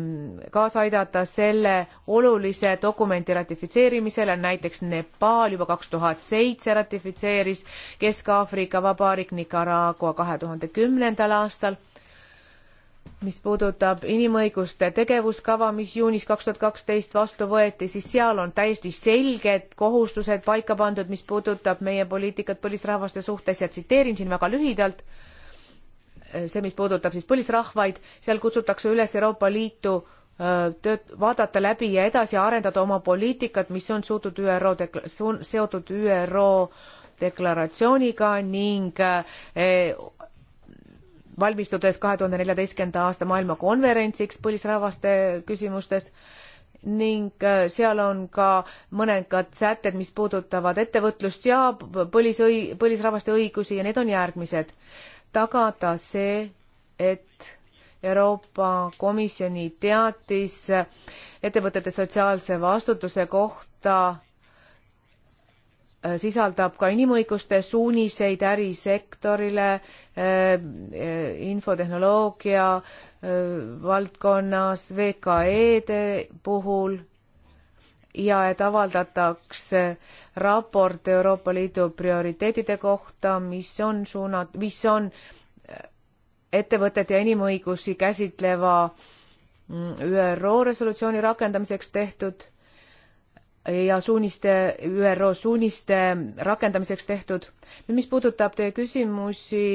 kaasa aidata selle olulise dokumenti ratifitseerimisele, näiteks Nepaal juba kaks tuhat seitse ratifitseeris, Kesk-Aafrika Vabariik Nicaragua kahe tuhande kümnendal aastal, mis puudutab inimõiguste tegevuskava, mis juunis kaks tuhat kaksteist vastu võeti, siis seal on täiesti selged kohustused paika pandud, mis puudutab meie poliitikat põlisrahvaste suhtes ja tsiteerin siin väga lühidalt see, mis puudutab siis põlisrahvaid, seal kutsutakse üles Euroopa Liitu tööd, vaadata läbi ja edasi arendada oma poliitikat, mis on suutud ÜRO dekla-, seotud ÜRO deklaratsiooniga ning valmistudes kahe tuhande neljateistkümnenda aasta maailmakonverentsiks põlisrahvaste küsimustes ning seal on ka mõningad sätted, mis puudutavad ettevõtlust ja põlisõi-, põlisrahvaste õigusi ja need on järgmised tagada see, et Euroopa Komisjoni teatis ettevõtete sotsiaalse vastutuse kohta äh, sisaldab ka inimõiguste suuniseid ärisektorile, äh, äh, infotehnoloogia valdkonnas, VKE-de puhul ja et avaldatakse raport Euroopa Liidu prioriteetide kohta, mis on suunat-, mis on äh, ettevõtete ja inimõigusi käsitleva mm, ÜRO resolutsiooni rakendamiseks tehtud ja suuniste, ÜRO suuniste rakendamiseks tehtud. nüüd, mis puudutab teie küsimusi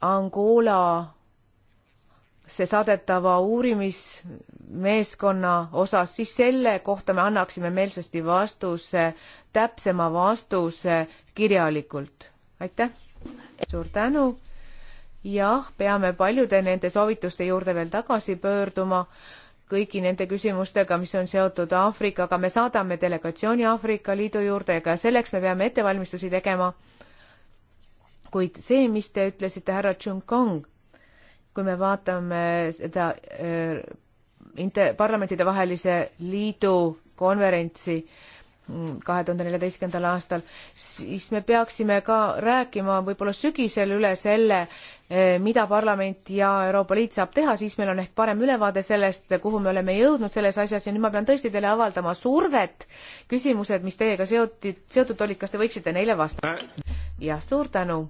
Angola see saadetava uurimismeeskonna osas, siis selle kohta me annaksime meelsasti vastuse, täpsema vastuse kirjalikult. aitäh! suur tänu! jah, peame paljude nende soovituste juurde veel tagasi pöörduma, kõigi nende küsimustega, mis on seotud Aafrikaga, me saadame delegatsiooni Aafrika Liidu juurde ja ka selleks me peame ettevalmistusi tegema. kuid see, mis te ütlesite, härra Chung Kong kui me vaatame seda äh, inter-, parlamentidevahelise liidu konverentsi mm, kahe tuhande neljateistkümnendal aastal, siis me peaksime ka rääkima võib-olla sügisel üle selle, äh, mida parlament ja Euroopa Liit saab teha, siis meil on ehk parem ülevaade sellest, kuhu me oleme jõudnud selles asjas ja nüüd ma pean tõesti teile avaldama survet. küsimused, mis teiega seoti, seotud olid, kas te võiksite neile vastata? Äh. jah, suur tänu.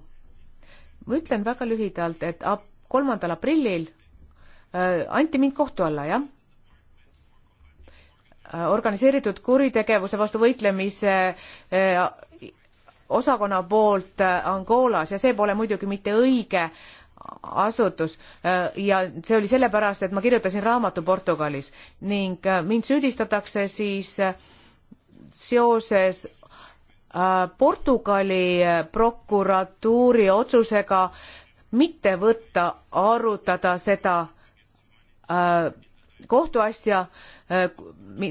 ma ütlen väga lühidalt, et ap-, kolmandal aprillil äh, anti mind kohtu alla, jah. Äh, organiseeritud kuritegevuse vastu võitlemise äh, osakonna poolt Angolas ja see pole muidugi mitte õige asutus ja see oli sellepärast, et ma kirjutasin raamatu Portugalis ning mind süüdistatakse siis seoses Portugali prokuratuuri otsusega mitte võtta arutada seda äh, kohtuasja äh,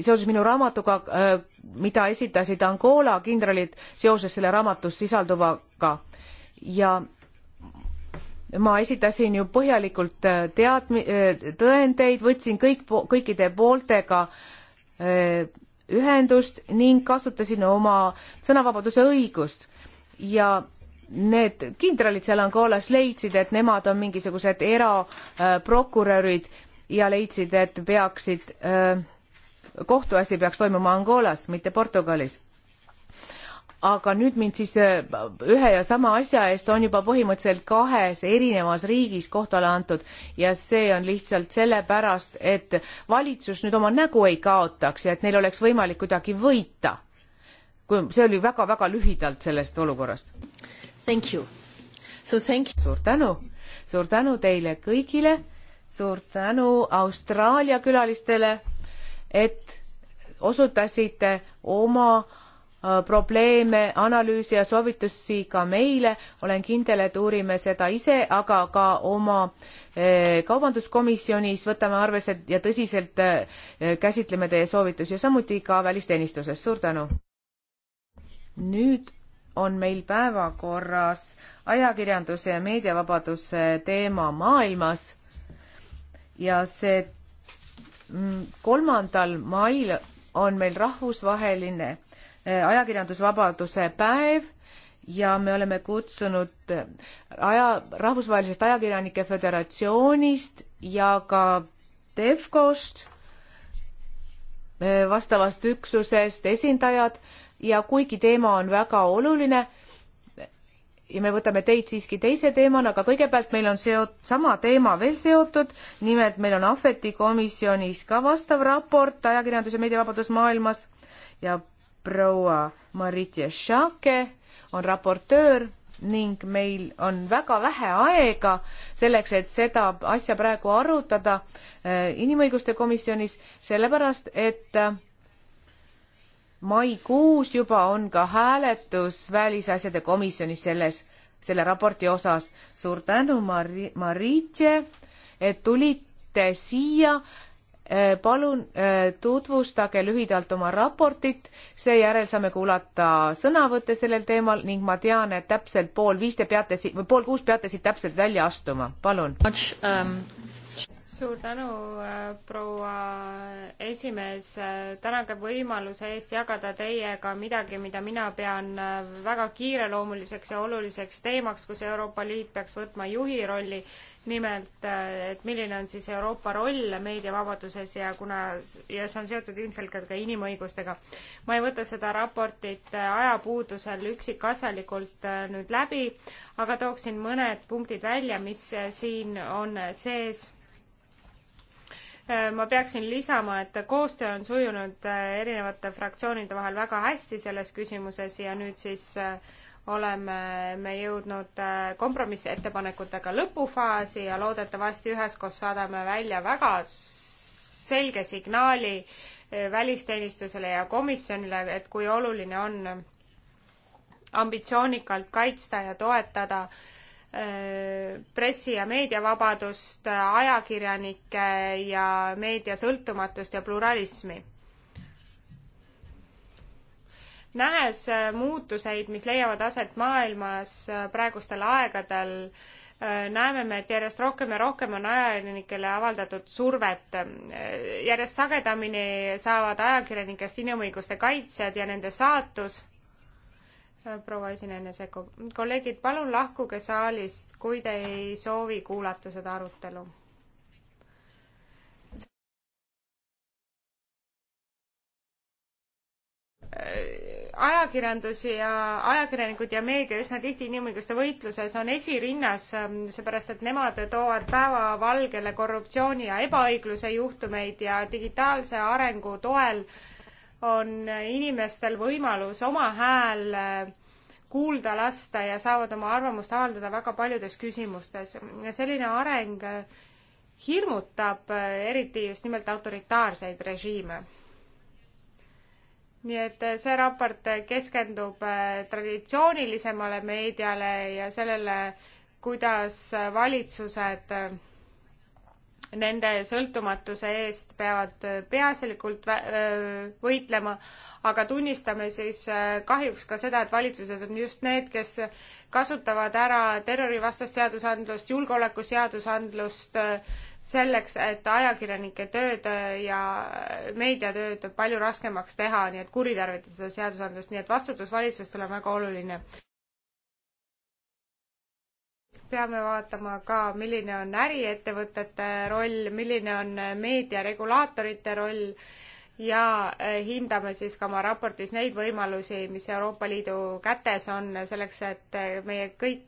seoses minu raamatuga äh,, mida esitasid Angola kindralid seoses selle raamatus sisalduvaga ja ma esitasin ju põhjalikult äh, teadmi-, äh, tõendeid, võtsin kõik, kõikide pooltega äh, ühendust ning kasutasin oma sõnavabaduse õigust ja need kindralid seal Angolas leidsid, et nemad on mingisugused eraprokurörid ja leidsid, et peaksid, äh, kohtuasi peaks toimuma Angolas, mitte Portugalis aga nüüd mind siis äh, ühe ja sama asja eest on juba põhimõtteliselt kahes erinevas riigis kohtale antud ja see on lihtsalt sellepärast, et valitsus nüüd oma nägu ei kaotaks ja et neil oleks võimalik kuidagi võita. kui see oli väga-väga lühidalt sellest olukorrast. Thank you. So thank you. suur tänu, suur tänu teile kõigile, suur tänu Austraalia külalistele, et osutasite oma äh, probleeme, analüüsi ja soovitusi ka meile, olen kindel, et uurime seda ise, aga ka oma äh, kaubanduskomisjonis võtame arvesse ja tõsiselt äh, käsitleme teie soovitusi ja samuti ka välisteenistuses, suur tänu! nüüd on meil päevakorras ajakirjanduse ja meediavabaduse teema maailmas ja see mm, kolmandal mail on meil rahvusvaheline eh, ajakirjandusvabaduse päev ja me oleme kutsunud eh, aja, Rahvusvahelisest Ajakirjanike Föderatsioonist ja ka TEFCO-st eh, vastavast üksusest esindajad ja kuigi teema on väga oluline ja me võtame teid siiski teise teemana, aga kõigepealt meil on seot-, sama teema veel seotud, nimelt meil on Ahveti komisjonis ka vastav raport ajakirjandus- ja meediavabadus maailmas ja proua Maritje Šake on raportöör ning meil on väga vähe aega selleks, et seda asja praegu arutada eh, inimõiguste komisjonis, sellepärast et äh, maikuus juba on ka hääletus välisasjade komisjonis selles, selle raporti osas. suur tänu, Mari-, Maritje, et tulite siia. Eh, palun eh, tutvustage lühidalt oma raportit, seejärel saame kuulata sõnavõtte sellel teemal ning ma tean, et täpselt pool viis te peate siit või pool kuus peate siit täpselt välja astuma. palun. Um suur tänu, äh, proua esimees, tänan ka võimaluse eest jagada teiega midagi, mida mina pean äh, väga kiireloomuliseks ja oluliseks teemaks, kus Euroopa Liit peaks võtma juhi rolli. nimelt, äh, et milline on siis Euroopa roll meediavabaduses ja kuna, ja see on seotud ilmselt ka inimõigustega. ma ei võta seda raportit ajapuudusel üksikasjalikult nüüd läbi, aga tooksin mõned punktid välja, mis siin on sees Äh, ma peaksin lisama, et koostöö on sujunud äh, erinevate fraktsioonide vahel väga hästi selles küsimuses ja nüüd siis äh, oleme me jõudnud kompromissettepanekutega lõpufaasi ja loodetavasti üheskoos saadame välja väga selge signaali välisteenistusele ja komisjonile, et kui oluline on ambitsioonikalt kaitsta ja toetada äh, Äh, pressi- ja meediavabadust, äh, ajakirjanike ja meedia sõltumatust ja pluralismi. nähes äh, muutuseid, mis leiavad aset maailmas praegustel aegadel, näeme me, et järjest rohkem ja rohkem on ajakirjanikele avaldatud survet. järjest sagedamini saavad ajakirjanikest inimõiguste kaitsjad ja nende saatus proua esinejana sekku. kolleegid, palun lahkuge saalist, kui te ei soovi kuulata seda arutelu. ajakirjandus ja ajakirjanikud ja meedia üsna tihti inimõiguste võitluses on esirinnas, seepärast et nemad toovad päevavalgele korruptsiooni ja ebaõigluse juhtumeid ja digitaalse arengu toel on inimestel võimalus oma hääl kuulda lasta ja saavad oma arvamust avaldada väga paljudes küsimustes. selline areng äh, hirmutab äh, eriti just nimelt autoritaarseid režiime. nii et äh, see raport keskendub traditsioonilisemale meediale ja sellele, kuidas valitsused nende sõltumatuse eest peavad peaasjalikult võitlema, aga tunnistame siis äh, kahjuks ka seda, et valitsused on just need, kes kasutavad ära terrorivastast seadusandlust, julgeolekuseadusandlust äh, selleks, et ajakirjanike tööd äh, ja meediatööd palju raskemaks teha, nii et kuritarvitada seda seadusandlust, nii et vastutus valitsustel on väga oluline peame vaatama ka, milline on äriettevõtete roll, milline on meediaregulaatorite roll ja eh, hindame siis ka oma raportis neid võimalusi, mis Euroopa Liidu kätes on selleks, et eh, meie kõik,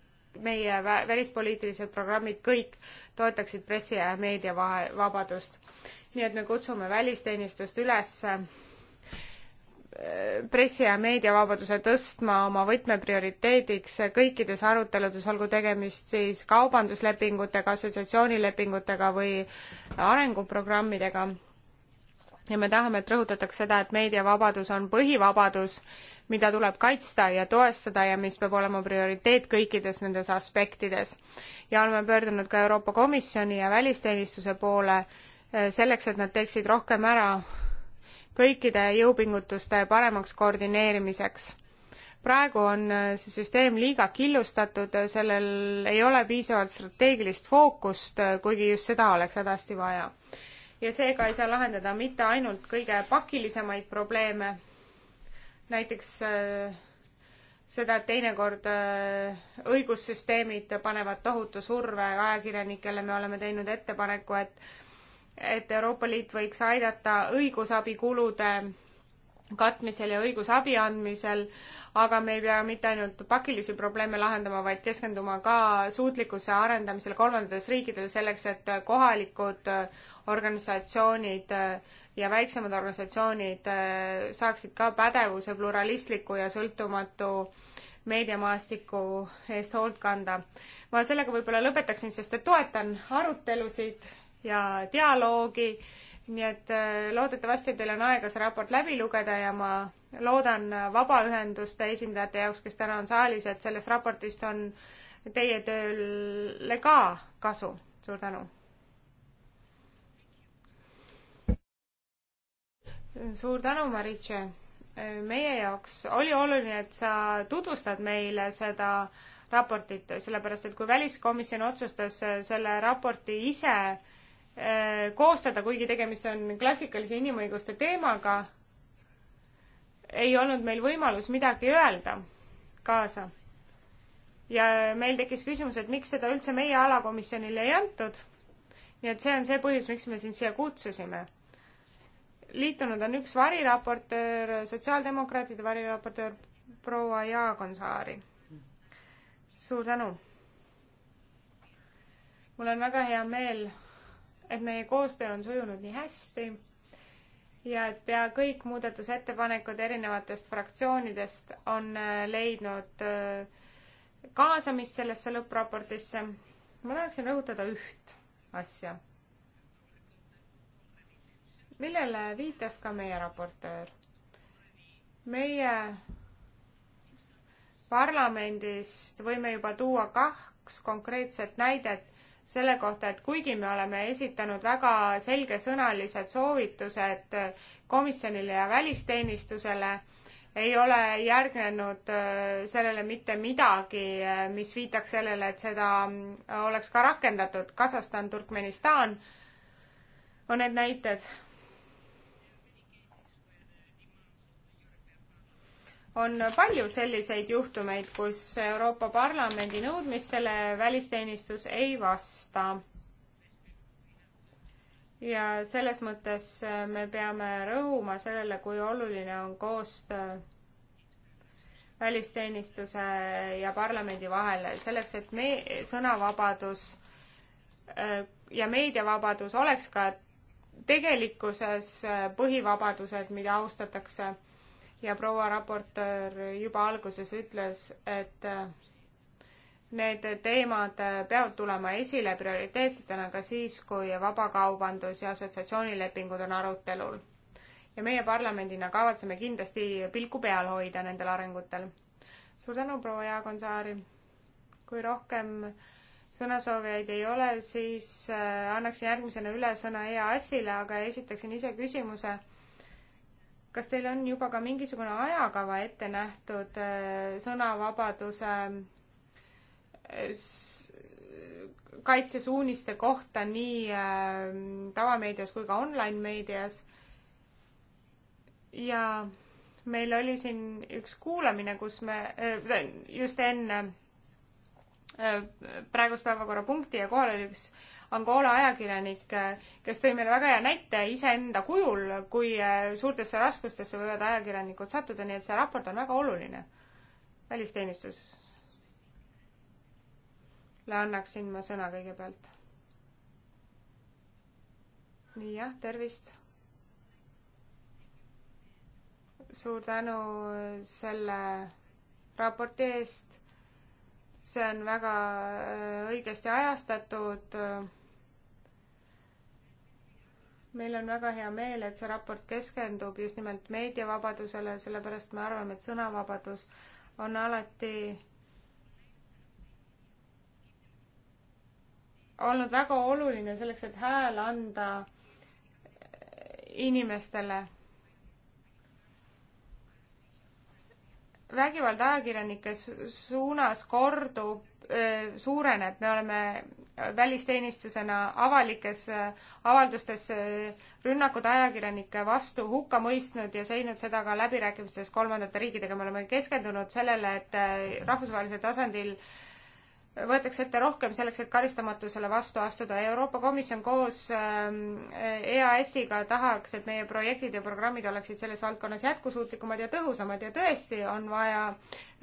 meie välispoliitilised programmid kõik toetaksid pressi- ja meediavabadust. nii et me kutsume välisteenistust üles pressi- ja meediavabaduse tõstma oma võtmeprioriteediks kõikides aruteludes, olgu tegemist siis kaubanduslepingutega, assotsiatsioonilepingutega või arenguprogrammidega. ja me tahame, et rõhutataks seda, et meediavabadus on põhivabadus, mida tuleb kaitsta ja toestada ja mis peab olema prioriteet kõikides nendes aspektides. ja oleme pöördunud ka Euroopa Komisjoni ja välisteenistuse poole eh, selleks, et nad teeksid rohkem ära kõikide jõupingutuste paremaks koordineerimiseks. praegu on äh, see süsteem liiga killustatud, äh, sellel ei ole piisavalt strateegilist fookust, äh, kuigi just seda oleks hädasti vaja. ja seega ei saa lahendada mitte ainult kõige pakilisemaid probleeme, näiteks seda, et teinekord õigussüsteemid panevad tohutu surve ajakirjanikele, me oleme teinud ettepaneku, et et Euroopa Liit võiks aidata õigusabikulude katmisel ja õigusabi andmisel, aga me ei pea mitte ainult pakilisi probleeme lahendama, vaid keskenduma ka suutlikkuse arendamisele kolmandates riikides selleks, et kohalikud organisatsioonid ja väiksemad organisatsioonid saaksid ka pädevuse pluralistliku ja sõltumatu meediamaastiku eest hoolt kanda. ma sellega võib-olla lõpetaksin, sest et toetan arutelusid ja dialoogi. nii et äh, loodetavasti teil on aega see raport läbi lugeda ja ma loodan vabaühenduste esindajate jaoks, kes täna on saalis, et sellest raportist on teie tööle ka kasu. suur tänu. suur tänu, Maritše. Äh, meie jaoks oli oluline, et sa tutvustad meile seda raportit, sellepärast et kui väliskomisjon otsustas äh, selle raporti ise Äh, koostada, kuigi tegemist on klassikalise inimõiguste teemaga, ei olnud meil võimalus midagi öelda kaasa. ja meil tekkis küsimus, et miks seda üldse meie alakomisjonile ei antud. nii et see on see põhjus, miks me sind siia kutsusime. liitunud on üks variraportöör, sotsiaaldemokraatide variraportöör proua Jaagonsaari. suur tänu! mul on väga hea meel et meie koostöö on sujunud nii hästi ja et pea kõik muudatusettepanekud erinevatest fraktsioonidest on äh, leidnud äh, kaasamist sellesse lõppraportisse. ma tahaksin rõhutada üht asja, millele viitas ka meie raportöör. meie parlamendist võime juba tuua kaks konkreetset näidet selle kohta, et kuigi me oleme esitanud väga selgesõnalised soovitused komisjonile ja välisteenistusele, ei ole järgnenud äh, sellele mitte midagi, äh, mis viitaks sellele, et seda mm, oleks ka rakendatud. Kasahstan, Turkmenistan on need näited on palju selliseid juhtumeid, kus Euroopa Parlamendi nõudmistele välisteenistus ei vasta. ja selles mõttes äh, me peame rõhuma sellele, kui oluline on koostöö välisteenistuse ja parlamendi vahel, selleks et me-, sõnavabadus äh, ja meediavabadus oleks ka tegelikkuses äh, põhivabadused, mida austatakse ja proua raportöör juba alguses ütles, et äh, need teemad äh, peavad tulema esile prioriteetsetena ka siis, kui vabakaubandus ja assotsiatsioonilepingud on arutelul. ja meie parlamendina kavatseme kindlasti pilku peal hoida nendel arengutel. suur tänu, proua Jaagonsaari. kui rohkem sõnasoovijaid ei ole, siis äh, annaksin järgmisena üle sõna EAS-ile, aga esitaksin ise küsimuse kas teil on juba ka mingisugune ajakava ette nähtud äh, sõnavabaduse äh, kaitsesuuniste kohta nii äh, tavameedias kui ka online-meedias? ja meil oli siin üks kuulamine, kus me just enne praegust päevakorrapunkti ja kohal oli üks Angola ajakirjanik, kes tõi meile väga hea näite iseenda kujul, kui eh, suurtesse raskustesse võivad ajakirjanikud sattuda, nii et see raport on väga oluline. välisteenistusele annaksin ma sõna kõigepealt. nii, jah, tervist suur tänu eh, selle raporti eest. see on väga eh, õigesti ajastatud meil on väga hea meel, et see raport keskendub just nimelt meediavabadusele, sellepärast me arvame, et sõnavabadus on alati olnud väga oluline selleks, et hääl anda inimestele. vägivald ajakirjanike suunas kordub suureneb, me oleme välisteenistusena avalikes avaldustes rünnakud ajakirjanike vastu hukka mõistnud ja seinud seda ka läbirääkimistes kolmandate riikidega, me oleme keskendunud sellele, et rahvusvahelisel tasandil äh, võetakse ette rohkem selleks, et karistamatusele vastu astuda. Euroopa Komisjon koos ähm, EAS-iga tahaks, et meie projektid ja programmid oleksid selles valdkonnas jätkusuutlikumad ja tõhusamad ja tõesti on vaja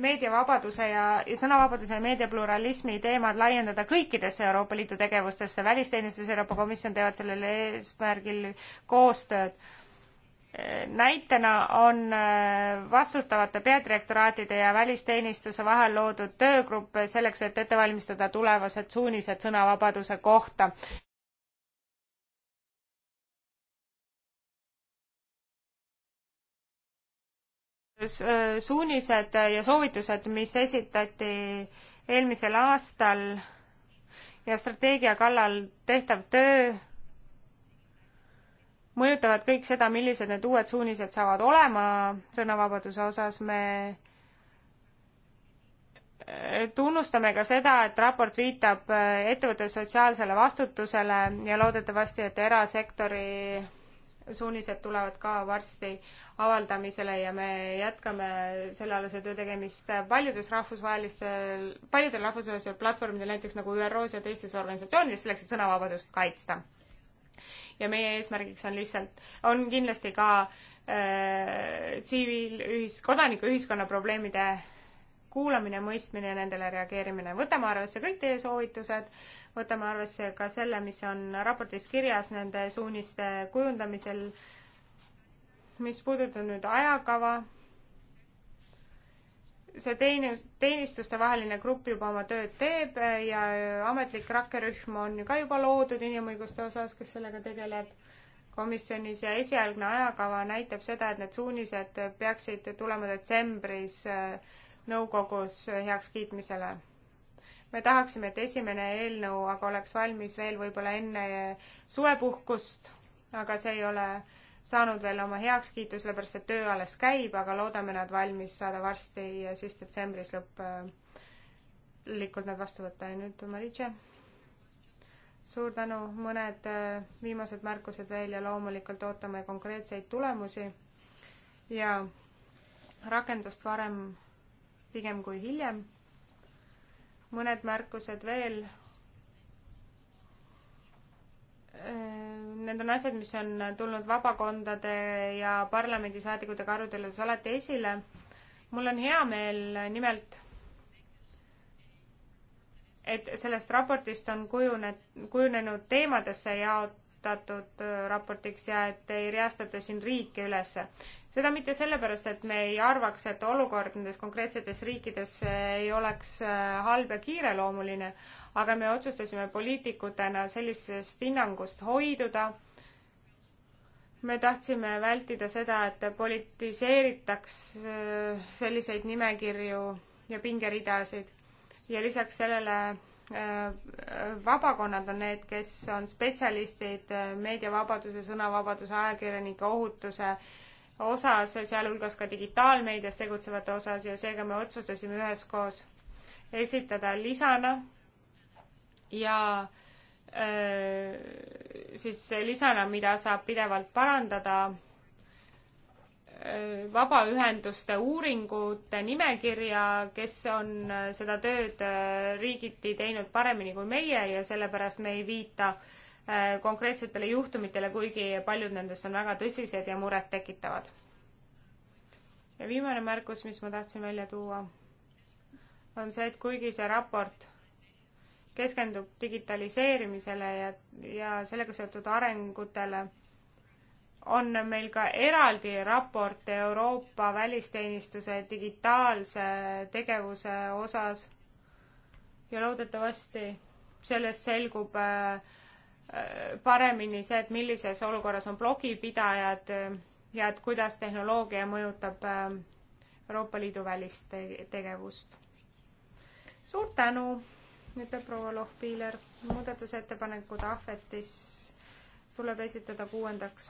meediavabaduse ja, ja sõnavabaduse ja meediapluralismi teemad laiendada kõikidesse Euroopa Liidu tegevustesse. välisteenistus ja Euroopa Komisjon teevad sellel eesmärgil koostööd näitena on äh, vastutavate peadirektoraatide ja välisteenistuse vahel loodud töögrupp selleks, et ette valmistada tulevased suunised sõnavabaduse kohta. Äh, suunised ja soovitused, mis esitati eelmisel aastal ja strateegia kallal tehtav töö mõjutavad kõik seda, millised need uued suunised saavad olema sõnavabaduse osas, me eh, tunnustame ka seda, et raport viitab eh, ettevõtte sotsiaalsele vastutusele ja loodetavasti, et erasektori suunised tulevad ka varsti avaldamisele ja me jätkame sellealase töö tegemist paljudes rahvusvahelistel, paljudel rahvusvahelistel platvormidel, näiteks nagu ÜRO-s ja teistes organisatsioonides, selleks, et sõnavabadust kaitsta ja meie eesmärgiks on lihtsalt, on kindlasti ka äh, tsiviilühis-, kodanikuühiskonna probleemide kuulamine, mõistmine ja nendele reageerimine. võtame arvesse kõik teie soovitused, võtame arvesse ka selle, mis on raportis kirjas nende suuniste kujundamisel, mis puudutab nüüd ajakava see teenus, teenistustevaheline grupp juba oma tööd teeb äh, ja äh, ametlik rakkerühm on ju ka juba loodud inimõiguste osas, kes sellega tegeleb komisjonis ja esialgne ajakava näitab seda, et need suunised peaksid tulema detsembris äh, nõukogus heakskiitmisele. me tahaksime, et esimene eelnõu aga oleks valmis veel võib-olla enne suvepuhkust, aga see ei ole äh, saanud veel oma heakskiitu, sellepärast et töö alles käib, aga loodame nad valmis saada varsti ja siis detsembris lõplikult äh, nad vastu võtta. ja nüüd Maritše. suur tänu, mõned äh, viimased märkused veel ja loomulikult ootame konkreetseid tulemusi ja rakendust varem pigem kui hiljem. mõned märkused veel Äh, need on asjad, mis on tulnud vabakondade ja parlamendisaadikutega aruteludes alati esile. mul on hea meel nimelt, et sellest raportist on kujunenud, kujunenud teemadesse jaot-, koostatud äh, raportiks ja et ei reastata siin riike üles. seda mitte sellepärast, et me ei arvaks, et olukord nendes konkreetsetes riikides äh, ei oleks äh, halb ja kiireloomuline, aga me otsustasime poliitikutena sellisest hinnangust hoiduda. me tahtsime vältida seda, et politiseeritaks selliseid nimekirju ja pingeridasid ja lisaks sellele Äh, vabakonnad on need, kes on spetsialistid äh, meediavabaduse, sõnavabaduse, ajakirjanike ohutuse osas, sealhulgas ka digitaalmeedias tegutsevate osas ja seega me otsustasime üheskoos esitada lisana ja öö, äh, siis lisana, mida saab pidevalt parandada vabaühenduste uuringute nimekirja, kes on äh, seda tööd äh, riigiti teinud paremini kui meie ja sellepärast me ei viita äh, konkreetsetele juhtumitele, kuigi paljud nendest on väga tõsised ja murettekitavad. ja viimane märkus, mis ma tahtsin välja tuua, on see, et kuigi see raport keskendub digitaliseerimisele ja, ja sellega seotud arengutele on meil ka eraldi raport Euroopa välisteenistuse digitaalse tegevuse osas ja loodetavasti sellest selgub äh, paremini see, et millises olukorras on blogipidajad ja et kuidas tehnoloogia mõjutab äh, Euroopa Liidu välist tegevust. suur tänu, ütleb proua Lohpiiler, muudatusettepanekud ahvetis tuleb esitada kuuendaks,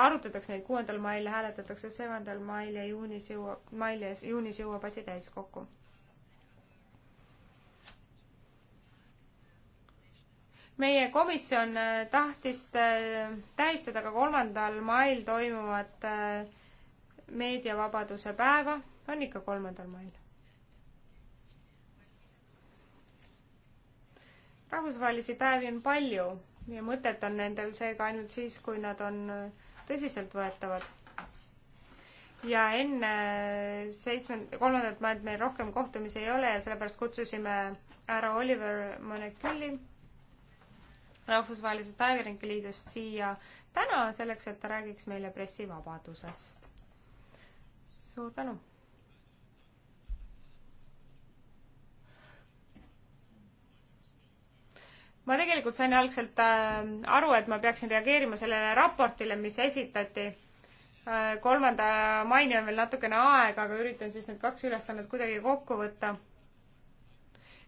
arutatakse neid kuuendal mail, hääletatakse seitsmendal mail ja juunis jõuab, mail ja juunis jõuab asi täiskokku. meie komisjon äh, tahtis äh, tähistada ka kolmandal mail toimuvat äh, meediavabaduse päeva, on ikka kolmandal mail rahvusvahelisi päevi on palju ja mõtet on nendel seega ainult siis, kui nad on äh, tõsiseltvõetavad. ja enne seitsmend-, kolmandat maid meil rohkem kohtumisi ei ole ja sellepärast kutsusime härra Oliver Monekülli Rahvusvahelisest Ajakirjanike Liidust siia täna selleks, et ta räägiks meile pressivabadusest. suur tänu! ma tegelikult sain algselt äh, aru, et ma peaksin reageerima sellele raportile, mis esitati. Äh, kolmanda maini on veel natukene aega, aga üritan siis need kaks ülesannet kuidagi kokku võtta.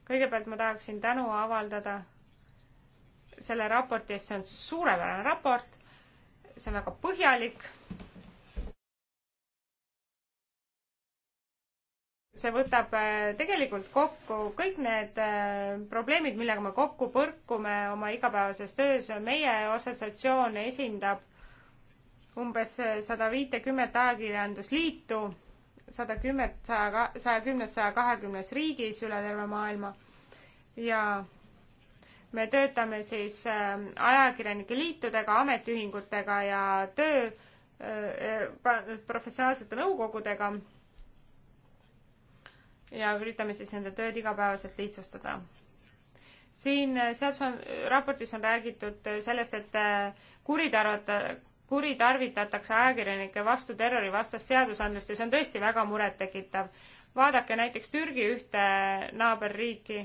kõigepealt ma tahaksin tänu avaldada selle raporti eest, see on suurepärane raport, see on väga põhjalik see võtab äh, tegelikult kokku kõik need äh, probleemid, millega me kokku põrkume oma igapäevases töös. meie assotsiatsioon esindab umbes sada viitekümmet ajakirjandusliitu, sada kümmet, saja, saja kümnes, saja kahekümnes riigis üle terve maailma ja me töötame siis äh, ajakirjanike liitudega, ametiühingutega ja töö professionaalsete nõukogudega ja üritame siis nende tööd igapäevaselt lihtsustada. siin seadus on, raportis on räägitud sellest, et äh, kuritarvata, kuritarvitatakse ajakirjanike vastu terrorivastast seadusandlust ja see on tõesti väga murettekitav. vaadake näiteks Türgi ühte naaberriiki,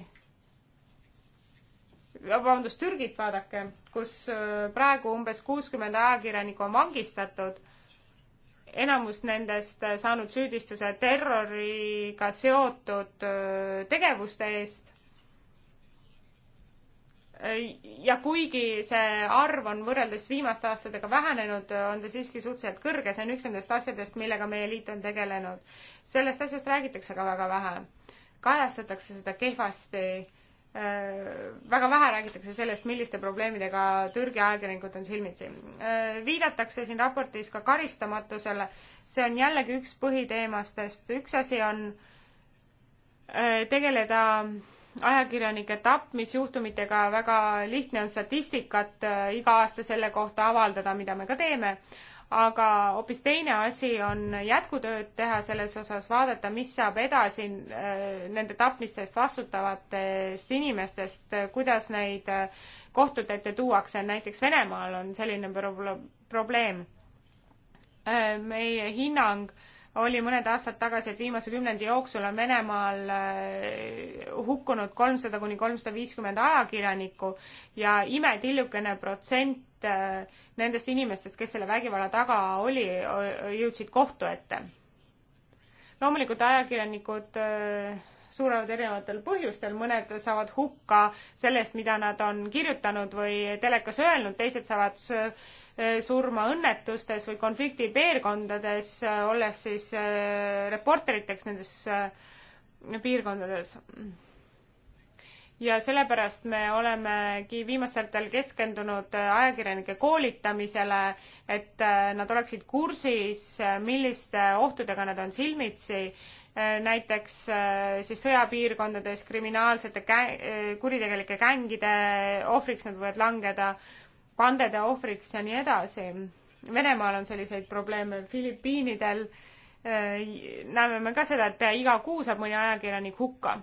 vabandust, Türgit vaadake, kus äh, praegu umbes kuuskümmend ajakirjanikku on vangistatud enamus nendest saanud süüdistuse terroriga seotud tegevuste eest. ja kuigi see arv on võrreldes viimaste aastatega vähenenud, on ta siiski suhteliselt kõrge, see on üks nendest asjadest, millega meie liit on tegelenud. sellest asjast räägitakse aga väga vähe. kajastatakse seda kehvasti väga vähe räägitakse sellest, milliste probleemidega Türgi ajakirjanikud on silmitsi. viidatakse siin raportis ka karistamatusele, see on jällegi üks põhiteemastest, üks asi on äh, tegeleda ajakirjanike tapmisjuhtumitega, väga lihtne on statistikat äh, iga aasta selle kohta avaldada, mida me ka teeme, aga hoopis teine asi on jätkutööd teha selles osas, vaadata, mis saab edasi äh, nende tapmistest vastutavatest inimestest, kuidas neid äh, kohtute ette tuuakse, näiteks Venemaal on selline pro probleem. Äh, meie hinnang äh, oli mõned aastad tagasi, et viimase kümnendi jooksul on Venemaal äh, hukkunud kolmsada kuni kolmsada viiskümmend ajakirjanikku ja imetillukene protsent äh, nendest inimestest, kes selle vägivalla taga oli, jõudsid kohtu ette. loomulikult ajakirjanikud äh, surevad erinevatel põhjustel, mõned saavad hukka sellest, mida nad on kirjutanud või telekas öelnud, teised saavad Eh, surma õnnetustes või konfliktipiirkondades, eh, olles siis eh, reporteriteks nendes piirkondades. ja sellepärast me olemegi viimastel aastatel keskendunud ajakirjanike koolitamisele, et nad oleksid kursis, milliste ohtudega nad on silmitsi näiteks siis sõjapiirkondades kriminaalsete kä-, kuritegelike gängide ohvriks nad võivad langeda pandede ohvriks ja nii edasi. Venemaal on selliseid probleeme, Filipiinidel äh, näeme me ka seda, et iga kuu saab mõni ajakirjanik hukka.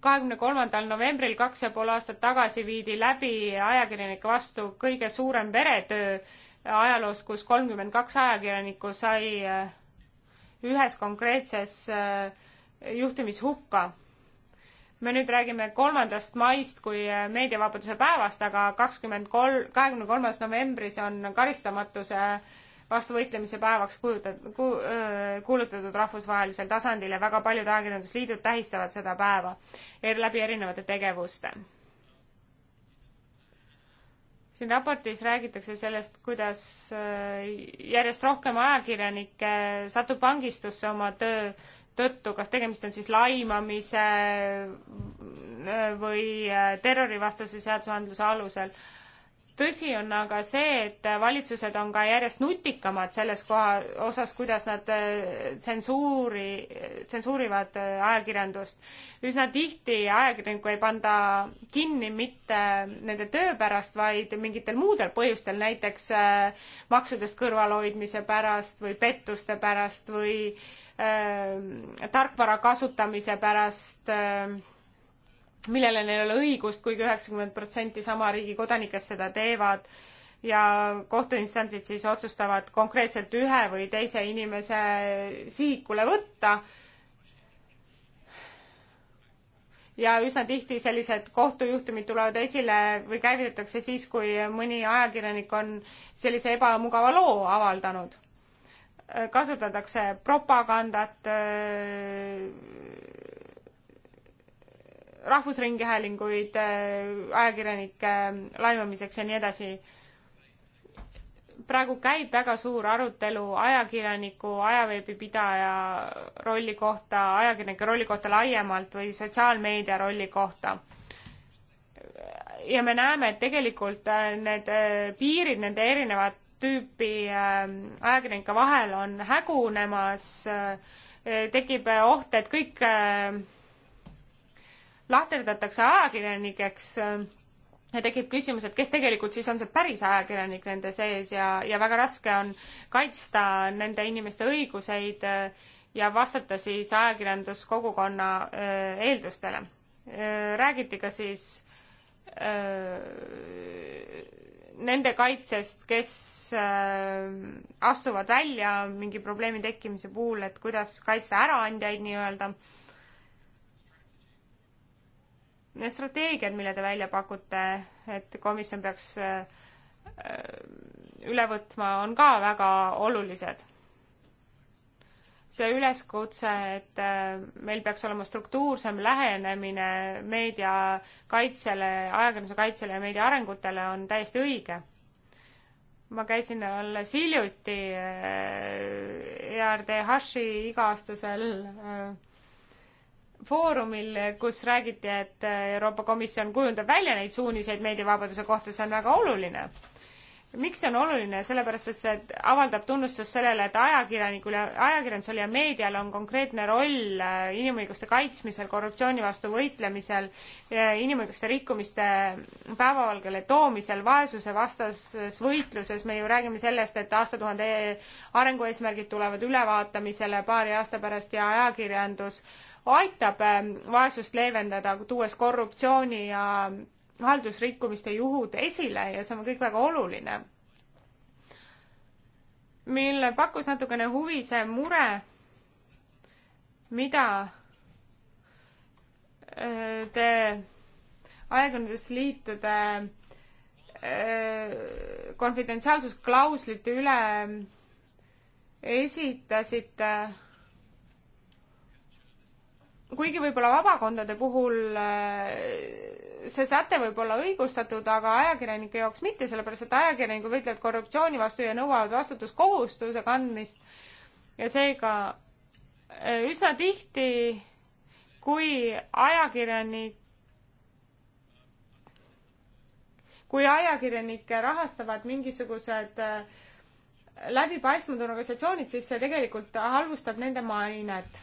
kahekümne kolmandal novembril kaks ja pool aastat tagasi viidi läbi ajakirjanike vastu kõige suurem veretöö ajaloos, kus kolmkümmend kaks ajakirjanikku sai äh, ühes konkreetses äh, juhtumis hukka me nüüd räägime kolmandast maist kui äh, meediavabaduse päevast, aga kakskümmend kolm, kahekümne kolmas novembris on karistamatuse vastu võitlemise päevaks kujutat-, ku-, kuulutatud rahvusvahelisel tasandil ja väga paljud ajakirjandusliidud tähistavad seda päeva er, läbi erinevate tegevuste. siin raportis räägitakse sellest, kuidas järjest rohkem ajakirjanikke satub vangistusse oma töö tõttu, kas tegemist on siis laimamise äh, või äh, terrorivastase seadusandluse alusel. tõsi on aga see, et valitsused on ka järjest nutikamad selles koha osas, kuidas nad äh, tsensuuri, tsensuurivad ajakirjandust. üsna tihti ajakirjanikku ei panda kinni mitte nende töö pärast, vaid mingitel muudel põhjustel, näiteks maksudest kõrvalhoidmise pärast või pettuste pärast või äh, äh, tarkvara kasutamise pärast äh, millele neil ei ole õigust kuigi, kuigi üheksakümmend protsenti sama riigi kodanikest seda teevad ja kohtuinstantsid siis otsustavad konkreetselt ühe või teise inimese sihikule võtta. ja üsna tihti sellised kohtujuhtumid tulevad esile või käivitatakse siis, kui mõni ajakirjanik on sellise ebamugava loo avaldanud Äh, kasutatakse propagandat, äh, rahvusringhäälinguid äh, ajakirjanike laimamiseks ja nii edasi. praegu käib väga suur arutelu ajakirjaniku, ajaveebipidaja rolli kohta, ajakirjanike rolli kohta laiemalt või sotsiaalmeedia rolli kohta ja me näeme, et tegelikult need piirid nende erinevate tüüpi ähm, ajakirjanike vahel on hägunemas, äh, tekib oht, et kõik äh, lahterdatakse ajakirjanikeks äh, ja tekib küsimus, et kes tegelikult siis on see päris ajakirjanik nende sees ja, ja väga raske on kaitsta nende inimeste õiguseid ja vastata siis ajakirjanduskogukonna eeldustele. räägiti ka siis öö, nende kaitsest, kes äh, astuvad välja mingi probleemi tekkimise puhul, et kuidas kaitsta äraandjaid nii-öelda. Need strateegiad, mille te välja pakute, et komisjon peaks äh, äh, üle võtma, on ka väga olulised see üleskutse, et äh, meil peaks olema struktuursem lähenemine meediakaitsele, ajakirjanduse kaitsele ja meedia arengutele, on täiesti õige. ma käisin alles hiljuti äh, ERDH-i iga-aastasel äh, foorumil, kus räägiti, et Euroopa Komisjon kujundab välja neid suuniseid meediavabaduse kohta, see on väga oluline miks see on oluline, sellepärast et see avaldab tunnustust sellele, et ajakirjanikul ja ajakirjandusel ja meedial on konkreetne roll äh, inimõiguste kaitsmisel, korruptsiooni vastu võitlemisel, äh, inimõiguste rikkumiste päevavalgele toomisel, vaesuse vastases võitluses, me ju räägime sellest, et aastatuhande arengueesmärgid tulevad ülevaatamisele paari aasta pärast ja ajakirjandus aitab ähm, vaesust leevendada, tuues korruptsiooni ja haldusrikkumiste juhud esile ja see on kõik väga oluline. mille pakkus natukene huvi see mure, mida äh, te ajakirjandusliitude äh, konfidentsiaalsusklauslite üle esitasite kuigi võib-olla vabakondade puhul äh, see säte võib olla õigustatud, aga ajakirjanike jaoks mitte, sellepärast et ajakirjanikud võitlevad korruptsiooni vastu ja nõuavad vastutuskohustuse kandmist. ja seega e, üsna tihti, kui ajakirjanik, kui ajakirjanikke rahastavad mingisugused e, läbipaistmatud organisatsioonid, siis see tegelikult halvustab nende mainet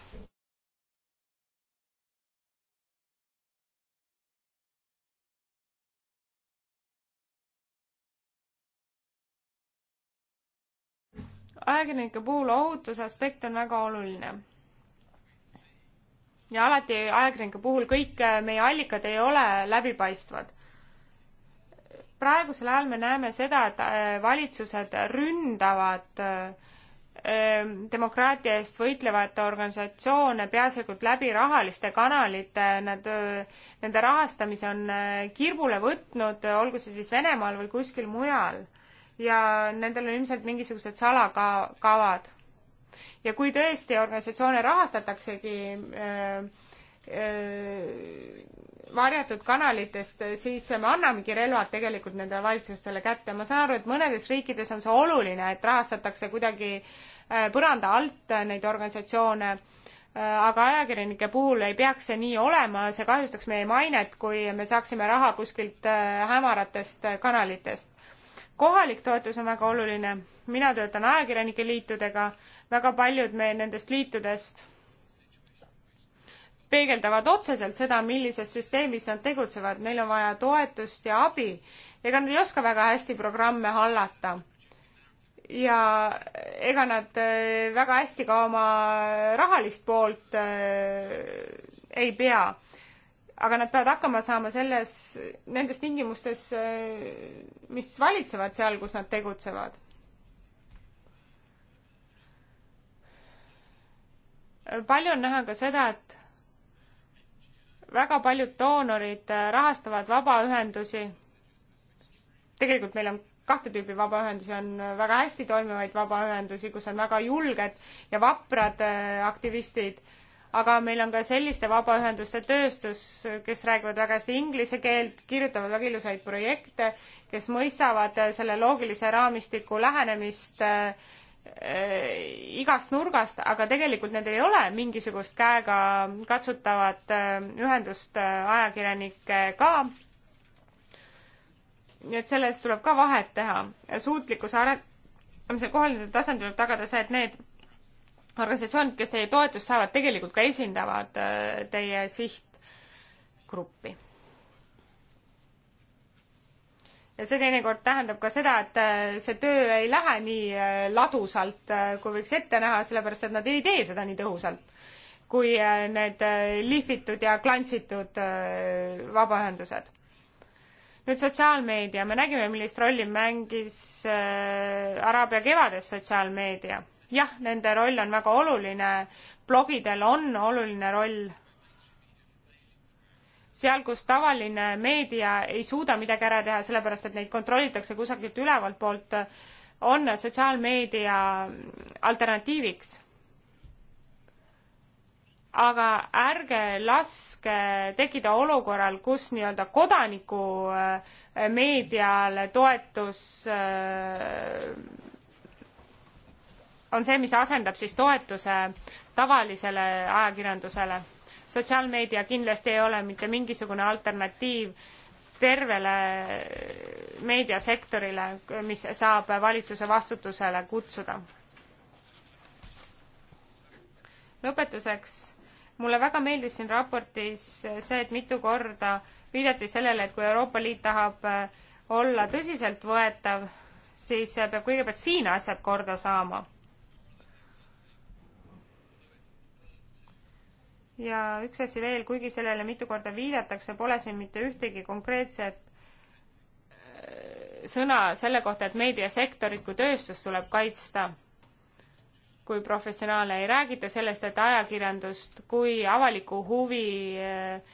ajakirjanike puhul ohutuse aspekt on väga oluline. ja alati ajakirjanike puhul kõik äh, meie allikad ei ole läbipaistvad. praegusel ajal me näeme seda, et äh, valitsused ründavad äh, demokraatia eest võitlevate organisatsioone peaasjalikult läbi rahaliste kanalite, nad, nende rahastamise on kirbule võtnud, olgu see siis Venemaal või kuskil mujal ja nendel on ilmselt mingisugused salakavad. ja kui tõesti organisatsioone rahastataksegi öö, äh, öö, äh, varjatud kanalitest, siis me annamegi relvad tegelikult nendele valitsustele kätte. ma saan aru, et mõnedes riikides on see oluline, et rahastatakse kuidagi äh, põranda alt neid organisatsioone, aga ajakirjanike puhul ei peaks see nii olema, see kahjustaks meie mainet, kui me saaksime raha kuskilt hämaratest kanalitest kohalik toetus on väga oluline, mina töötan ajakirjanike liitudega, väga paljud meil nendest liitudest peegeldavad otseselt seda, millises süsteemis nad tegutsevad, neil on vaja toetust ja abi. ega nad ei oska väga hästi programme hallata. ja ega nad äh, väga hästi ka oma rahalist poolt äh, ei pea aga nad peavad hakkama saama selles, nendes tingimustes, äh, mis valitsevad seal, kus nad tegutsevad. palju on näha ka seda, et väga paljud doonorid äh, rahastavad vabaühendusi. tegelikult meil on kahte tüüpi vabaühendusi, on äh, väga hästi toimivaid vabaühendusi, kus on väga julged ja vaprad aktivistid aga meil on ka selliste vabaühenduste tööstus, kes räägivad väga hästi inglise keelt, kirjutavad väga ilusaid projekte, kes mõistavad selle loogilise raamistiku lähenemist äh, igast nurgast, aga tegelikult nendel ei ole mingisugust käega katsutavat äh, ühendust äh, eh, ajakirjanikega nii et selles tuleb ka vahet teha. suutlikkuse arendamise kohaline tasand tuleb tagada see, et need organisatsioonid, kes teie toetust saavad, tegelikult ka esindavad äh, teie sihtgruppi. ja see teinekord tähendab ka seda, et äh, see töö ei lähe nii äh, ladusalt, kui võiks ette näha, sellepärast et nad ei tee seda nii tõhusalt, kui need lihvitud ja klantsitud vabaühendused nüüd sotsiaalmeedia, me nägime, millist rolli mängis äh, Araabia kevades sotsiaalmeedia jah, nende roll on väga oluline, blogidel on oluline roll. seal, kus tavaline meedia ei suuda midagi ära teha, sellepärast et neid kontrollitakse kusagilt ülevalt poolt, on sotsiaalmeedia alternatiiviks. aga ärge laske tekkida olukorral, kus nii-öelda kodaniku äh, meediale toetus äh, on see, mis asendab siis toetuse tavalisele ajakirjandusele. sotsiaalmeedia kindlasti ei ole mitte mingisugune alternatiiv tervele meediasektorile, mis saab valitsuse vastutusele kutsuda. lõpetuseks, mulle väga meeldis siin raportis see, et mitu korda viidati sellele, et kui Euroopa Liit tahab olla tõsiseltvõetav, siis peab kõigepealt siin asjad korda saama ja üks asi veel, kuigi sellele mitu korda viidatakse, pole siin mitte ühtegi konkreetset äh, sõna selle kohta, et meediasektorit kui tööstust tuleb kaitsta. kui professionaale ei räägita sellest, et ajakirjandust kui avaliku huvi äh,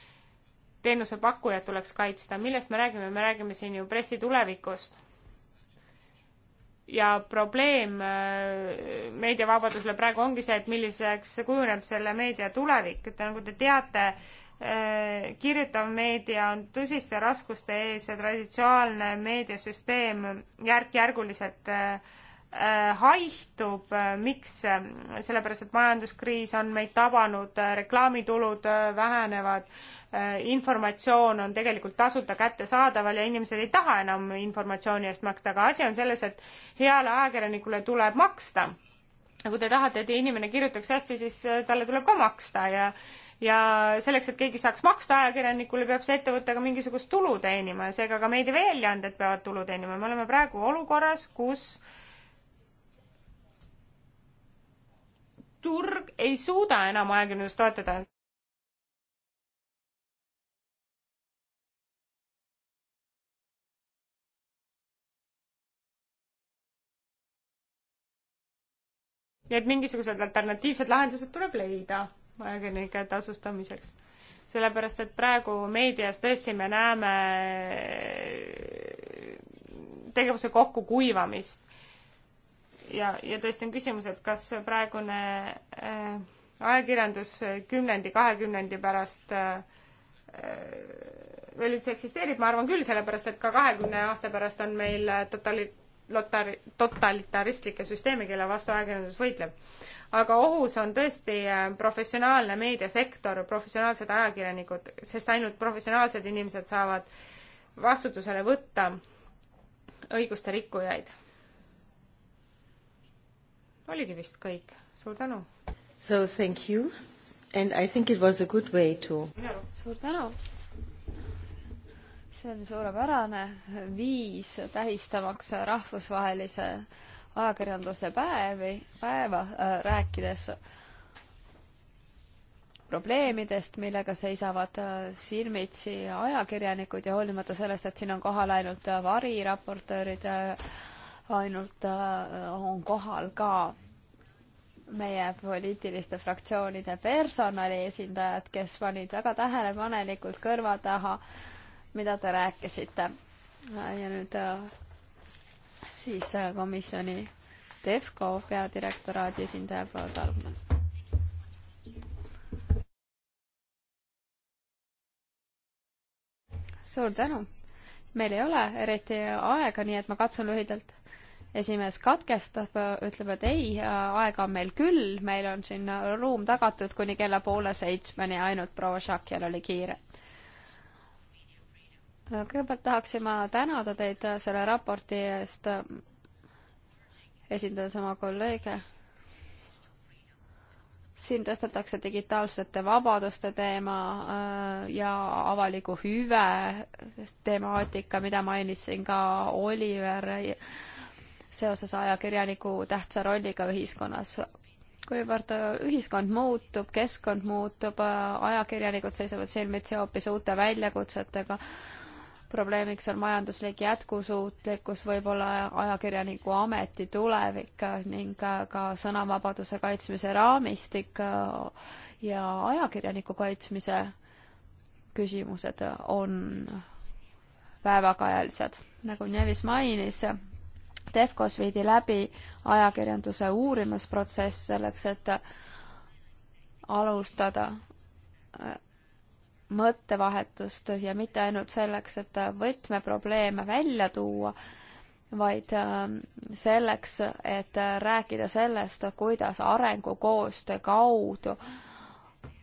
teenusepakkujat tuleks kaitsta, millest me räägime, me räägime siin ju pressi tulevikust ja probleem äh, meediavabadusele praegu ongi see, et milliseks kujuneb selle meedia tulevik, et nagu te teate, äh, kirjutav meedia on tõsiste raskuste ees ja traditsionaalne meediasüsteem järk-järguliselt äh, Äh, haihtub, äh, miks? Äh, sellepärast, et majanduskriis on meid tabanud, reklaamitulud vähenevad, informatsioon on tegelikult tasuta kättesaadaval ja inimesed ei taha enam informatsiooni eest maksta, aga asi on selles, et heale ajakirjanikule tuleb maksta. ja kui te tahate, et inimene kirjutaks hästi, siis talle tuleb ka maksta ja ja selleks, et keegi saaks maksta ajakirjanikule, peab see ettevõte ka mingisugust tulu teenima ja seega ka meediaväljaanded peavad tulu teenima. me oleme praegu olukorras, kus äh, turg ei suuda enam ajakirjandust toetada. nii et mingisugused alternatiivsed lahendused tuleb leida ajakirjanike tasustamiseks. sellepärast, et praegu meedias tõesti me näeme tegevuse kokkukuivamist ja, ja tõesti on küsimus, et kas praegune äh, ajakirjandus kümnendi, kahekümnendi pärast äh, veel üldse eksisteerib, ma arvan küll, sellepärast et ka kahekümne aasta pärast on meil äh, totali-, lotar-, totalitaristlikke süsteeme, kelle vastu ajakirjandus võitleb. aga ohus on tõesti äh, professionaalne meediasektor, professionaalsed ajakirjanikud, sest ainult professionaalsed inimesed saavad vastutusele võtta õiguste rikkujaid oligi vist kõik, suur tänu! So thank you and I think it was a good way to suur tänu! see on suurepärane viis tähistamaks rahvusvahelise ajakirjanduse päevi, päeva äh, rääkides probleemidest, millega seisavad äh, silmitsi ajakirjanikud ja hoolimata sellest, et siin on kohal ainult äh, variraportöörid, äh, ainult äh, on kohal ka meie poliitiliste fraktsioonide personali esindajad, kes panid väga tähelepanelikult kõrva taha, mida te rääkisite. ja nüüd äh, siis äh, komisjoni Defco peadirektoraadi esindaja proua Talman. suur tänu! meil ei ole eriti aega, nii et ma katsun lühidalt esimees katkestab, ütleb, et ei, aega on meil küll, meil on siin ruum tagatud kuni kella poole seitsmeni, ainult proua Šakjal oli kiire. kõigepealt tahaksin ma tänada teid selle raporti eest, esindades oma kolleege. siin tõstetakse digitaalsete vabaduste teema äh, ja avaliku hüve temaatika, mida mainisin ka Oliver seoses ajakirjaniku tähtsa rolliga ühiskonnas. kuivõrd ühiskond muutub, keskkond muutub, ajakirjanikud seisavad silmitsi hoopis uute väljakutsetega, probleemiks on majanduslik jätkusuutlikkus, võib-olla ajakirjaniku ameti tulevik ning ka sõnavabaduse kaitsmise raamistik ja ajakirjaniku kaitsmise küsimused on päevakajalised. nagu Nevis mainis, Defcos viidi läbi ajakirjanduse uurimisprotsess selleks, et alustada äh, mõttevahetust ja mitte ainult selleks, et võtmeprobleeme välja tuua, vaid äh, selleks, et rääkida sellest, kuidas arengukoostöö kaudu äh,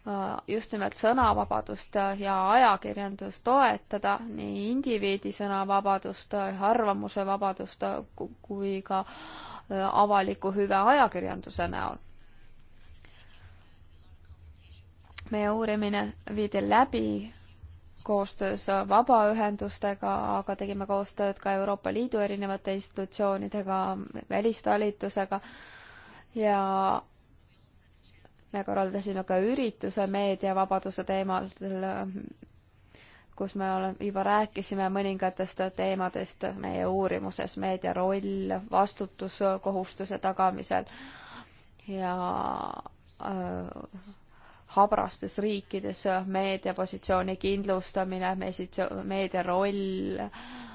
Äh, just nimelt sõnavabadust ja ajakirjandust toetada, nii indiviidi sõnavabadust, äh, arvamuse vabadust äh, kui ka avaliku hüve ajakirjanduse näol. meie uurimine viidi läbi koostöös vabaühendustega, aga tegime koostööd ka Euroopa Liidu erinevate institutsioonidega, välistalitusega ja me korraldasime ka ürituse meediavabaduse teemal, kus me oleme, juba rääkisime mõningatest teemadest meie uurimuses, meedia roll, vastutus kohustuse tagamisel ja äh, habrastes riikides meedia positsiooni kindlustamine, meedia roll äh,,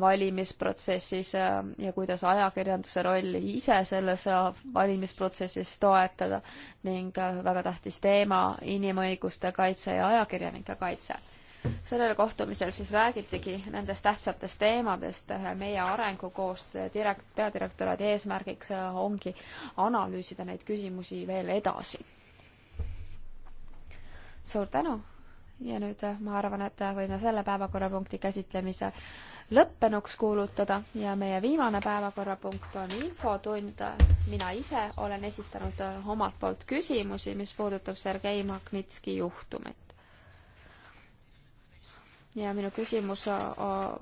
valimisprotsessis äh, ja kuidas ajakirjanduse rolli ise selles äh, valimisprotsessis toetada ning äh, väga tähtis teema, inimõiguste kaitse ja ajakirjanike kaitse. sellel kohtumisel siis räägitigi nendest tähtsatest teemadest, meie arengukoostöö direkt-, peadirektoraadi eesmärgiks ongi analüüsida neid küsimusi veel edasi. suur tänu ja nüüd ma arvan, et võime selle päevakorrapunkti käsitlemise lõppenuks kuulutada ja meie viimane päevakorrapunkt on infotund. mina ise olen esitanud omalt poolt küsimusi, mis puudutab Sergei Magnitski juhtumit. ja minu küsimus,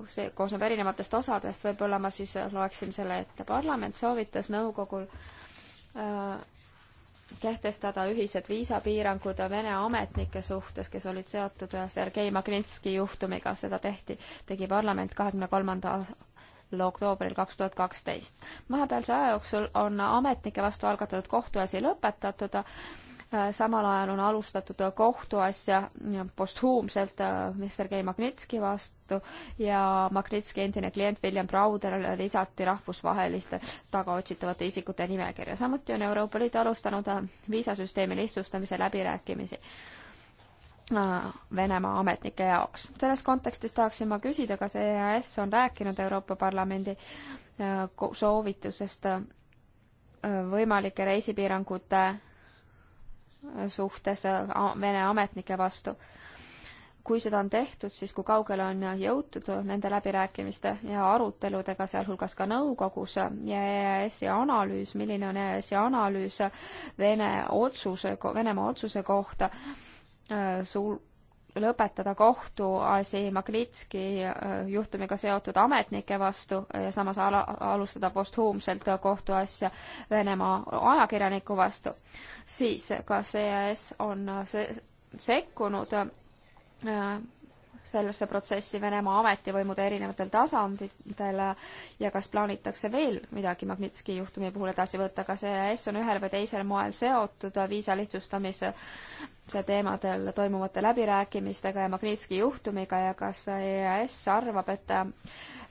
see koosneb erinevatest osadest, võib-olla ma siis loeksin selle ette. parlament soovitas nõukogul äh, kehtestada ühised viisapiirangud Vene ametnike suhtes, kes olid seotud Sergei Magnitski juhtumiga, seda tehti, tegi parlament kahekümne kolmanda oktoobril kaks tuhat kaksteist. vahepealse aja jooksul on ametnike vastu algatatud kohtuasi lõpetatud Äh, samal ajal on alustatud kohtuasja posthuumselt äh, Sergei Magnitski vastu ja Magnitski endine klient William Browder lisati rahvusvaheliste tagaotsitavate isikute nimekirja. samuti on Euroopa Liit alustanud äh, viisasüsteemi lihtsustamise läbirääkimisi. Venemaa ametnike jaoks. selles kontekstis tahaksin ma küsida, kas EAS on rääkinud Euroopa Parlamendi soovitusest võimalike reisipiirangute suhtes äh, Vene ametnike vastu. kui seda on tehtud, siis kui kaugele on jõutud nende läbirääkimiste ja aruteludega, sealhulgas ka nõukogus, ja EAS-i analüüs, milline on EAS-i analüüs Vene otsuse, Venemaa otsuse kohta, äh, sul-, lõpetada kohtuasi Magnitski äh, juhtumiga seotud ametnike vastu ja samas ala, alustada posthuumselt kohtuasja Venemaa ajakirjaniku vastu, siis kas EAS on äh, se sekkunud äh, sellesse protsessi Venemaa ametivõimude erinevatel tasanditel ja kas plaanitakse veel midagi Magnitski juhtumi puhul edasi võtta, kas EAS on ühel või teisel moel seotud viisa lihtsustamise teemadel toimuvate läbirääkimistega ja Magnitski juhtumiga ja kas EAS arvab, et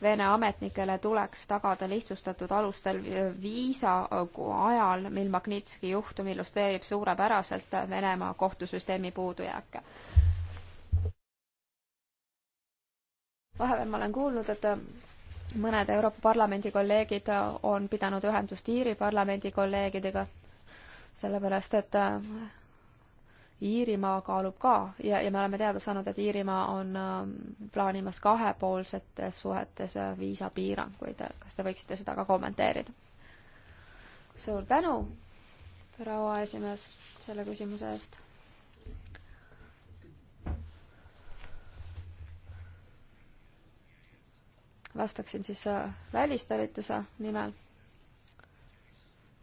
Vene ametnikele tuleks tagada lihtsustatud alustel viisa ajal, mil Magnitski juhtum illustreerib suurepäraselt Venemaa kohtusüsteemi puudujääke vahepeal ma olen kuulnud, et mõned Euroopa Parlamendi kolleegid on pidanud ühendust Iiri parlamendi kolleegidega, sellepärast et äh, Iirimaa kaalub ka ja, ja me oleme teada saanud, et Iirimaa on äh, plaanimas kahepoolsetes suhetes äh, viisapiiranguid. kas te võiksite seda ka kommenteerida? suur tänu, proua esimees, selle küsimuse eest vastaksin siis äh, välistalituse nimel.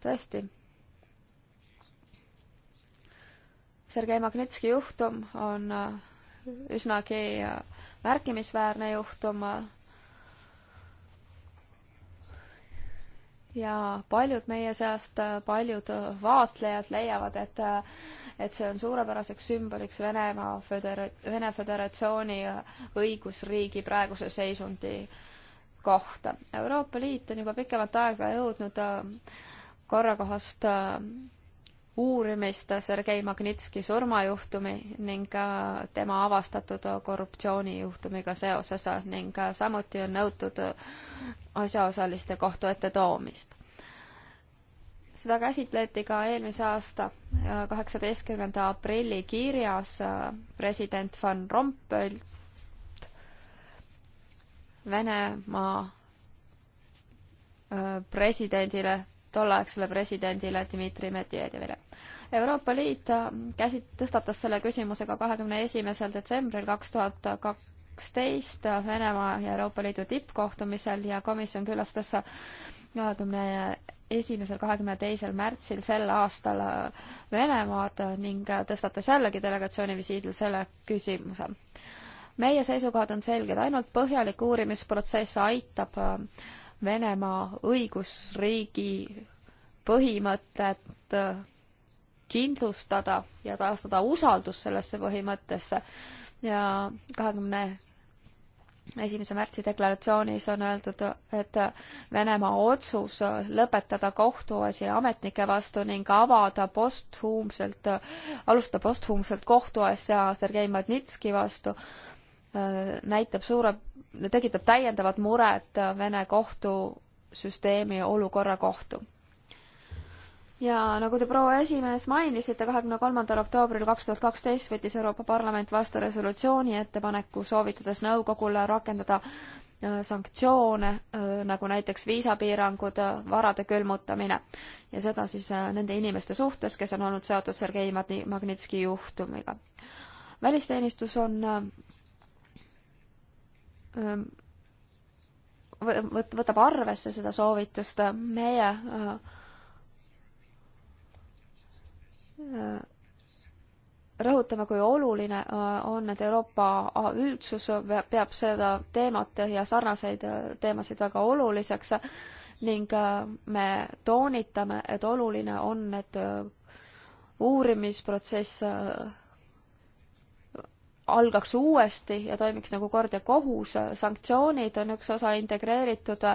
tõesti. Sergei Magnitski juhtum on äh, üsnagi äh, märkimisväärne juhtum. ja paljud meie seast, paljud vaatlejad leiavad, et, et see on suurepäraseks sümboliks Venemaa Födera-, Vene Föderatsiooni õigusriigi praeguse seisundi äh, kohta. Euroopa Liit on juba pikemat aega jõudnud äh, korrakohast äh, uurimist Sergei Magnitski surmajuhtumi ning äh, tema avastatud korruptsioonijuhtumiga seoses ning samuti on nõutud asjaosaliste kohtu ette toomist. seda käsitleti ka eelmise aasta kaheksateistkümnenda aprilli kirjas president Van Rompuylt Venemaa presidendile, tolleaegsele presidendile Dmitri Medvedjevile. Euroopa Liit käsi-, tõstatas selle küsimuse ka kahekümne esimesel detsembril kaks tuhat kaksteist Venemaa ja Euroopa Liidu tippkohtumisel ja komisjon külastas kahekümne esimesel, kahekümne teisel märtsil sel aastal Venemaad ning tõstatas jällegi delegatsiooni visiidil selle küsimuse meie seisukohad on selged, ainult põhjalik uurimisprotsess aitab äh, Venemaa õigusriigi põhimõtet äh, kindlustada ja taastada usaldus sellesse põhimõttesse ja kahekümne esimese märtsi deklaratsioonis on öeldud, et Venemaa otsus lõpetada kohtuasi ametnike vastu ning avada posthuumselt, alustada posthuumselt kohtuasja Sergei Magnitski vastu näitab suure, tekitab täiendavat muret Vene kohtusüsteemi olukorra kohtu. ja nagu te, proua esimees, mainisite, kahekümne kolmandal oktoobril kaks tuhat kaksteist võttis Euroopa Parlament vastu resolutsiooni ettepaneku soovitades nõukogule rakendada äh, sanktsioone, äh, nagu näiteks viisapiirangud, äh, varade külmutamine ja seda siis nende inimeste suhtes, kes on olnud seotud Sergei Magnitski juhtumiga. välisteenistus on võtab arvesse seda soovitust, äh, meie äh, rõhutame, kui oluline äh, on, et Euroopa üldsus peab seda teemat ja sarnaseid teemasid väga oluliseks ning me toonitame, et oluline on, et uurimisprotsess algaks uuesti ja toimiks nagu kord ja kohus, sanktsioonid on üks osa integreeritud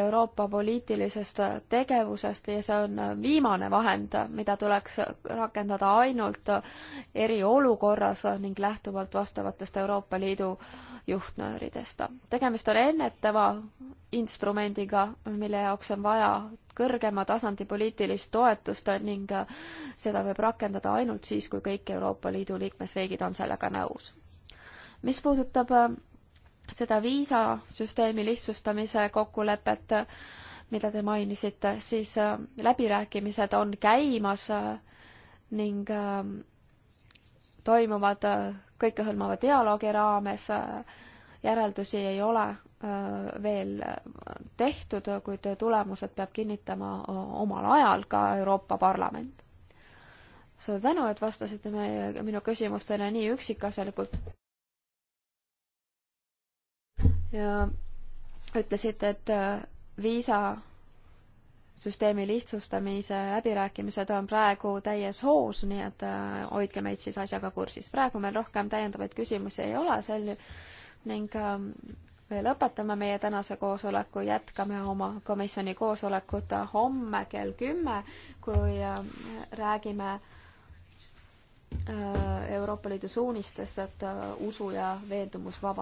Euroopa poliitilisest tegevusest ja see on viimane vahend, mida tuleks rakendada ainult eriolukorras ning lähtuvalt vastavatest Euroopa Liidu äh, juhtnööridest. tegemist on ennetava instrumendiga, mille jaoks on vaja kõrgema tasandi poliitilist toetust ning seda võib rakendada ainult siis, kui kõik Euroopa Liidu liikmesriigid on sellega nõus. mis puudutab äh, seda viisasüsteemi lihtsustamise kokkulepet, mida te mainisite, siis äh, läbirääkimised on käimas äh, ning toimuvad kõikehõlmava dialoogi raames. järeldusi ei ole veel tehtud, kuid tulemused peab kinnitama omal ajal ka Euroopa Parlament. suur tänu, et vastasite meie, minu küsimustele nii üksikasjalikult. ja ütlesite, et viisa süsteemi lihtsustamise läbirääkimised on praegu täies hoos, nii et äh, hoidke meid siis asjaga kursis. praegu meil rohkem täiendavaid küsimusi ei ole, sel- ning me ähm, lõpetame meie tänase koosoleku, jätkame oma komisjoni koosolekut homme kell kümme, kui ähm, räägime äh, Euroopa Liidu suunistest, et äh, usu- ja veendumusvabadus.